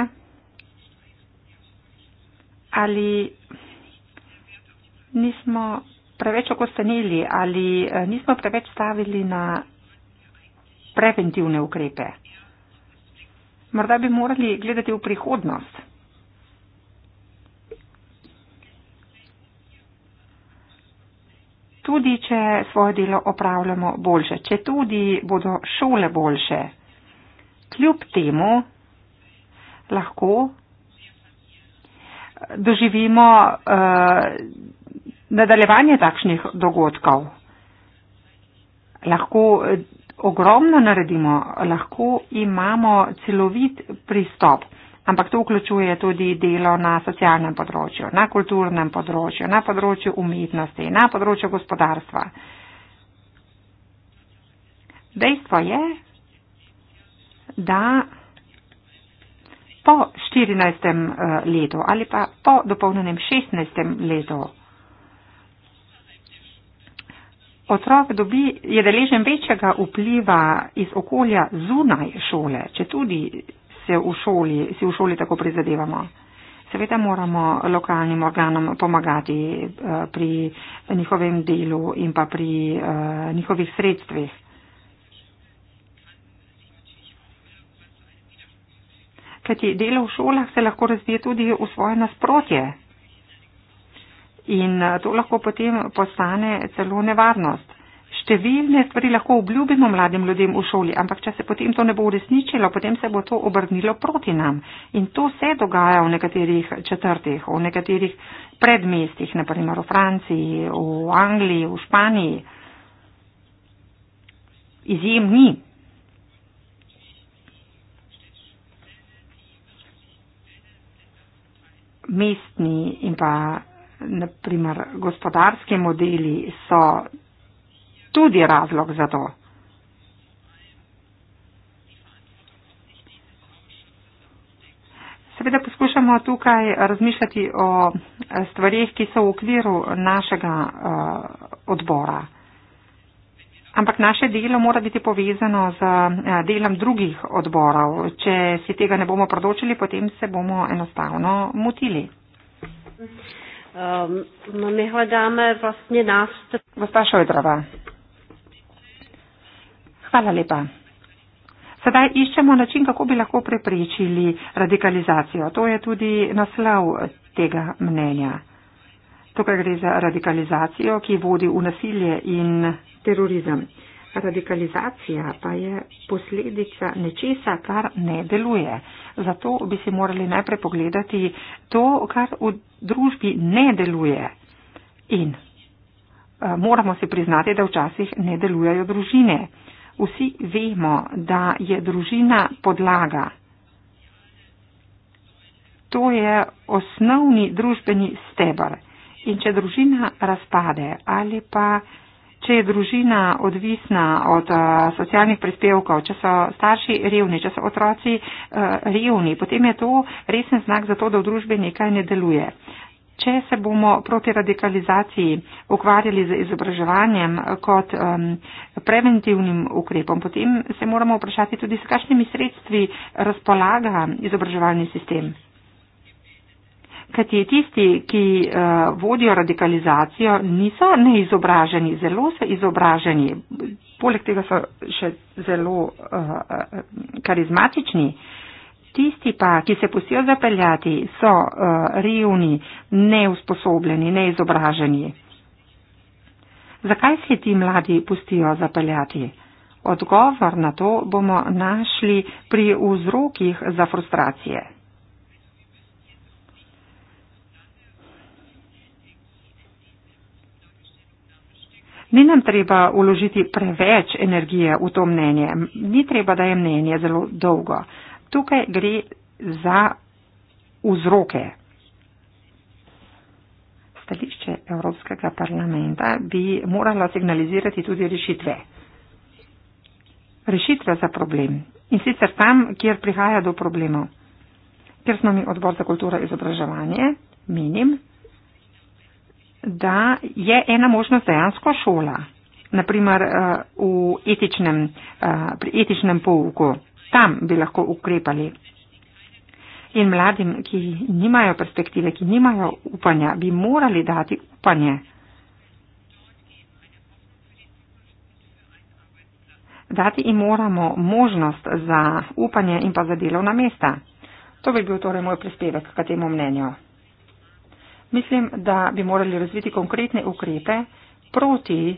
ali nismo preveč okostenili ali eh, nismo preveč stavili na preventivne ukrepe. Morda bi morali gledati v prihodnost. Tudi, če svoje delo opravljamo boljše, če tudi bodo šole boljše, kljub temu lahko doživimo uh, nadaljevanje takšnih dogodkov. Lahko eh, ogromno naredimo, lahko imamo celovit pristop, ampak to vključuje tudi delo na socialnem področju, na kulturnem področju, na področju umetnosti, na področju gospodarstva. Dejstvo je, da po 14. Eh, letu ali pa po dopolnjenem 16. letu. Otrok dobi, je deležen večjega vpliva iz okolja zunaj šole, če tudi se v šoli, si v šoli tako prizadevamo. Seveda moramo lokalnim organom pomagati eh, pri njihovem delu in pa pri eh, njihovih sredstvih. kajti delo v šolah se lahko razvije tudi v svoje nasprotje. In eh, to lahko potem postane celo nevarnost. Številne stvari lahko obljubimo mladim ljudem v šoli, ampak če se potem to ne bo uresničilo, potem se bo to obrnilo proti nam. In to se dogaja v nekaterih četrtih, v nekaterih predmestih, naprimer v Franciji, v Angliji, v Španiji. Izjem ni. mestni in pa naprimer gospodarski modeli so tudi razlog za to. Seveda poskušamo tukaj razmišljati o stvarih, ki so v okviru našega uh, odbora. Ampak naše delo mora biti povezano z eh, delom drugih odborov. Če si tega ne bomo prodočili, potem se bomo enostavno motili. Um, no, my hledáme vlastně nástroje. Hvala lepa. Sedaj iščemo način, kako bi lahko preprečili radikalizacijo. To je tudi naslov tega mnenja. Tukaj gre za radikalizacijo, ki vodi v nasilje in terorizem. Radikalizacija pa je posledica nečesa, kar ne deluje. Zato bi si morali najprej pogledati to, kar v družbi ne deluje. In eh, moramo se priznati, da včasih ne delujejo družine. Vsi vemo, da je družina podlaga. To je osnovni družbeni stebr. In če družina razpade ali pa. Če je družina odvisna od uh, socialnih prispevkov, če so starši revni, če so otroci uh, revni, potem je to resen znak za to, da v družbi nekaj ne deluje. Če se bomo proti radikalizaciji ukvarjali z izobraževanjem kot um, preventivnim ukrepom, potem se moramo vprašati tudi, s kakšnimi sredstvi razpolaga izobraževalni sistem kajti tisti, ki eh, vodijo radikalizacijo, niso neizobraženi, zelo so izobraženi, poleg tega so še zelo eh, eh, karizmatični. Tisti pa, ki se pustijo zapeljati, so revni, neusposobljeni, neizobraženi. Zakaj se ti mladi pustijo zapeljati? Odgovor na to bomo našli pri vzrokih za frustracije. Ni nam treba uložiti preveč energije v to mnenje, ni treba, da je mnenje zelo dolgo. Tukaj gre za vzroke. Stališče Evropskega parlamenta bi moralo signalizirati tudi rešitve. Rešitve za problem. In sicer tam, kjer prihaja do problemov. Ker smo mi odbor za kulturo in izobraževanje, menim, da je ena možnost dejansko šola, naprimer eh, v etičnem, eh, pri etičnem pouku. Tam bi lahko ukrepali. In mladim, ki nimajo perspektive, ki nimajo upanja, bi morali dati upanje. Dati jim moramo možnost za upanje in pa za delovna mesta. To bi bil torej moj prispevek k temu mnenju. Mislim, da bi morali razviti konkretne ukrepe proti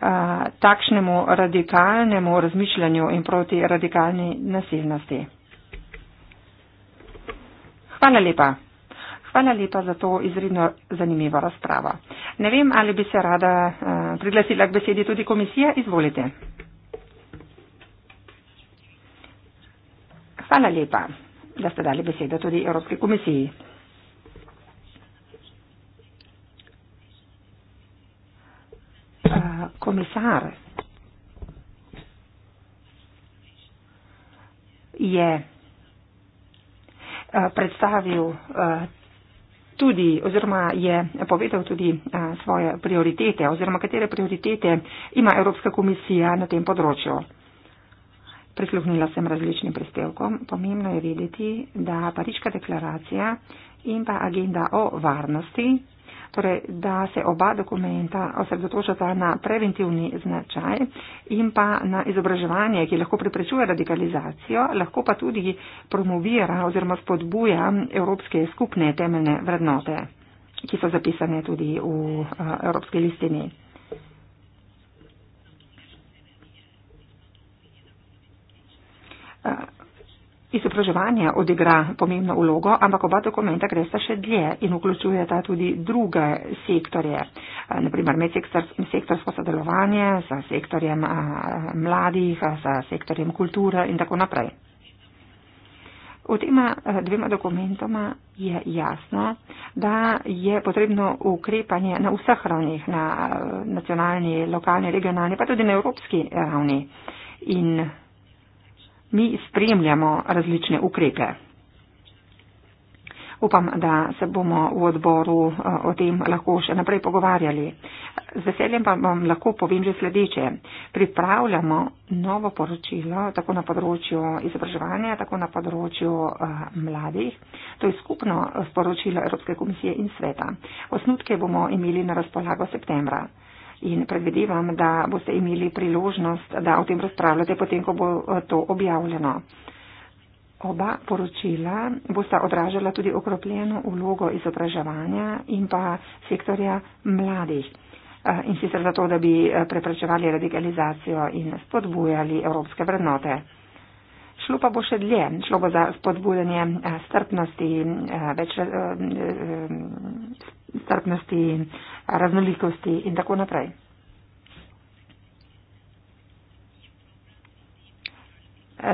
a, takšnemu radikalnemu razmišljanju in proti radikalni nasilnosti. Hvala lepa. Hvala lepa za to izredno zanimivo razpravo. Ne vem, ali bi se rada a, priglasila k besedi tudi komisija. Izvolite. Hvala lepa, da ste dali besedo tudi Evropski komisiji. komisar je predstavil tudi oziroma je povedal tudi svoje prioritete oziroma katere prioritete ima Evropska komisija na tem področju. Prisluhnila sem različnim prispevkom. Pomembno je vedeti, da Pariška deklaracija in pa agenda o varnosti torej, da se oba dokumenta osredotočata na preventivni značaj in pa na izobraževanje, ki lahko preprečuje radikalizacijo, lahko pa tudi promovira oziroma spodbuja evropske skupne temeljne vrednote, ki so zapisane tudi v eh, Evropski listini. Uh, Izobraževanje odigra pomembno vlogo, ampak oba dokumenta gre sta še dlje in vključuje ta tudi druge sektorje, eh, naprimer medsektorsko sodelovanje z sektorjem eh, mladih, z eh, sektorjem kulture in tako naprej. V tema dvema dokumentoma je jasno, da je potrebno ukrepanje na vseh ravnih, na nacionalni, lokalni, regionalni, pa tudi na evropski ravni. In mi spremljamo različne ukrepe. Upam, da se bomo v odboru eh, o tem lahko še naprej pogovarjali. Z veseljem pa vam lahko povem že sledeče. Pripravljamo novo poročilo tako na področju izobraževanja, tako na področju uh, mladih. To je skupno eh, sporočilo Evropske komisije in sveta. Osnutke bomo imeli na razpolago septembra in predvidevam, da boste imeli priložnost, da o tem razpravljate potem, ko bo eh, to objavljeno. Oba poročila bosta odražala tudi okropljeno vlogo izobraževanja in pa sektorja mladih. Eh, in sicer zato, da bi eh, preprečevali radikalizacijo in spodbujali evropske vrednote. Šlo pa bo še dlje. Šlo bo za spodbujanje strpnosti, več strpnosti raznolikosti in tako naprej.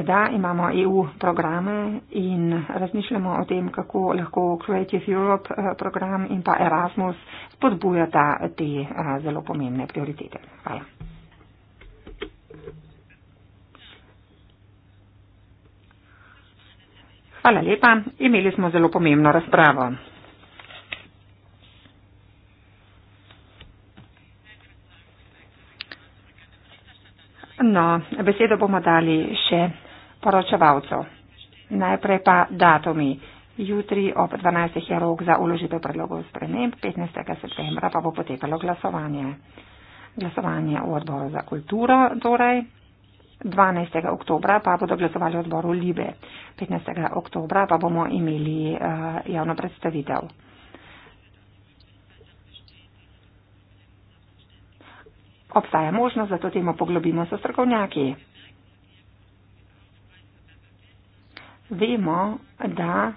Da, imamo EU programe in razmišljamo o tem, kako lahko Creative Europe eh, program in pa Erasmus spodbujata te eh, zelo pomembne prioritete. Hvala. Hvala lepa. Imeli smo zelo pomembno razpravo. Naslednjo besedo bomo dali še poročevalcu. Najprej pa datumi. Jutri ob 12. je rok za uložitev predlogov sprememb, 15. septembra pa bo potekalo glasovanje. Glasovanje v odboru za kulturo, torej 12. oktobra pa bodo glasovali v odboru Libe, 15. oktobra pa bomo imeli uh, javno predstavitev. Obstaja možnost, da to temo poglobimo so strokovnjaki. Vemo, da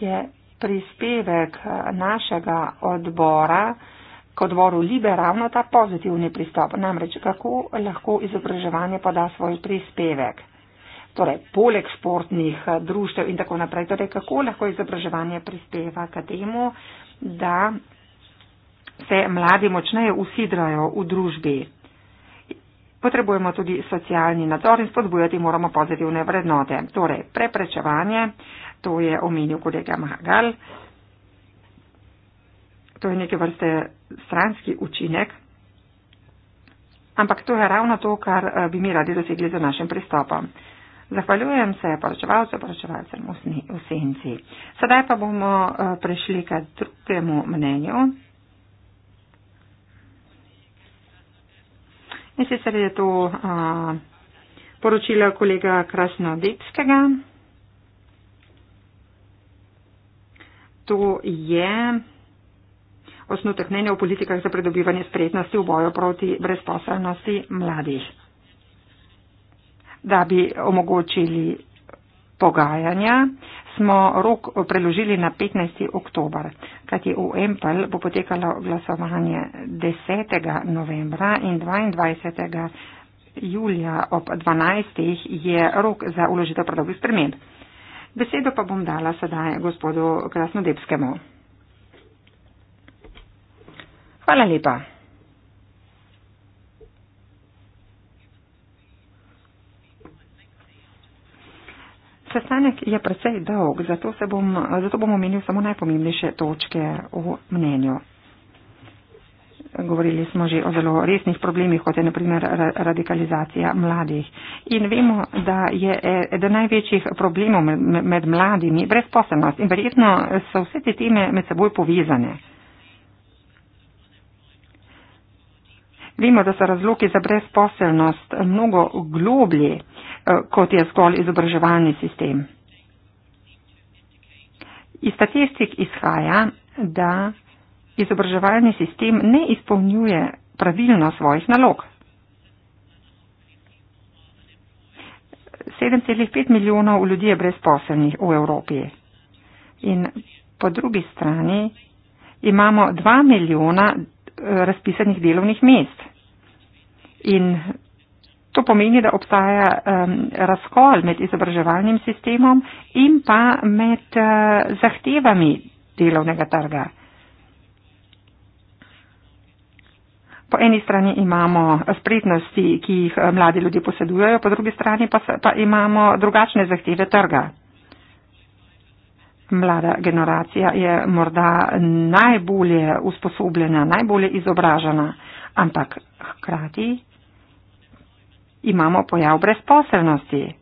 je prispevek našega odbora k odboru Libe ravno ta pozitivni pristop. Namreč, kako lahko izobraževanje poda svoj prispevek? Torej, poleg športnih društev in tako naprej. Torej, kako lahko izobraževanje prispeva k temu, da se mladi močneje usidrajo v družbi. Potrebujemo tudi socialni nadzor in spodbujati moramo pozitivne vrednote. Torej, preprečevanje, to je omenil kolega Magal, to je neke vrste stranski učinek, ampak to je ravno to, kar eh, bi mi radi dosegli z našim pristopom. Zahvaljujem se poročevalcu, poročevalcem v senci. Sedaj pa bomo eh, prešli k drugemu mnenju. In sicer je to a, poročilo kolega Krasnodepskega. To je osnutek mnenja o politikah za predobivanje spretnosti v boju proti brezposobnosti mladih. Da bi omogočili pogajanja, smo rok preložili na 15. oktober, kajti v Empel bo potekalo glasovanje 10. novembra in 22. julija ob 12. je rok za uložitev predlogov sprememb. Besedo pa bom dala sedaj gospodu Krasnodebskemu. Hvala lepa. Sestanek je precej dolg, zato, bom, zato bom omenil samo najpomembnejše točke v mnenju. Govorili smo že o zelo resnih problemih, kot je naprimer radikalizacija mladih. In vemo, da je e-, eden največjih problemov med, med mladimi brezposobnost. In verjetno so vse te teme med seboj povezane. Vemo, da so razloki za brezposobnost mnogo globlji. Eh, kot je zgolj izobraževalni sistem. Iz statistik izhaja, da izobraževalni sistem ne izpolnjuje pravilno svojih nalog. 7,5 milijonov ljudi je brezposelnih v Evropi. In po drugi strani imamo 2 milijona eh, razpisanih delovnih mest. In To pomeni, da obstaja um, razkol med izobraževalnim sistemom in pa med uh, zahtevami delovnega trga. Po eni strani imamo spretnosti, ki jih eh, mladi ljudje posedujejo, po drugi strani pa, pa imamo drugačne zahteve trga. Mlada generacija je morda najbolje usposobljena, najbolje izobražena, ampak hkrati imamo pojav brezposelnosti.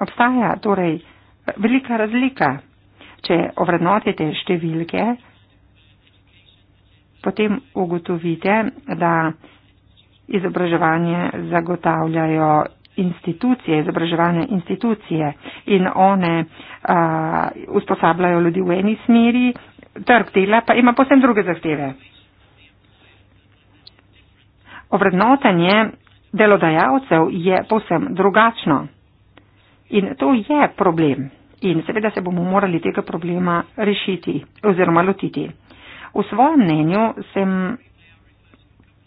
Obstaja torej velika razlika. Če ovrednotite številke, potem ugotovite, da izobraževanje zagotavljajo institucije, izobraževanje institucije in one a, usposabljajo ljudi v eni smeri, trg dela pa ima posebno druge zahteve ovrednotenje delodajalcev je povsem drugačno. In to je problem. In seveda se bomo morali tega problema rešiti oziroma lotiti. V svojem mnenju sem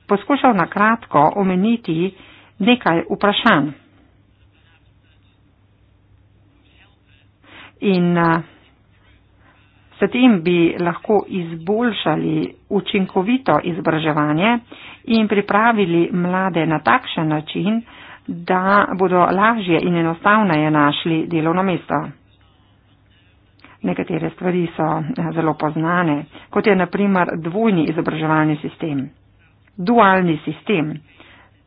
poskušal nakratko omeniti nekaj vprašanj. In uh, S tem bi lahko izboljšali učinkovito izobraževanje in pripravili mlade na takšen način, da bodo lažje in enostavneje našli delovno mesto. Nekatere stvari so eh, zelo poznane, kot je naprimer dvojni izobraževalni sistem, dualni sistem.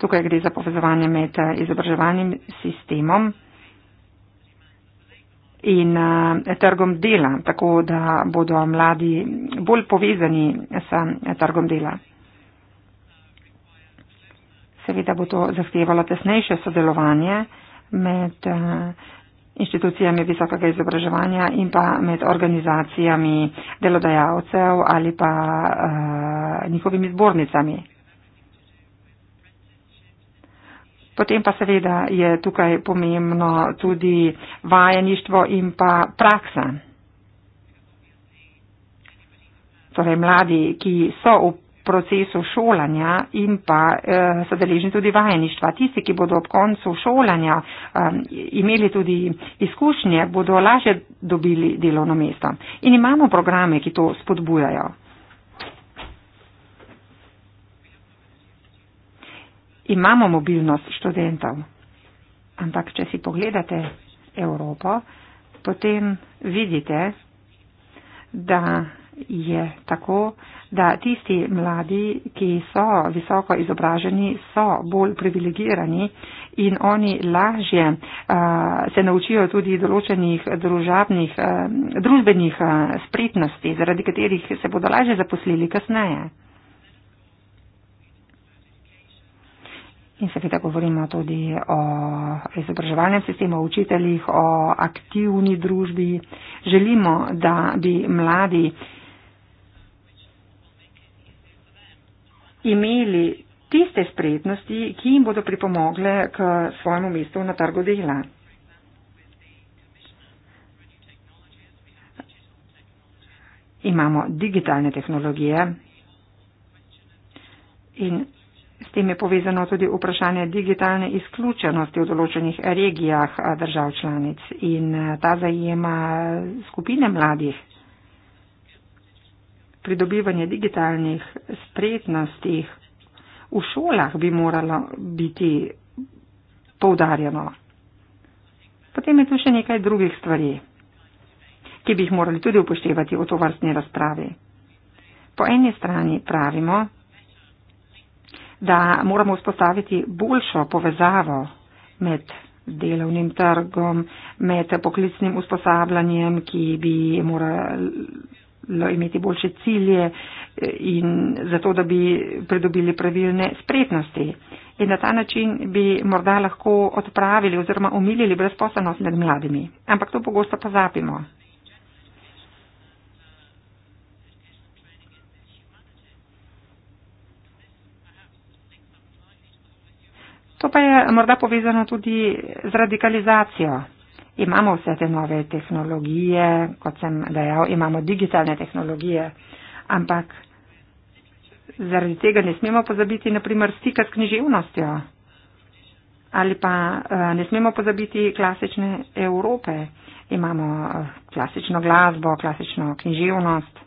Tukaj gre za povezovanje med eh, izobraževalnim sistemom in eh, trgom dela, tako da bodo mladi bolj povezani s eh, trgom dela. Seveda bo to zahtevalo tesnejše sodelovanje med eh, inštitucijami visokega izobraževanja in pa med organizacijami delodajalcev ali pa uh, njihovimi zbornicami. Potem pa seveda je tukaj pomembno tudi vajeništvo in pa praksa. Torej mladi, ki so v procesu šolanja in pa eh, so deležni tudi vajeništva. Tisti, ki bodo ob koncu šolanja eh, imeli tudi izkušnje, bodo lažje dobili delovno mesto. In imamo programe, ki to spodbujajo. imamo mobilnost študentov. Ampak, če si pogledate Evropo, potem vidite, da je tako, da tisti mladi, ki so visoko izobraženi, so bolj privilegirani in oni lažje uh, se naučijo tudi določenih družabnih, uh, družbenih uh, spretnosti, zaradi katerih se bodo lažje zaposlili kasneje. In seveda govorimo tudi o izobraževalnem sistemu, o učiteljih, o aktivni družbi. Želimo, da bi mladi imeli tiste spretnosti, ki jim bodo pripomogle k svojemu mestu na trgu dela. Imamo digitalne tehnologije in tem je povezano tudi vprašanje digitalne izključenosti v določenih regijah eh, držav članic in eh, ta zajema skupine mladih. Pridobivanje digitalnih spretnosti v šolah bi moralo biti poudarjeno. Potem je tu še nekaj drugih stvari, ki bi jih morali tudi upoštevati v to vrstni razpravi. Po eni strani pravimo, da moramo vzpostaviti boljšo povezavo med delovnim trgom, med poklicnim usposabljanjem, ki bi moralo imeti boljše cilje eh, in zato, da bi pridobili pravilne spretnosti. In na ta način bi morda lahko odpravili oziroma omilili brezposobnost med mladimi. Ampak to pogosto pozapimo. To pa je morda povezano tudi z radikalizacijo. Imamo vse te nove tehnologije, kot sem dejal, imamo digitalne tehnologije, ampak zaradi tega ne smemo pozabiti naprimer stika s književnostjo ali pa eh, ne smemo pozabiti klasične Evrope. Imamo eh, klasično glasbo, klasično književnost.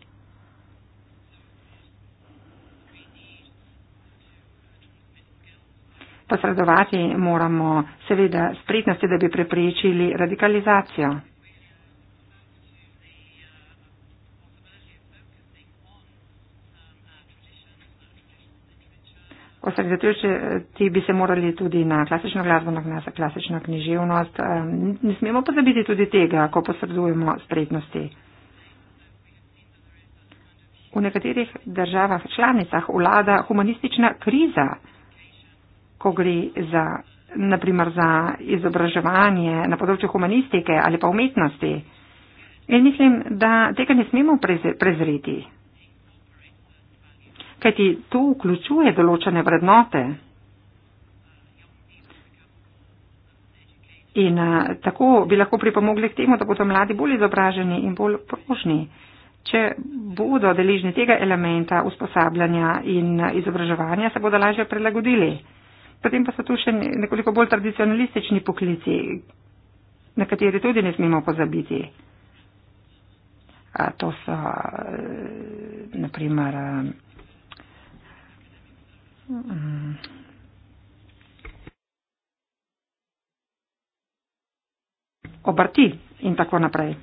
Posredovati moramo seveda spretnosti, da bi preprečili radikalizacijo. Osredotočiti bi se morali tudi na klasično glasbo, na klasično književnost. Ne smemo pozabiti tudi tega, ko posredujemo spretnosti. V nekaterih državah članicah vlada humanistična kriza ko gre za, naprimer, za izobraževanje na področju humanistike ali pa umetnosti. In mislim, da tega ne smemo prezreti. Kajti to vključuje določene vrednote. In a, tako bi lahko pripomogli k temu, da bodo mladi bolj izobraženi in bolj prožni, če bodo deležni tega elementa usposabljanja in izobraževanja, se bodo lažje prilagodili potem pa so tu še nekoliko bolj tradicionalistični poklici, na kateri tudi ne smemo pozabiti. To so eh, naprimer eh, mm, obrti in tako naprej.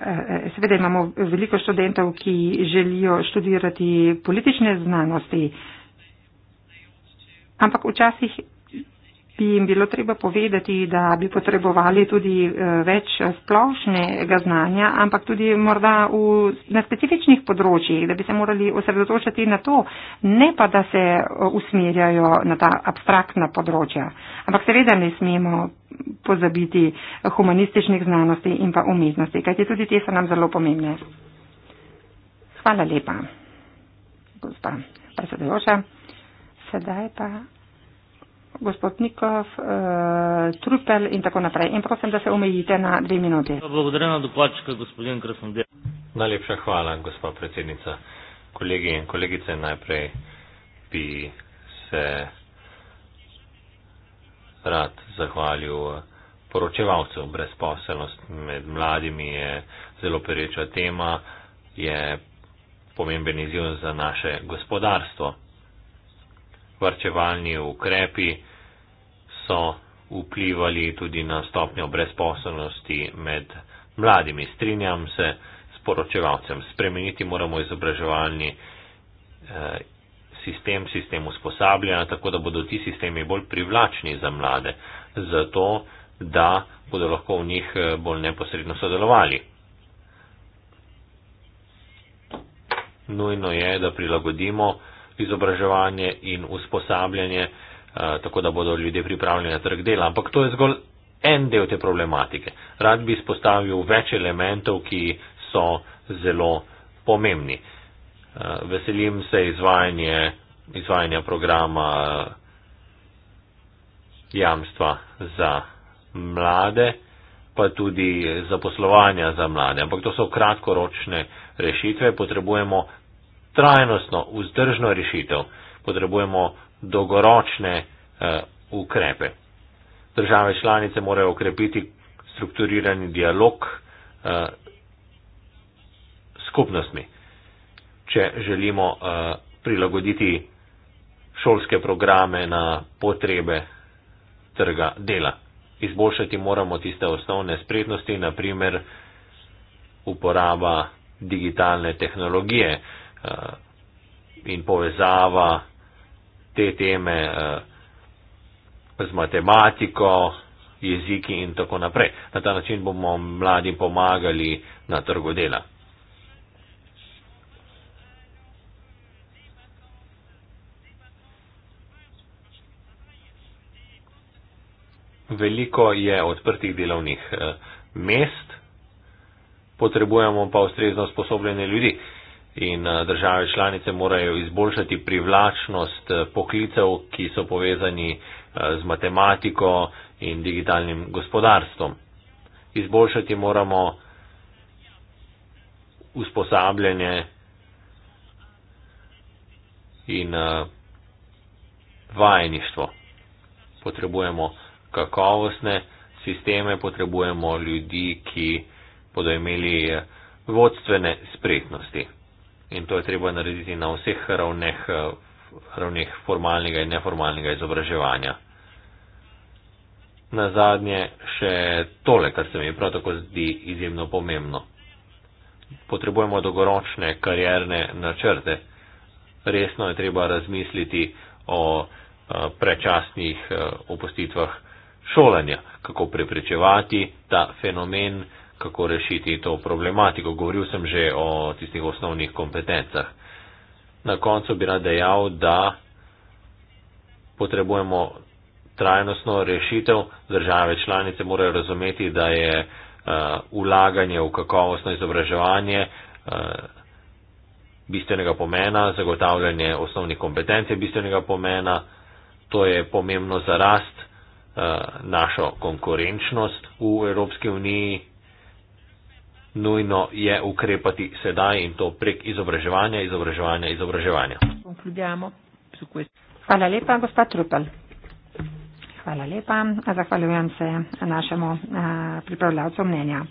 Eh, seveda imamo veliko študentov, ki želijo študirati politične znanosti, ampak včasih bi jim bilo treba povedati, da bi potrebovali tudi eh, več splošnega znanja, ampak tudi morda v, na specifičnih področjih, da bi se morali osredotočati na to, ne pa da se eh, usmerjajo na ta abstraktna področja. Ampak seveda ne smemo pozabiti humanističnih znanosti in pa umetnosti, kajti tudi te so nam zelo pomembne. Hvala lepa, gospa predsedujoča. Sedaj pa gospod Nikov, uh, Trupel in tako naprej. In prosim, da se omejite na dve minuti. Blagodarena doplačka, gospodin Krasnodel. Najlepša hvala, gospa predsednica. Kolegi in kolegice, najprej bi se rad zahvalil poročevalcev. Brezposelnost med mladimi je zelo pereča tema, je pomemben izziv za naše gospodarstvo varčevalni ukrepi so vplivali tudi na stopnjo brezposobnosti med mladimi. Strinjam se s poročevalcem. Spremeniti moramo izobraževalni eh, sistem, sistem usposabljanja, tako da bodo ti sistemi bolj privlačni za mlade, zato da bodo lahko v njih eh, bolj neposredno sodelovali. Nujno je, da prilagodimo izobraževanje in usposabljanje, eh, tako da bodo ljudje pripravljeni na trg dela. Ampak to je zgolj en del te problematike. Rad bi izpostavil več elementov, ki so zelo pomembni. Eh, veselim se izvajanje, izvajanja programa eh, jamstva za mlade, pa tudi zaposlovanja za mlade. Ampak to so kratkoročne rešitve, potrebujemo trajnostno, vzdržno rešitev, potrebujemo dolgoročne eh, ukrepe. Države članice morajo okrepiti strukturirani dialog eh, skupnostmi, če želimo eh, prilagoditi šolske programe na potrebe trga dela. Izboljšati moramo tiste osnovne spretnosti, naprimer uporaba digitalne tehnologije. Eh, Eh, in povezava te teme eh, z matematiko, jeziki in tako naprej. Na ta način bomo mladim pomagali na trgu dela. Veliko je odprtih delovnih eh, mest, potrebujemo pa ustrezno usposobljene ljudi. Uh, in eh, države članice morajo izboljšati privlačnost eh, poklicev, ki so povezani eh, z matematiko in digitalnim gospodarstvom. Izboljšati moramo usposabljanje in vajeništvo. Potrebujemo kakovostne sisteme, potrebujemo ljudi, ki bodo imeli vodstvene spretnosti in to je treba narediti na vseh ravneh, eh, ravneh formalnega in neformalnega izobraževanja. Na zadnje še tole, kar se mi prav tako zdi izjemno pomembno. Potrebujemo dolgoročne karjerne načrte. Resno je treba razmisliti o eh, prečasnih eh, opustitvah šolanja, kako preprečevati ta fenomen, kako rešiti to problematiko. Govoril sem že o tistih osnovnih kompetencah. Na koncu bi rad dejal, da potrebujemo trajnostno rešitev. Države članice morajo razumeti, da je uh, eh, ulaganje v kakovostno izobraževanje uh, bistvenega pomena, zagotavljanje osnovnih kompetenc je bistvenega pomena. To je pomembno za rast, uh, našo konkurenčnost v Evropski uniji nujno je ukrepati sedaj in to prek izobraževanja, izobraževanja, izobraževanja. Hvala lepa, gospod Trupel. Hvala lepa, zahvaljujem se našemu eh, pripravljavcu mnenja.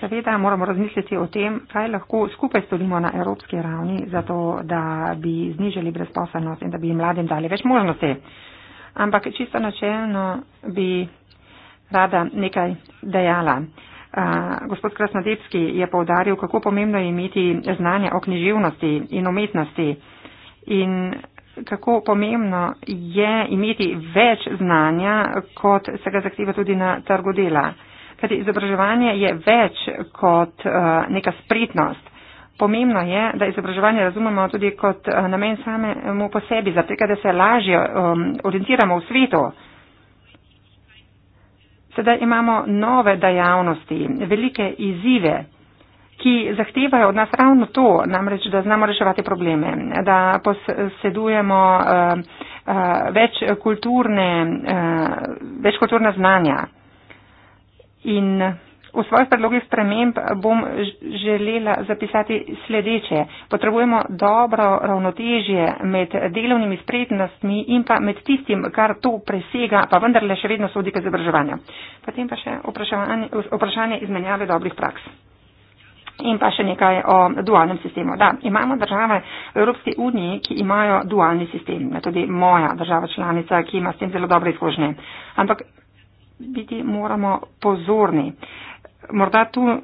Seveda moramo razmisliti o tem, kaj lahko skupaj storimo na evropski ravni, zato da bi znižali brezposobnost in da bi mladim dali več možnosti. Ampak čisto načelno bi rada nekaj dejala. Uh, gospod Krasnodebski je povdaril, kako pomembno je imeti znanje o književnosti in umetnosti in kako pomembno je imeti več znanja, kot se ga zahteva tudi na trgu dela. Kajti izobraževanje je več kot uh, neka spretnost. Pomembno je, da izobraževanje razumemo tudi kot uh, namen samemu po sebi, zato da se lažje um, orientiramo v svetu. Uh, Sedaj imamo nove dejavnosti, velike izzive, ki zahtevajo od nas ravno to, namreč, da znamo reševati probleme, da posedujemo uh, eh, uh, eh, večkulturna uh, več eh, znanja. In V svojih predlogih sprememb bom želela zapisati sledeče. Potrebujemo dobro ravnotežje med delovnimi spretnostmi in pa med tistim, kar to presega, pa vendarle še vedno sodi k izobraževanju. Potem pa še vprašanje, vprašanje izmenjave dobrih praks. In pa še nekaj o dualnem sistemu. Da, imamo države v Evropski uniji, ki imajo dualni sistem. Ja, tudi moja država članica, ki ima s tem zelo dobre izkušnje. Ampak biti moramo pozorni morda tu eh,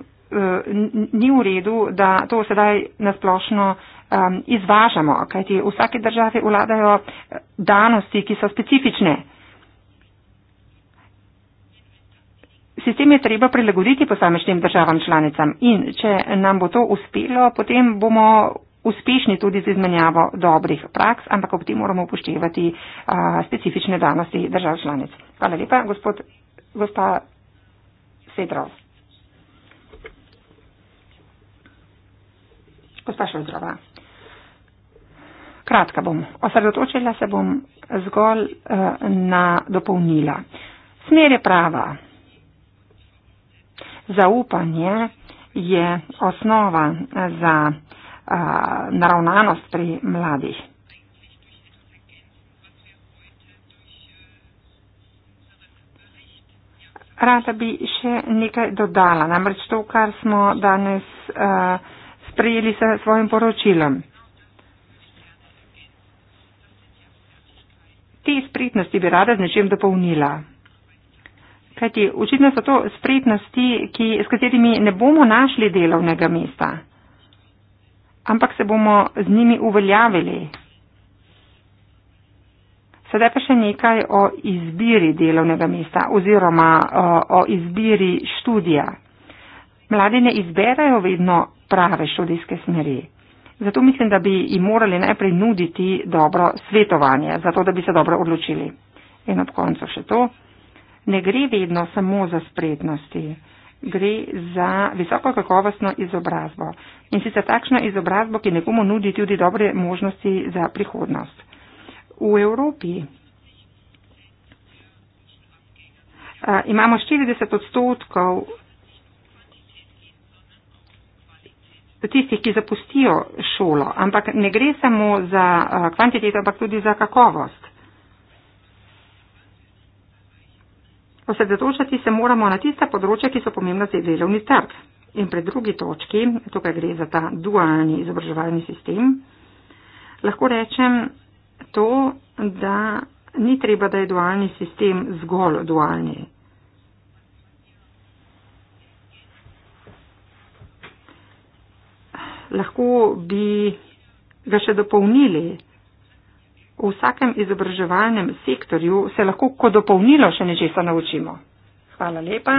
ni v redu, da to sedaj nasplošno izvažamo, kajti v vsake države vladajo eh, danosti, ki so specifične. Sistem je treba prilagoditi posamečnim državam članicam in če nam bo to uspelo, potem bomo uspešni tudi z izmenjavo dobrih praks, ampak ob tem moramo upoštevati a, specifične danosti držav članic. Hvala lepa, gospod, gospa Sedrov. Gospa Šoldrova, kratka bom. Osredotočila se bom zgolj uh, na dopolnila. Smer je prava. Zaupanje je osnova eh, za uh, naravnanost pri mladih. Rada bi še nekaj dodala, namreč to, kar smo danes. Uh, sprejeli s svojim poročilom. Te spretnosti bi rada z nečem dopolnila. Kajti, očitno so to spretnosti, ki, s katerimi ne bomo našli delovnega mesta, ampak se bomo z njimi uveljavili. Sedaj pa še nekaj o izbiri delovnega mesta oziroma o, o izbiri študija. Mladi ne izberajo vedno prave študijske smeri. Zato mislim, da bi jim morali najprej nuditi dobro svetovanje, zato da bi se dobro odločili. In od konca še to. Ne gre vedno samo za spretnosti, gre za visoko kakovostno izobrazbo. In sicer takšno izobrazbo, ki nekomu nudi tudi dobre možnosti za prihodnost. V Evropi a, imamo 40 odstotkov tistih, ki zapustijo šolo. Ampak ne gre samo za eh, kvantiteto, ampak tudi za kakovost. Osredotočati se moramo na tista področja, ki so pomembna za delovni trg. In pri drugi točki, tukaj gre za ta dualni izobraževalni sistem, lahko rečem to, da ni treba, da je dualni sistem zgolj dualni. lahko bi ga še dopolnili. V vsakem izobraževalnem sektorju se lahko kot dopolnilo še nečesa naučimo. Hvala lepa.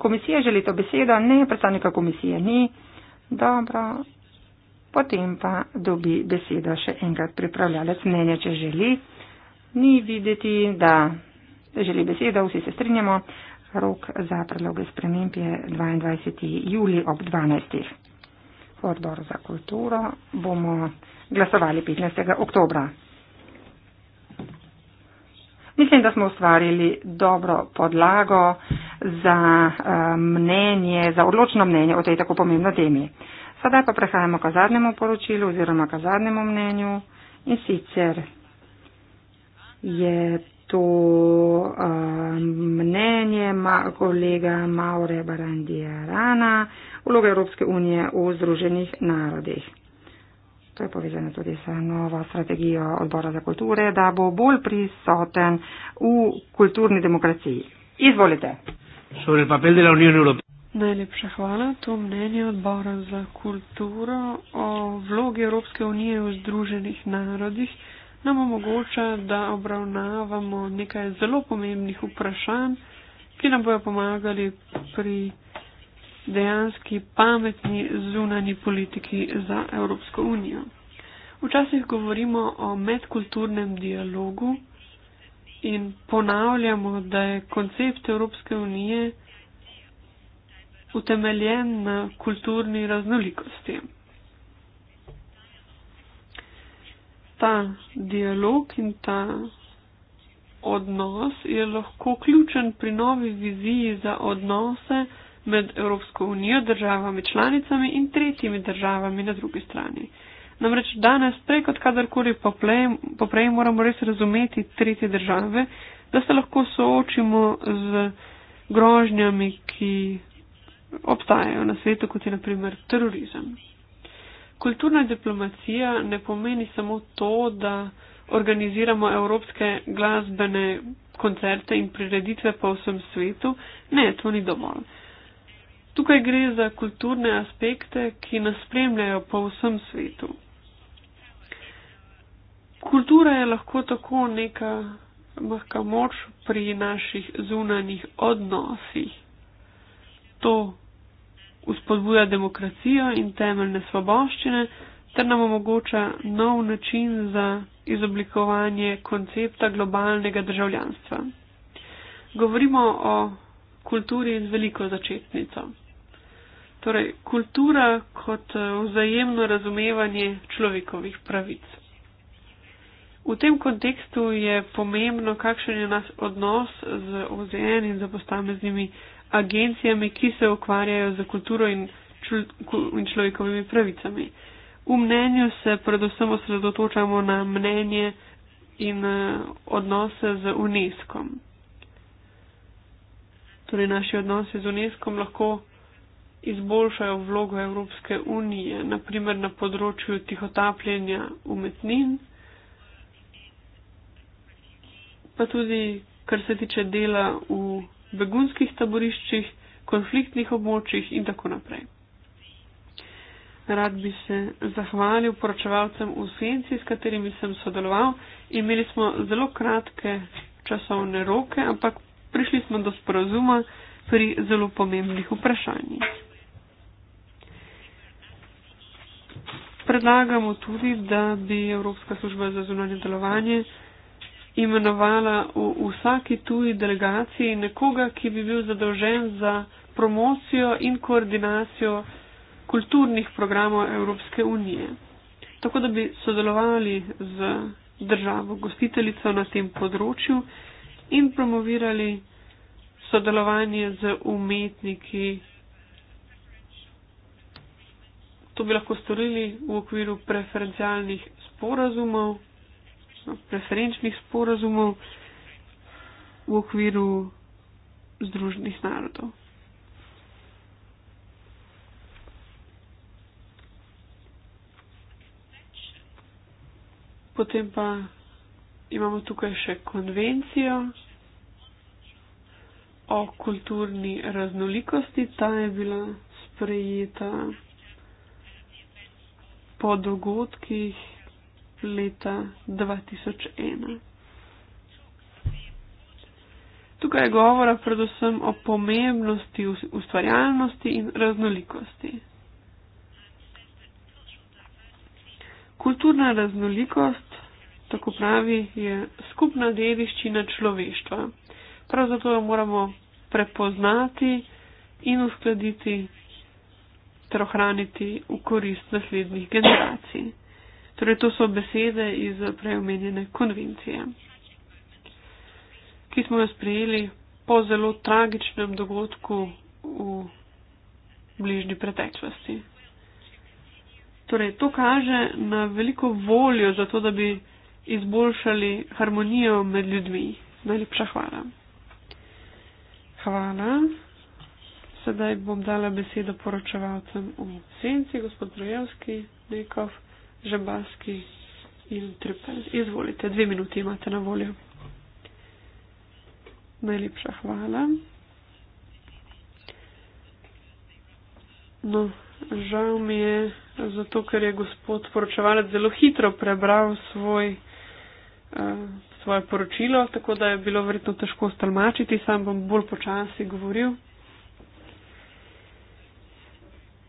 Komisija želi to besedo, ne predstavnika komisije ni. Dobro, potem pa dobi besedo še enkrat pripravljalec mnenja, če želi. Ni videti, da želi besedo, vsi se strinjamo. Rok za predloge sprememb je 22. juli ob 12 v odboru za kulturo bomo glasovali 15. oktobra. Mislim, da smo ustvarili dobro podlago za eh, mnenje, za odločno mnenje o tej tako pomembni temi. Sedaj pa prehajamo k zadnjemu poročilu oziroma k zadnjemu mnenju in sicer je to uh, mnenje ma kolega Maure Barandija Rana, vloga Evropske unije v Združenih narodih. To je povezano tudi s novo strategijo odbora za kulture, da bo bolj prisoten v kulturni demokraciji. Izvolite. Najlepša hvala. To mnenje odbora za kulturo o vlogi Evropske unije v Združenih narodih nam omogoča, da obravnavamo nekaj zelo pomembnih vprašanj, ki nam bojo pomagali pri dejanski pametni zunani politiki za Evropsko unijo. Včasih govorimo o medkulturnem dialogu in ponavljamo, da je koncept Evropske unije utemeljen na kulturni raznolikosti. ta dialog in ta odnos je lahko ključen pri novi viziji za odnose med Evropsko unijo, državami članicami in tretjimi državami na drugi strani. Namreč danes prej kot kadarkoli poprej, poprej moramo res razumeti tretje države, da se lahko soočimo z grožnjami, ki obstajajo na svetu, kot je naprimer terorizem. Kulturna diplomacija ne pomeni samo to, da organiziramo evropske glasbene koncerte in prireditve po vsem svetu. Ne, to ni dovolj. Tukaj gre za kulturne aspekte, ki nas spremljajo po vsem svetu. Kultura je lahko tako neka mahka moč pri naših zunanjih odnosih. To uspodbuja demokracijo in temeljne svoboščine ter nam omogoča nov način za izoblikovanje koncepta globalnega državljanstva. Govorimo o kulturi z veliko začetnico. Torej, kultura kot eh, vzajemno razumevanje človekovih pravic. V tem kontekstu je pomembno, kakšen je naš odnos z OZN in za posameznimi agencijami, ki se ukvarjajo za kulturo in, in človekovimi pravicami. V mnenju se predvsem osredotočamo na mnenje in uh, odnose z UNESCO. Torej, naši odnosi z UNESCO lahko izboljšajo vlogo Evropske unije, naprimer na področju tihotapljenja umetnin, pa tudi kar se tiče dela v begunskih taboriščih, konfliktnih območjih in tako naprej. Rad bi se zahvalil poročevalcem v senci, s katerimi sem sodeloval. Imeli smo zelo kratke časovne roke, ampak prišli smo do sporazuma pri zelo pomembnih vprašanjih. Predlagamo tudi, da bi Evropska služba za zunanje delovanje imenovala v vsaki tuji delegaciji nekoga, ki bi bil zadolžen za promocijo in koordinacijo kulturnih programov Evropske unije. Tako da bi sodelovali z državo gostiteljico na tem področju in promovirali sodelovanje z umetniki. To bi lahko storili v okviru preferencialnih sporazumov preferenčnih sporazumov v okviru Združenih narodov. Potem pa imamo tukaj še konvencijo o kulturni raznolikosti. Ta je bila sprejeta po dogodkih leta 2001. Tukaj je govora predvsem o pomembnosti ustvarjalnosti in raznolikosti. Kulturna raznolikost, tako pravi, je skupna dediščina človeštva. Prav zato jo moramo prepoznati in uskladiti ter ohraniti v korist naslednjih generacij. Torej, to so besede iz preomenjene konvencije, ki smo jo sprejeli po zelo tragičnem dogodku v bližnji preteklosti. Torej, to kaže na veliko voljo za to, da bi izboljšali harmonijo med ljudmi. Najlepša hvala. Hvala. Sedaj bom dala besedo poročevalcem v senci, gospod Brojevski, Dekov. Žabaski in Trepen. Izvolite, dve minuti imate na voljo. Najlepša hvala. No, žal mi je, zato ker je gospod poročevalec zelo hitro prebral svoj, uh, svoje poročilo, tako da je bilo verjetno težko stalmačiti, sam bom bolj počasi govoril.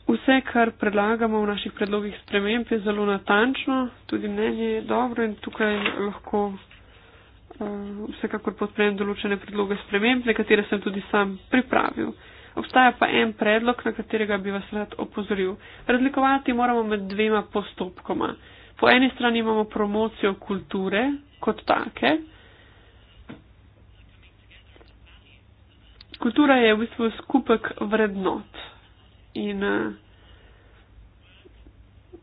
Vse, kar predlagamo v naših predlogih sprememb, je zelo natančno, tudi mnenje je dobro in tukaj lahko uh, vsekakor podprem določene predloge sprememb, nekatere sem tudi sam pripravil. Obstaja pa en predlog, na katerega bi vas rad opozoril. Razlikovati moramo med dvema postopkoma. Po eni strani imamo promocijo kulture kot take. Kultura je v bistvu skupek vrednot in eh,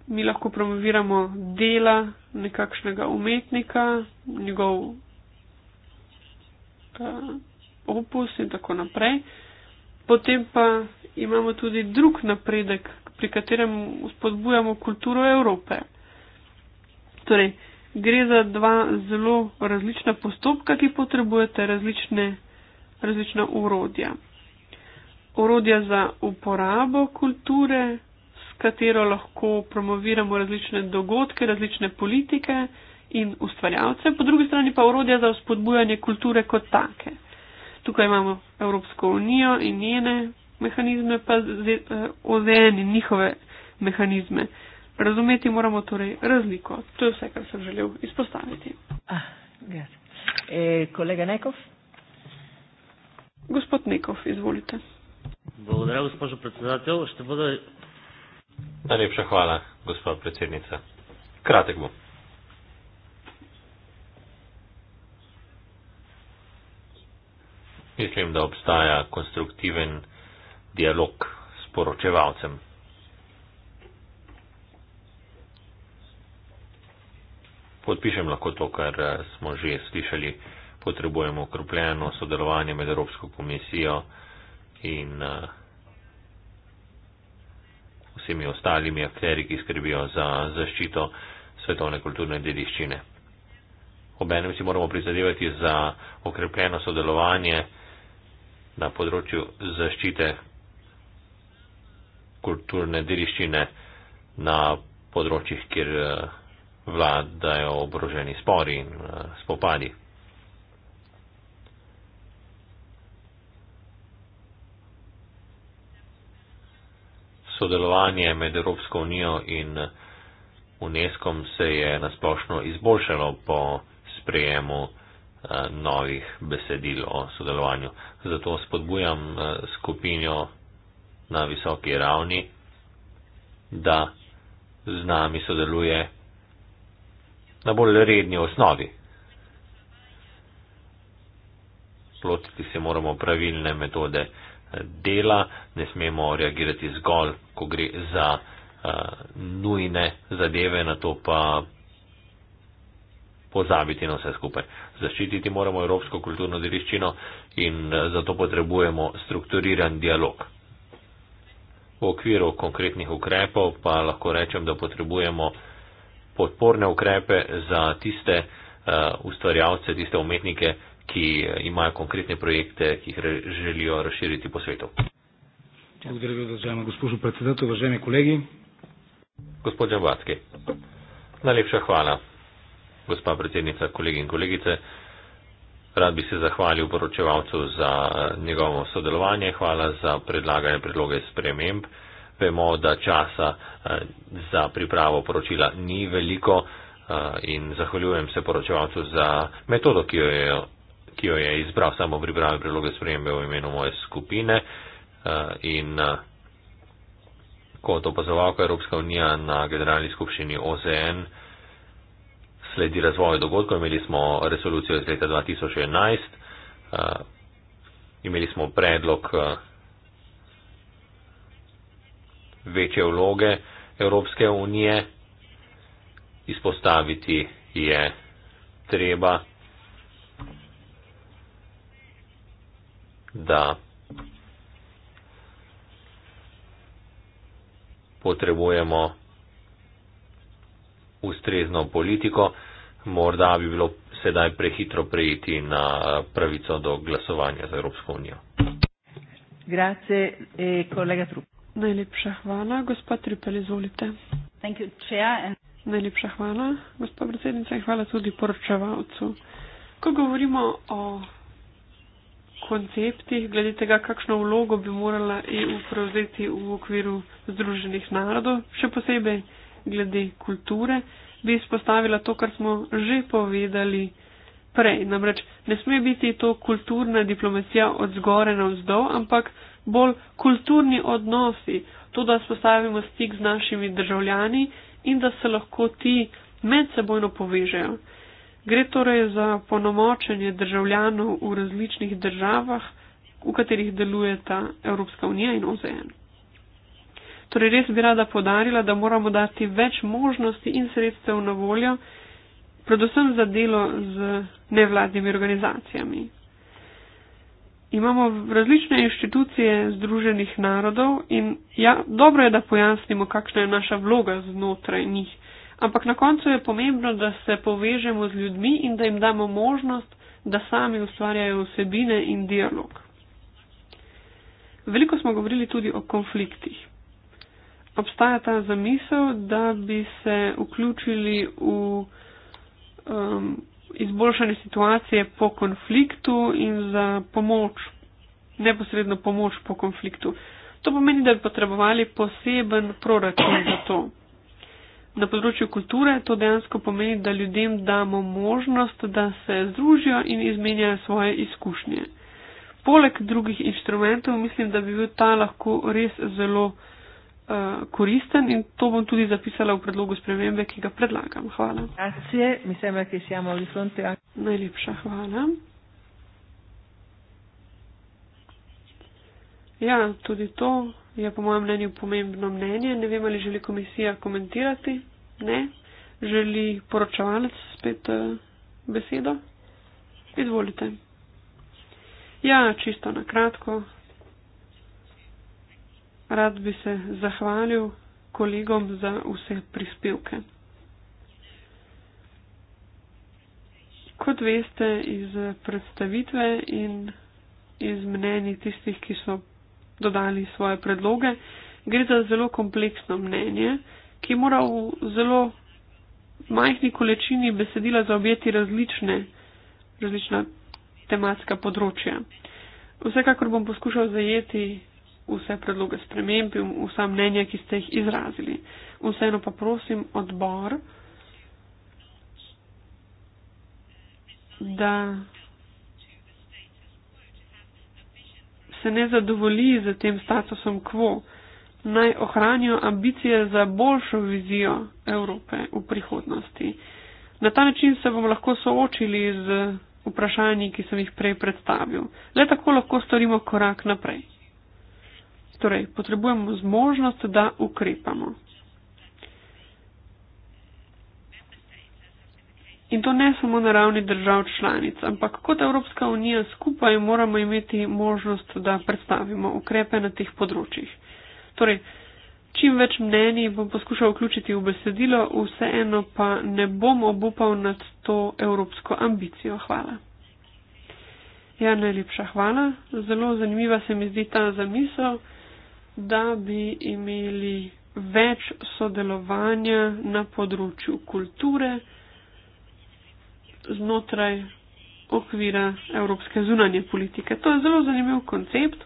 mi lahko promoviramo dela nekakšnega umetnika, njegov eh, opus in tako naprej. Potem pa imamo tudi drug napredek, pri katerem spodbujamo kulturo Evrope. Torej, gre za dva zelo različna postopka, ki potrebujete različne, različna urodja orodja za uporabo kulture, s katero lahko promoviramo različne dogodke, različne politike in ustvarjalce, po drugi strani pa orodja za spodbujanje kulture kot take. Tukaj imamo Evropsko unijo in njene mehanizme, pa eh, OZN in njihove mehanizme. Razumeti moramo torej razliko. To je vse, kar sem želel izpostaviti. Ah, yes. e, kolega Nekov? Gospod Nekov, izvolite. Благодаря, госпожо председател. Ще бъда... Най-лепша хвала, госпожа председница. Кратък му. Мислим да обстая конструктивен диалог с поручевалцем. Podpišem lahko to, kar eh, smo že slišali, potrebujemo okrepljeno sodelovanje med Evropsko komisijo in uh, vsemi ostalimi akteri, ki skrbijo za zaščito svetovne kulturne dediščine. Obenem si moramo prizadevati za okrepljeno sodelovanje na področju zaščite kulturne dediščine na področjih, kjer uh, vladajo obroženi spori in uh, spopadi. sodelovanje med Evropsko unijo in UNESCO se je nasplošno izboljšalo po sprejemu eh, novih besedil o sodelovanju. Zato spodbujam eh, skupinjo na visoki ravni, da z nami sodeluje na bolj redni osnovi. Lotiti se moramo pravilne metode dela, ne smemo reagirati zgolj, ko gre za uh, nujne zadeve, na to pa pozabiti na vse skupaj. Zaščititi moramo evropsko kulturno deliščino in eh, zato potrebujemo strukturiran dialog. V okviru konkretnih ukrepov pa lahko rečem, da potrebujemo podporne ukrepe za tiste uh, ustvarjalce, tiste umetnike, ki eh, imajo konkretne projekte, ki jih želijo razširiti po svetu. Zdravo, zdravo, gospodžu predsedatu, vržene kolegi. Gospod Džambatski, najlepša hvala. Gospa predsednica, kolegi in kolegice, rad bi se zahvalil poročevalcu za njegovo sodelovanje, hvala za predlaganje predloge sprememb. Vemo, da časa eh, za pripravo poročila ni veliko eh, in zahvaljujem se poročevalcu za metodo, ki jo je ki jo je izbral samo pripravljen priloge spremembe v imenu moje skupine eh, in eh, kot opazovalka Evropska unija na generalni skupščini OZN sledi razvoju dogodkov. Imeli smo resolucijo iz leta 2011, eh, imeli smo predlog večje vloge Evropske unije, izpostaviti je treba da potrebujemo ustrezno politiko. Morda bi bilo sedaj prehitro prejiti na pravico do glasovanja za Evropsko unijo. Grazie, eh, kolega Trup. Najlepša hvala, gospod Tripel, izvolite. You, and... Najlepša hvala, gospod predsednica, in hvala tudi poročevalcu. Ko govorimo o konceptih, glede tega, kakšno vlogo bi morala EU prevzeti v okviru Združenih narodov, še posebej glede kulture, bi izpostavila to, kar smo že povedali prej. Namreč ne sme biti to kulturna diplomacija od zgore na vzdol, ampak bolj kulturni odnosi, to, da spostavimo stik z našimi državljani in da se lahko ti medsebojno povežejo. Gre torej za ponomočenje državljanov v različnih državah, v katerih delujeta Evropska unija in OZN. Torej res bi rada podarila, da moramo dati več možnosti in sredstev na voljo, predvsem za delo z nevladnimi organizacijami. Imamo različne inštitucije Združenih narodov in ja, dobro je, da pojasnimo, kakšna je naša vloga znotraj njih ampak na koncu je pomembno, da se povežemo z ljudmi in da jim damo možnost, da sami ustvarjajo vsebine in dialog. Veliko smo govorili tudi o konfliktih. Obstaja ta zamisel, da bi se vključili v um, izboljšanje situacije po konfliktu in za pomoč, neposredno pomoč po konfliktu. To pomeni, da bi potrebovali poseben proračun za to na področju kulture to dejansko pomeni, da ljudem damo možnost, da se združijo in izmenjajo svoje izkušnje. Poleg drugih inštrumentov mislim, da bi bil ta lahko res zelo uh, koristen in to bom tudi zapisala v predlogu spremembe, ki ga predlagam. Hvala. Najlepša hvala. Ja, tudi to je po mojem mnenju pomembno mnenje. Ne vem, ali želi komisija komentirati. Ne. Želi poročevalec spet eh, besedo? Izvolite. Ja, čisto na kratko. Rad bi se zahvalil kolegom za vse prispevke. Kot veste iz predstavitve in iz mnenji tistih, ki so dodali svoje predloge. Gre za zelo kompleksno mnenje, ki mora v zelo majhni količini besedila zaobjeti različne, različna tematska področja. Vsekakor bom poskušal zajeti vse predloge sprememb in vsa mnenja, ki ste jih izrazili. Vseeno pa prosim odbor, da se ne zadovolji z tem statusom quo, naj ohranijo ambicije za boljšo vizijo Evrope v prihodnosti. Na ta način se bomo lahko soočili z vprašanji, ki sem jih prej predstavil. Le tako lahko storimo korak naprej. Torej, potrebujemo zmožnost, da ukrepamo. In to ne samo na ravni držav članic, ampak kot Evropska unija skupaj moramo imeti možnost, da predstavimo ukrepe na teh področjih. Torej, čim več mnenji bom poskušal vključiti v besedilo, vseeno pa ne bom obupal nad to evropsko ambicijo. Hvala. Ja, najlepša hvala. Zelo zanimiva se mi zdi ta zamisel, da bi imeli več sodelovanja na področju kulture znotraj okvira evropske zunanje politike. To je zelo zanimiv koncept,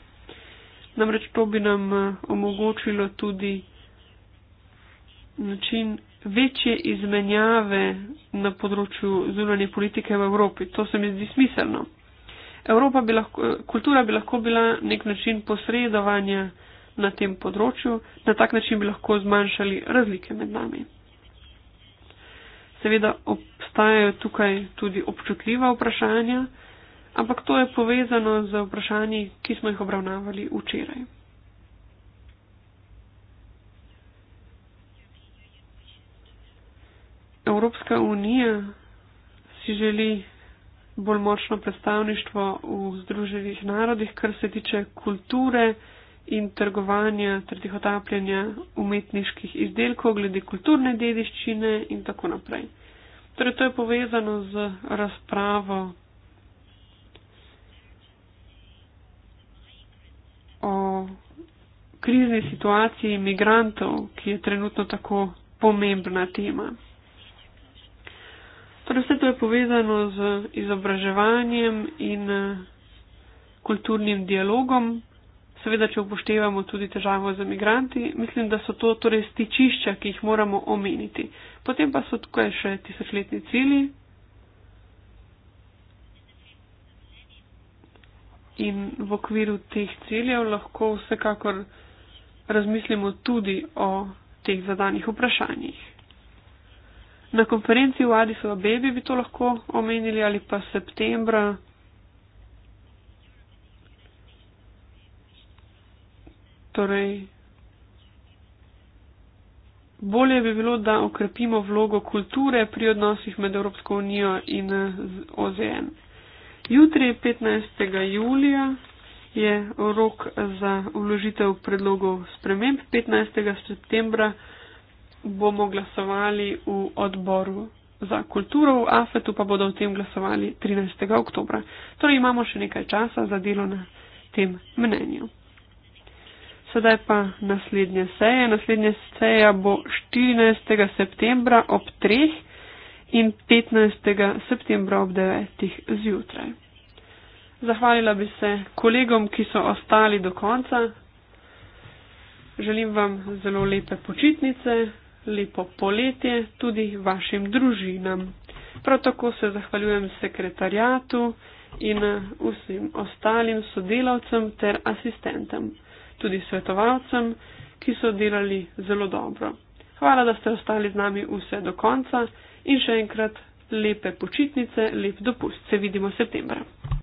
namreč to bi nam eh, omogočilo tudi način večje izmenjave na področju zunanje politike v Evropi. To se mi zdi smiselno. Evropa bi lahko, eh, kultura bi lahko bila nek način posredovanja na tem področju, na tak način bi lahko zmanjšali razlike med nami. Seveda obstajajo tukaj tudi občutljiva vprašanja, ampak to je povezano z vprašanji, ki smo jih obravnavali včeraj. Evropska unija si želi bolj močno predstavništvo v Združenih narodih, kar se tiče kulture in trgovanja, tretjihotapljanja umetniških izdelkov glede kulturne dediščine in tako naprej. Torej, to je povezano z razpravo o krizni situaciji imigrantov, ki je trenutno tako pomembna tema. Torej, vse to je povezano z izobraževanjem in eh, kulturnim dialogom, Seveda, če upoštevamo tudi težavo z imigranti, mislim, da so to torej stičišča, ki jih moramo omeniti. Potem pa so tukaj še tisočletni cili in v okviru teh ciljev lahko vsekakor razmislimo tudi o teh zadanih vprašanjih. Na konferenci v Adisova Bebi bi to lahko omenili ali pa septembra Torej, bolje bi bilo, da okrepimo vlogo kulture pri odnosih med Evropsko unijo in eh, OZN. Jutri, 15. julija, je rok za uložitev predlogov sprememb. 15. septembra bomo glasovali v odboru za kulturo v AFET-u, pa bodo o tem glasovali 13. oktobra. Torej imamo še nekaj časa za delo na tem mnenju. Sedaj pa naslednje seje. Naslednja seja bo 14. septembra ob 3. in 15. septembra ob 9. zjutraj. Zahvalila bi se kolegom, ki so ostali do konca. Želim vam zelo lepe počitnice, lepo poletje tudi vašim družinam. Prav tako se zahvaljujem sekretarjatu in vsem ostalim sodelavcem ter asistentem tudi svetovalcem, ki so delali zelo dobro. Hvala, da ste ostali z nami vse do konca in še enkrat lepe počitnice, lep dopust. Se vidimo septembra.